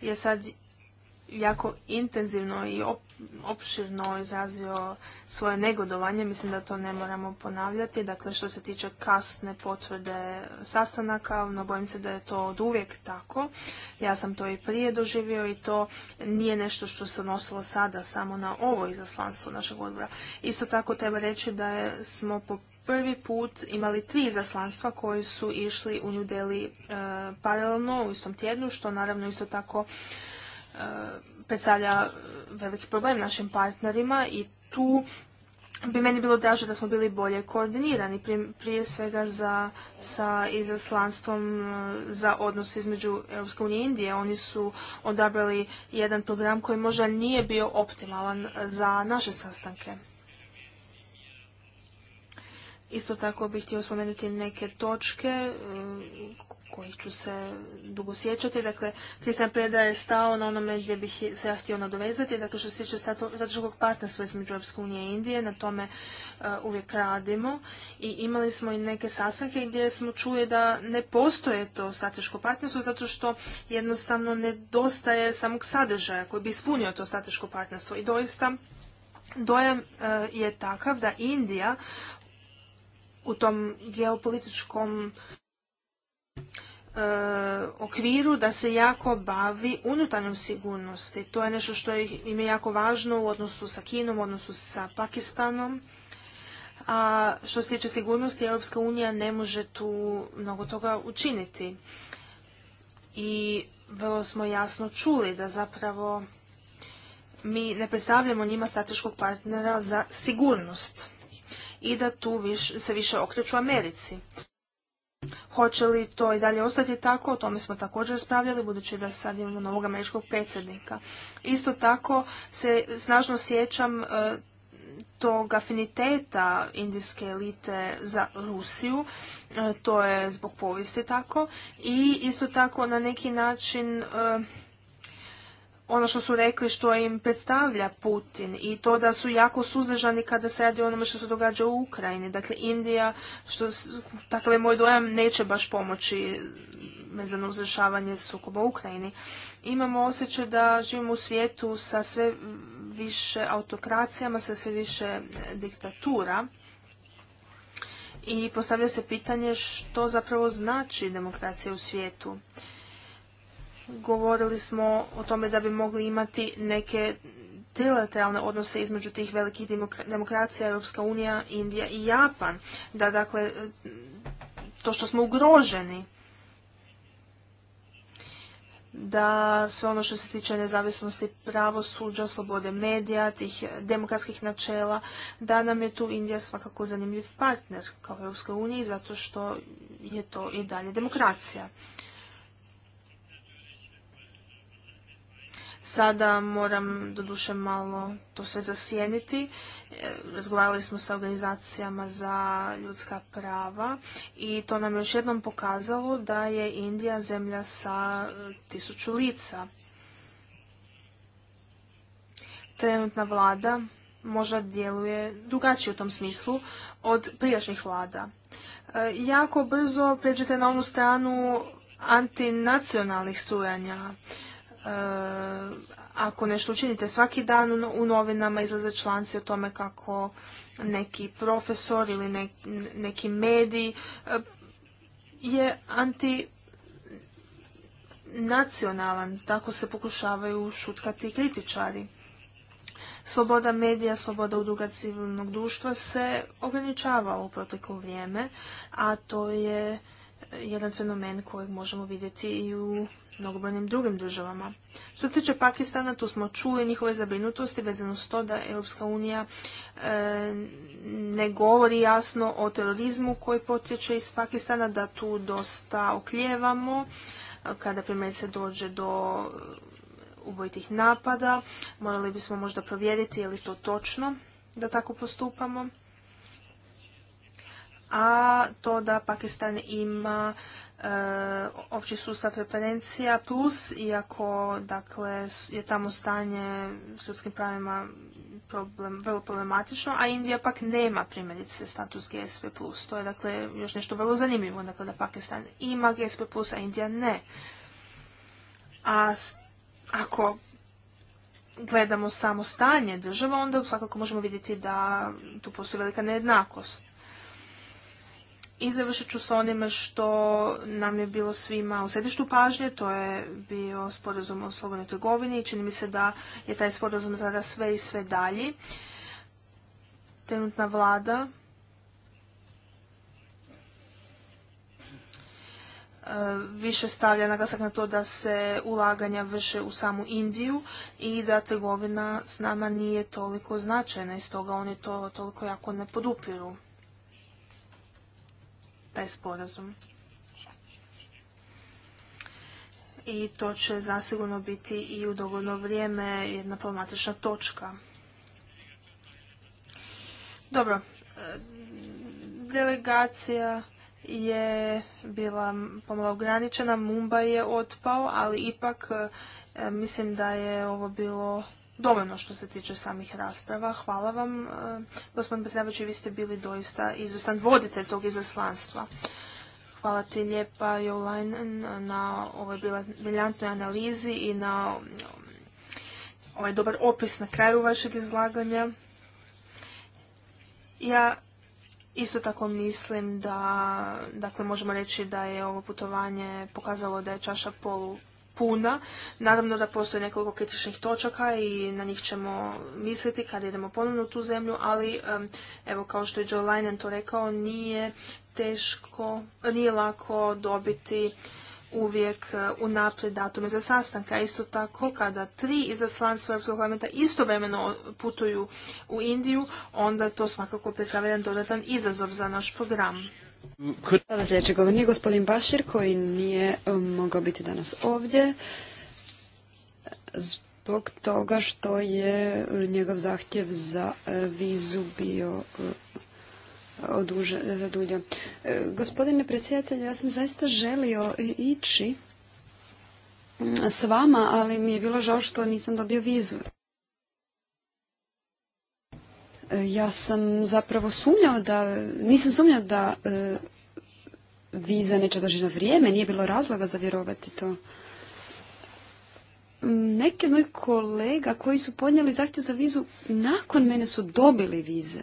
je sad jako intenzivno i opširno izrazio svoje negodovanje. Mislim da to ne moramo ponavljati. Dakle, što se tiče kasne potvrde sastanaka, no bojim se da je to od uvijek tako. Ja sam to i prije doživio i to nije nešto što se odnosilo sada samo na ovo izaslanstvo našeg odbora. Isto tako treba reći da smo po prvi put imali tri izaslanstva koji su išli u New Delhi e, paralelno u istom tjednu, što naravno isto tako predstavlja e, veliki problem našim partnerima i tu bi meni bilo draže da smo bili bolje koordinirani, prije svega sa izaslanstvom e, za odnose između EU i Indije. Oni su odabrali jedan program koji možda nije bio optimalan za naše sastanke. Isto tako bih htio spomenuti neke točke e, kojih ću se dugo sjećati. Dakle, Kristijan Preda je stao na onome gdje bih se ja htio nadovezati. Dakle, što se tiče strateškog partnerstva između Europske unije i Indije, na tome e, uvijek radimo. I imali smo i neke sastanke gdje smo čuli da ne postoje to strateško partnerstvo zato što jednostavno nedostaje samog sadržaja koji bi ispunio to strateško partnerstvo. I doista dojam e, je takav da Indija u tom geopolitičkom E, okviru da se jako bavi unutarnjom sigurnosti. To je nešto što im je jako važno u odnosu sa Kinom, u odnosu sa Pakistanom. A što se tiče sigurnosti, Europska unija ne može tu mnogo toga učiniti. I vrlo smo jasno čuli da zapravo mi ne predstavljamo njima strateškog partnera za sigurnost i da tu se više okreću Americi. Hoće li to i dalje ostati tako? O tome smo također raspravljali, budući da sad imamo novog američkog predsjednika. Isto tako se snažno sjećam e, tog afiniteta indijske elite za Rusiju, e, to je zbog povijesti tako, i isto tako na neki način e, ono što su rekli što im predstavlja Putin i to da su jako suzdržani kada se radi o onome što se događa u Ukrajini. Dakle, Indija, što, takav je moj dojam, neće baš pomoći vezano uz sukoba u Ukrajini. Imamo osjećaj da živimo u svijetu sa sve više autokracijama, sa sve više diktatura i postavlja se pitanje što zapravo znači demokracija u svijetu govorili smo o tome da bi mogli imati neke trilateralne odnose između tih velikih demokracija, Europska unija, Indija i Japan. Da, dakle, to što smo ugroženi, da sve ono što se tiče nezavisnosti pravosuđa, slobode medija, tih demokratskih načela, da nam je tu Indija svakako zanimljiv partner kao Europska unija zato što je to i dalje demokracija. Sada moram doduše malo to sve zasjeniti. E, razgovarali smo sa organizacijama za ljudska prava i to nam je još jednom pokazalo da je Indija zemlja sa e, tisuću lica. Trenutna vlada možda djeluje drugačije u tom smislu od prijašnjih vlada. E, jako brzo pređete na onu stranu antinacionalnih strujanja. Eh, ako nešto učinite svaki dan u novinama izlaze članci o tome kako neki profesor ili neki mediji eh, je anti nacionalan, tako se pokušavaju šutkati kritičari. Sloboda medija, sloboda udruga civilnog društva se ograničava u proteklo vrijeme, a to je eh, jedan fenomen kojeg možemo vidjeti i u mnogobrojnim drugim državama. Što tiče Pakistana, tu smo čuli njihove zabrinutosti vezano s to da Europska unija e, ne govori jasno o terorizmu koji potječe iz Pakistana, da tu dosta okljevamo e, kada se dođe do ubojitih napada. Morali bismo možda provjeriti je li to točno da tako postupamo. A to da Pakistan ima E, opći sustav referencija plus, iako dakle, je tamo stanje s ljudskim pravima problem, vrlo problematično, a Indija pak nema primjerice status GSP+. To je dakle još nešto vrlo zanimljivo, dakle da Pakistan ima GSP+, a Indija ne. A ako gledamo samo stanje država, onda svakako možemo vidjeti da tu postoji velika nejednakost. I završit ću s onime što nam je bilo svima u središtu pažnje, to je bio sporazum o slobodnoj trgovini i čini mi se da je taj sporazum sada sve i sve dalji. Trenutna vlada e, više stavlja naglasak na to da se ulaganja vrše u samu Indiju i da trgovina s nama nije toliko značajna i stoga oni to toliko jako ne podupiru taj sporazum. I to će zasigurno biti i u dogodno vrijeme jedna problematična točka. Dobro, delegacija je bila pomalo ograničena, Mumba je otpao, ali ipak e, mislim da je ovo bilo dovoljno što se tiče samih rasprava. Hvala vam, e, gospodin i vi ste bili doista izvrstan voditelj tog izaslanstva. Hvala ti lijepa, Jolajnen, na ovoj briljantnoj analizi i na mm, ovaj dobar opis na kraju vašeg izlaganja. Ja isto tako mislim da, dakle, možemo reći da je ovo putovanje pokazalo da je čaša polu puna. Naravno da postoje nekoliko kritičnih točaka i na njih ćemo misliti kada idemo ponovno u tu zemlju, ali evo kao što je Joe Linen to rekao, nije teško, nije lako dobiti uvijek e, unaprijed datume za sastanka. Isto tako, kada tri izaslanstva Europskog parlamenta istovremeno putuju u Indiju, onda to svakako predstavlja jedan dodatan izazov za naš program. Sada sljedeći govornik gospodin Bašir koji nije um, mogao biti danas ovdje zbog toga što je uh, njegov zahtjev za uh, vizu bio uh, dulje Gospodine predsjedatelju, ja sam zaista želio ići mm, s vama, ali mi je bilo žao što nisam dobio vizu. E, ja sam zapravo sumnjao da, nisam sumnjao da e, vize neće doći na vrijeme, nije bilo razloga za vjerovati to. Mm, neki moji kolega koji su podnijeli zahtjev za vizu, nakon mene su dobili vize.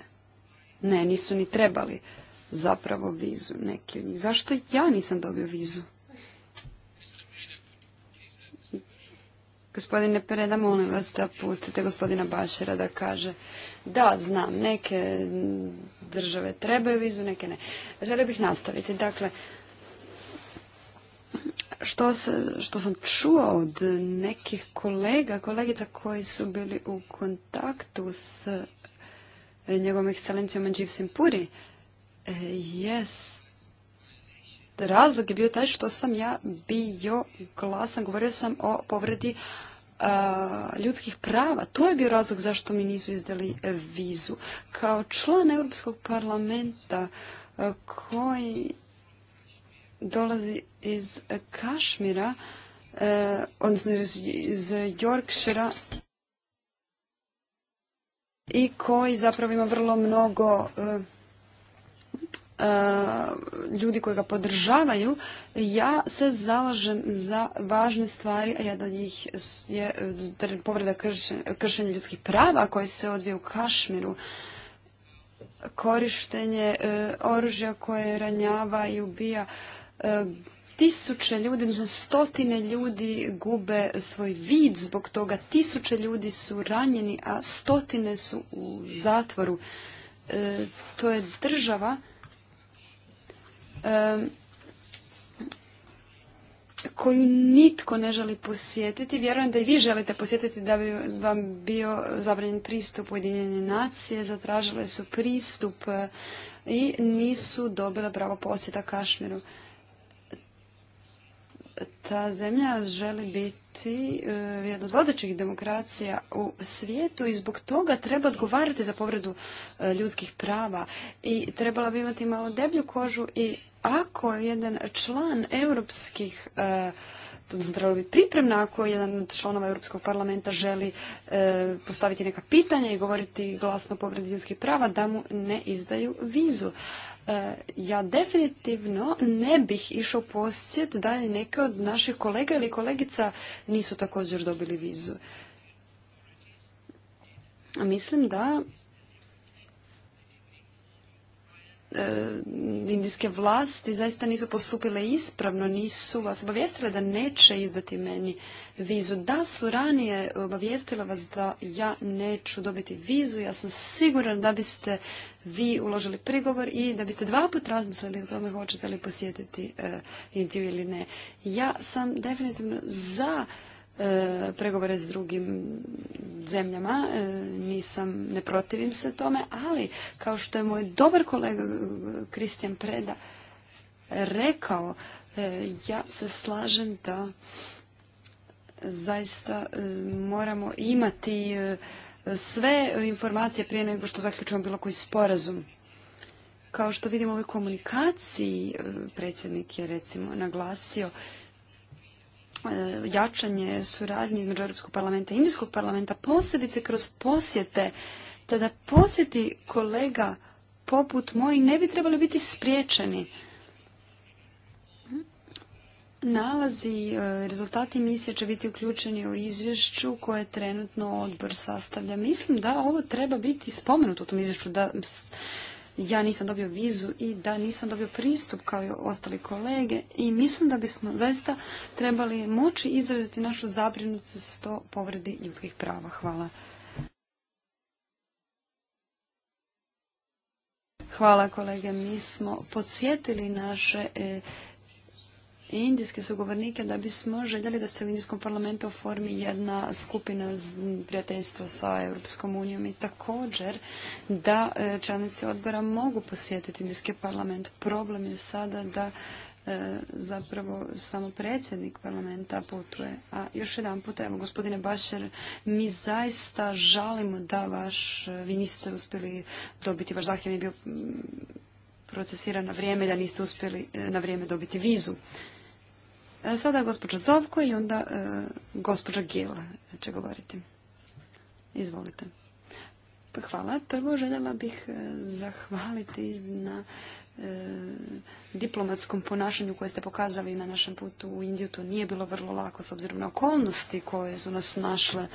Ne, nisu ni trebali zapravo vizu neki od njih. Zašto ja nisam dobio vizu? Gospodine Pereda, molim vas da pustite gospodina Bašera da kaže da, znam, neke države trebaju vizu, neke ne. Želio bih nastaviti. Dakle, što, sam čuo od nekih kolega, kolegica koji su bili u kontaktu s eh, njegovom ekscelencijom Anđiv Simpuri, eh, jest razlog je bio taj što sam ja bio glasan, govorio sam o povredi e, ljudskih prava. To je bio razlog zašto mi nisu izdali vizu. Kao član Europskog parlamenta e, koji dolazi iz Kašmira, e, odnosno iz, Jorkšira, i koji zapravo ima vrlo mnogo E, ljudi koji ga podržavaju, ja se zalažem za važne stvari, a jedna od njih je e, povreda kršenja ljudskih prava koji se odvije u Kašmiru korištenje e, oružja koje ranjava i ubija tisuće ljudi, stotine ljudi gube svoj vid zbog toga, tisuće ljudi su ranjeni, a stotine su u zatvoru. to je država koju nitko ne želi posjetiti. Vjerujem da i vi želite posjetiti da bi vam bio zabranjen pristup Ujedinjene nacije. Zatražile su pristup e, i nisu dobile pravo posjeta Kašmiru. Ta zemlja želi biti biti e, jedna od vodećih demokracija u svijetu i zbog toga treba odgovarati za povredu e, ljudskih prava i trebala bi imati malo deblju kožu i ako jedan član europskih e, odnosno trebalo bi pripremna ako jedan od članova Europskog parlamenta želi postaviti neka pitanja i govoriti glasno o povredi ljudskih prava da mu ne izdaju vizu. E, ja definitivno ne bih išao posjet da je neke od naših kolega ili kolegica nisu također dobili vizu. Mislim da E, indijske vlasti zaista nisu postupile ispravno, nisu vas obavijestile da neće izdati meni vizu. Da su ranije obavijestile vas da ja neću dobiti vizu, ja sam siguran da biste vi uložili prigovor i da biste dva put razmislili o tome hoćete li posjetiti e, Indiju ili ne. Ja sam definitivno za E, pregovore s drugim zemljama. E, nisam, ne protivim se tome, ali kao što je moj dobar kolega Kristijan Preda rekao, e, ja se slažem da zaista moramo imati sve informacije prije nego što zaključujemo bilo koji sporazum. Kao što vidimo u ovoj komunikaciji, predsjednik je recimo naglasio E, jačanje suradnje između Europskog parlamenta i Indijskog parlamenta, posebice kroz posjete, tada posjeti kolega poput moji ne bi trebali biti spriječeni. Nalazi e, rezultati misije će biti uključeni u izvješću koje trenutno odbor sastavlja. Mislim da ovo treba biti spomenuto u tom izvješću, da ja nisam dobio vizu i da nisam dobio pristup kao i ostali kolege i mislim da bismo zaista trebali moći izraziti našu zabrinutost o povredi ljudskih prava. Hvala. Hvala kolege, mi smo podsjetili naše e, indijske sugovornike da bismo željeli da se u indijskom parlamentu oformi jedna skupina prijateljstva sa Europskom unijom i također da e, članice odbora mogu posjetiti indijski parlament. Problem je sada da e, zapravo samo predsjednik parlamenta putuje. A još jedan put, evo, gospodine Bašer, mi zaista žalimo da vaš, e, vi niste uspjeli dobiti, vaš zahtjev je bio mm, procesiran na vrijeme, da niste uspjeli na vrijeme dobiti vizu. E, sada gospođa Zovko i onda e, gospođa Gila će govoriti. Izvolite. Pa hvala. Prvo željela bih e, zahvaliti na diplomatskom ponašanju koje ste pokazali na našem putu u Indiju. To nije bilo vrlo lako s obzirom na okolnosti koje su nas našle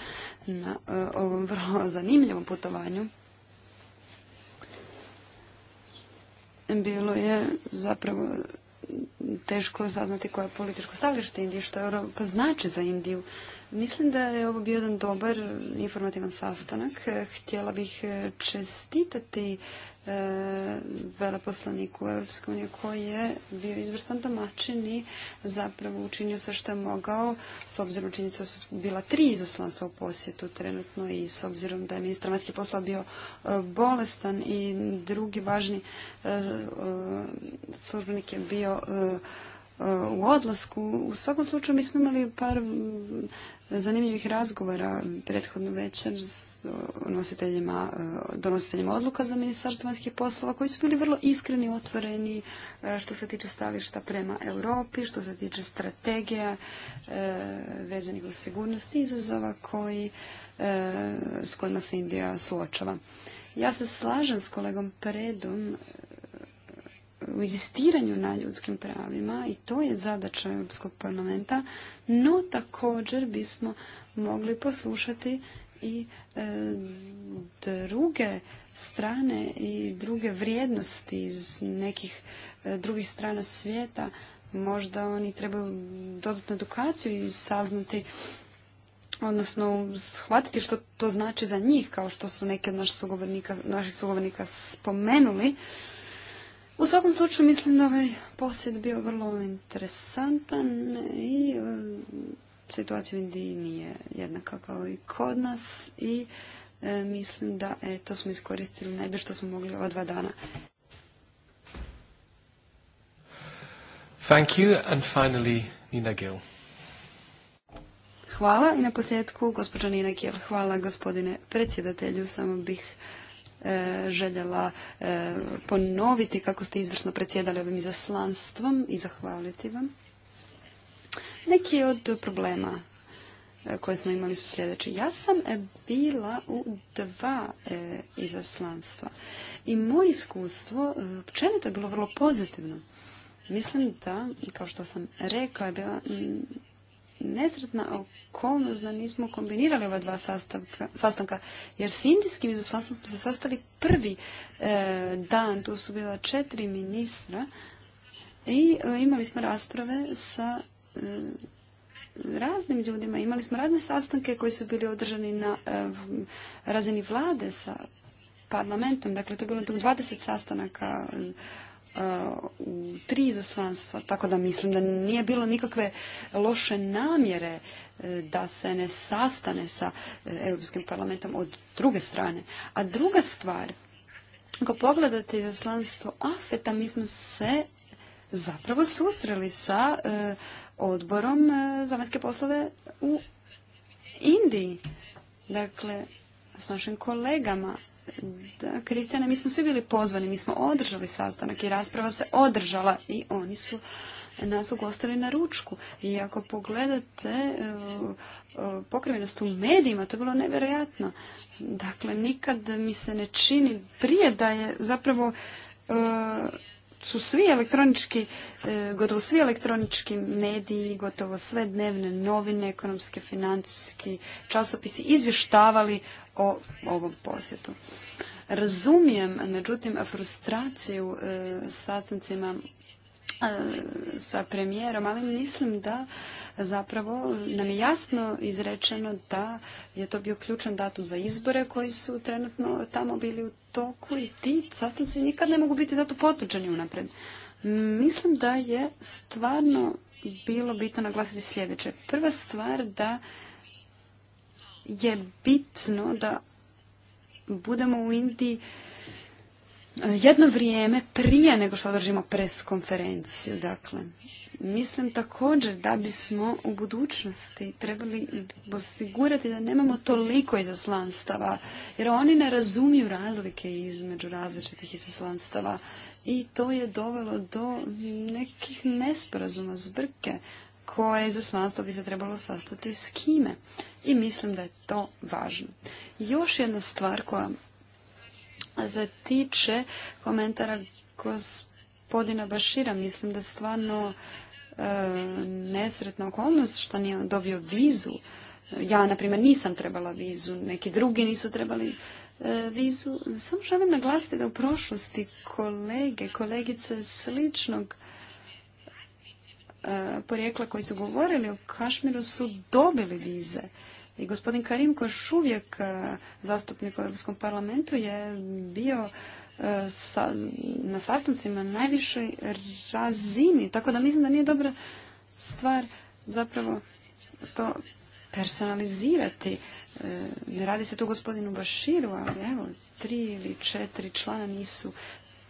na ovom vrlo zanimljivom putovanju. Bilo je zapravo teško saznati koje je političko stajalište Indije, što Europa znači za Indiju. Mislim da je ovo bio jedan dobar informativan sastanak. Htjela bih e, čestitati e, veleposlaniku Europske unije koji je bio izvrstan domaćin i zapravo učinio sve što je mogao s obzirom činjenicu su bila tri izaslanstva u posjetu trenutno i s obzirom da je ministar vanjskih poslova bio e, bolestan i drugi važni službenik je bio u odlasku. U svakom slučaju mi smo imali par zanimljivih razgovora prethodnu večer s nositeljima, donositeljima odluka za ministarstvo vanjskih poslova koji su bili vrlo iskreni, otvoreni e, što se tiče stavišta prema Europi, što se tiče strategija e, vezanih uz sigurnost izazova koji, e, s kojima se Indija suočava. Ja se slažem s kolegom Predom u inzistiranju na ljudskim pravima i to je zadaća Europskog parlamenta, no također bismo mogli poslušati i e, druge strane i druge vrijednosti iz nekih e, drugih strana svijeta. Možda oni trebaju dodatnu edukaciju i saznati odnosno shvatiti što to znači za njih, kao što su neki od naših naših sugovornika spomenuli. U svakom slučaju mislim da ovaj posjet bio vrlo interesantan i e, situacija u Indiji nije jednaka kao i kod nas i e, mislim da e, to smo iskoristili najbolje što smo mogli ova dva dana. Thank you and finally Nina Hvala i na posjetku gospođa Nina Gill. Hvala gospodine predsjedatelju, samo bih E, željela e, ponoviti kako ste izvrsno predsjedali ovim izaslanstvom i zahvaliti vam. Neki od problema e, koje smo imali su sljedeći. Ja sam bila u dva izaslanstva i moje iskustvo općenito je bilo vrlo pozitivno. Mislim da, kao što sam rekla, je bila nesretna okolnost da nismo kombinirali ova dva sastanka, jer s indijskim izaslanstvom smo se sastali prvi e, dan, tu su bila četiri ministra i e, imali smo rasprave sa e, raznim ljudima, imali smo razne sastanke koji su bili održani na razini vlade sa parlamentom, dakle to je bilo 20 sastanaka E, u tri izaslanstva, tako da mislim da nije bilo nikakve loše namjere e, da se ne sastane sa e, Europskim parlamentom od druge strane. A druga stvar, ako pogledate izaslanstvo AFETA, mi smo se zapravo susreli sa odborom za vanjske poslove u Indiji. Dakle, s našim kolegama da, Kristjane, mi smo svi bili pozvani, mi smo održali sastanak i rasprava se održala i oni su nas ugostili na ručku. I ako pogledate e, e, pokrivenost u medijima, to je bilo nevjerojatno. Dakle, nikad mi se ne čini prije da je zapravo e, su svi elektronički, gotovo svi elektronički mediji, gotovo sve dnevne novine, ekonomske, financijski časopisi izvještavali o ovom posjetu. Razumijem, međutim, frustraciju e, sastancima e, sa premijerom, ali mislim da zapravo nam je jasno izrečeno da je to bio ključan datum za izbore koji su trenutno tamo bili u toku i ti sastanci nikad ne mogu biti zato potuđeni unapred. Mislim da je stvarno bilo bitno naglasiti sljedeće. Prva stvar da je bitno da budemo u Indiji e, jedno vrijeme prije nego što održimo pres konferenciju. Dakle, mislim također da bismo u budućnosti trebali osigurati da nemamo toliko izaslanstava, jer oni ne razumiju razlike između različitih izaslanstava i to je dovelo do nekih nesporazuma, zbrke koje izaslanstvo bi se trebalo sastati s kime. I mislim da je to važno. Još jedna stvar koja zatiče komentara gospodina Bašira, mislim da je stvarno e, nesretna okolnost što nije dobio vizu. Ja, na primjer, nisam trebala vizu, neki drugi nisu trebali e, vizu. Samo želim naglasiti da u prošlosti kolege, kolegice sličnog E, porijekla koji su govorili o Kašmiru su dobili vize. I gospodin Karim, koji još uvijek e, zastupnik u Europskom parlamentu, je bio e, na sastancima na najvišoj razini. Tako da mislim da nije dobra stvar zapravo to personalizirati. Ne radi se tu gospodinu Baširu, ali evo, tri ili četiri člana nisu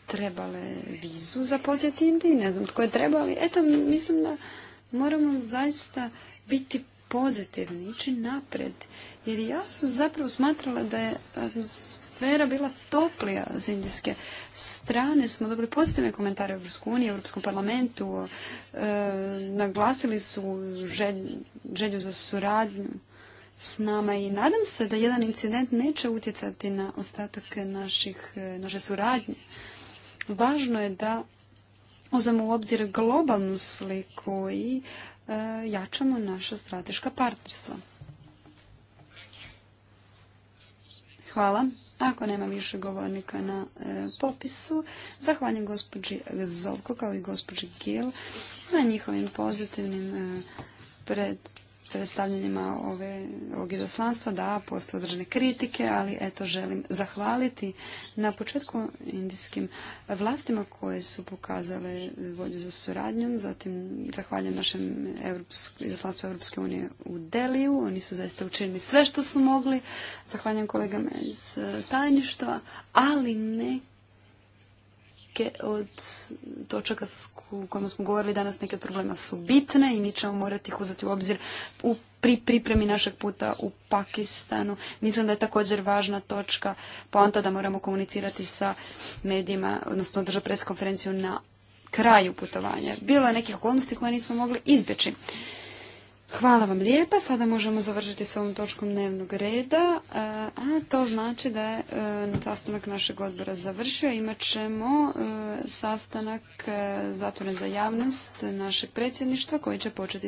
trebale vizu za pozitivni ne znam tko je treba, ali eto, mislim da moramo zaista biti pozitivni, ići napred. Jer ja sam zapravo smatrala da je atmosfera bila toplija s indijske strane. Smo dobili pozitivne komentare u uniju u Europskom parlamentu. E, naglasili su želju za suradnju s nama i nadam se da jedan incident neće utjecati na ostatak naših, e, naše suradnje Važno je da uzmemo u obzir globalnu sliku i e, jačamo naša strateška partnerstva. Hvala. Ako nema više govornika na e, popisu, zahvaljujem gospođi Zovko kao i gospođi Gil na njihovim pozitivnim e, pred predstavljanjima ove, ovog izaslanstva, da, postoje određene kritike, ali eto želim zahvaliti na početku indijskim vlastima koje su pokazale volju za suradnjom, zatim zahvaljujem našem izaslanstvu Europske unije u Deliju, oni su zaista učinili sve što su mogli, zahvaljujem kolegama iz eh, tajništva, ali ne neke od točaka u kojima smo govorili danas, neke od problema su bitne i mi ćemo morati ih uzeti u obzir u pri pripremi našeg puta u Pakistanu. Mislim da je također važna točka poanta da moramo komunicirati sa medijima, odnosno održati preskonferenciju na kraju putovanja. Bilo je nekih okolnosti koje nismo mogli izbjeći. Hvala vam lijepa. Sada možemo završiti s ovom točkom dnevnog reda. A to znači da je e, sastanak našeg odbora završio. Imat ćemo e, sastanak e, zatvoren za javnost našeg predsjedništva koji će početi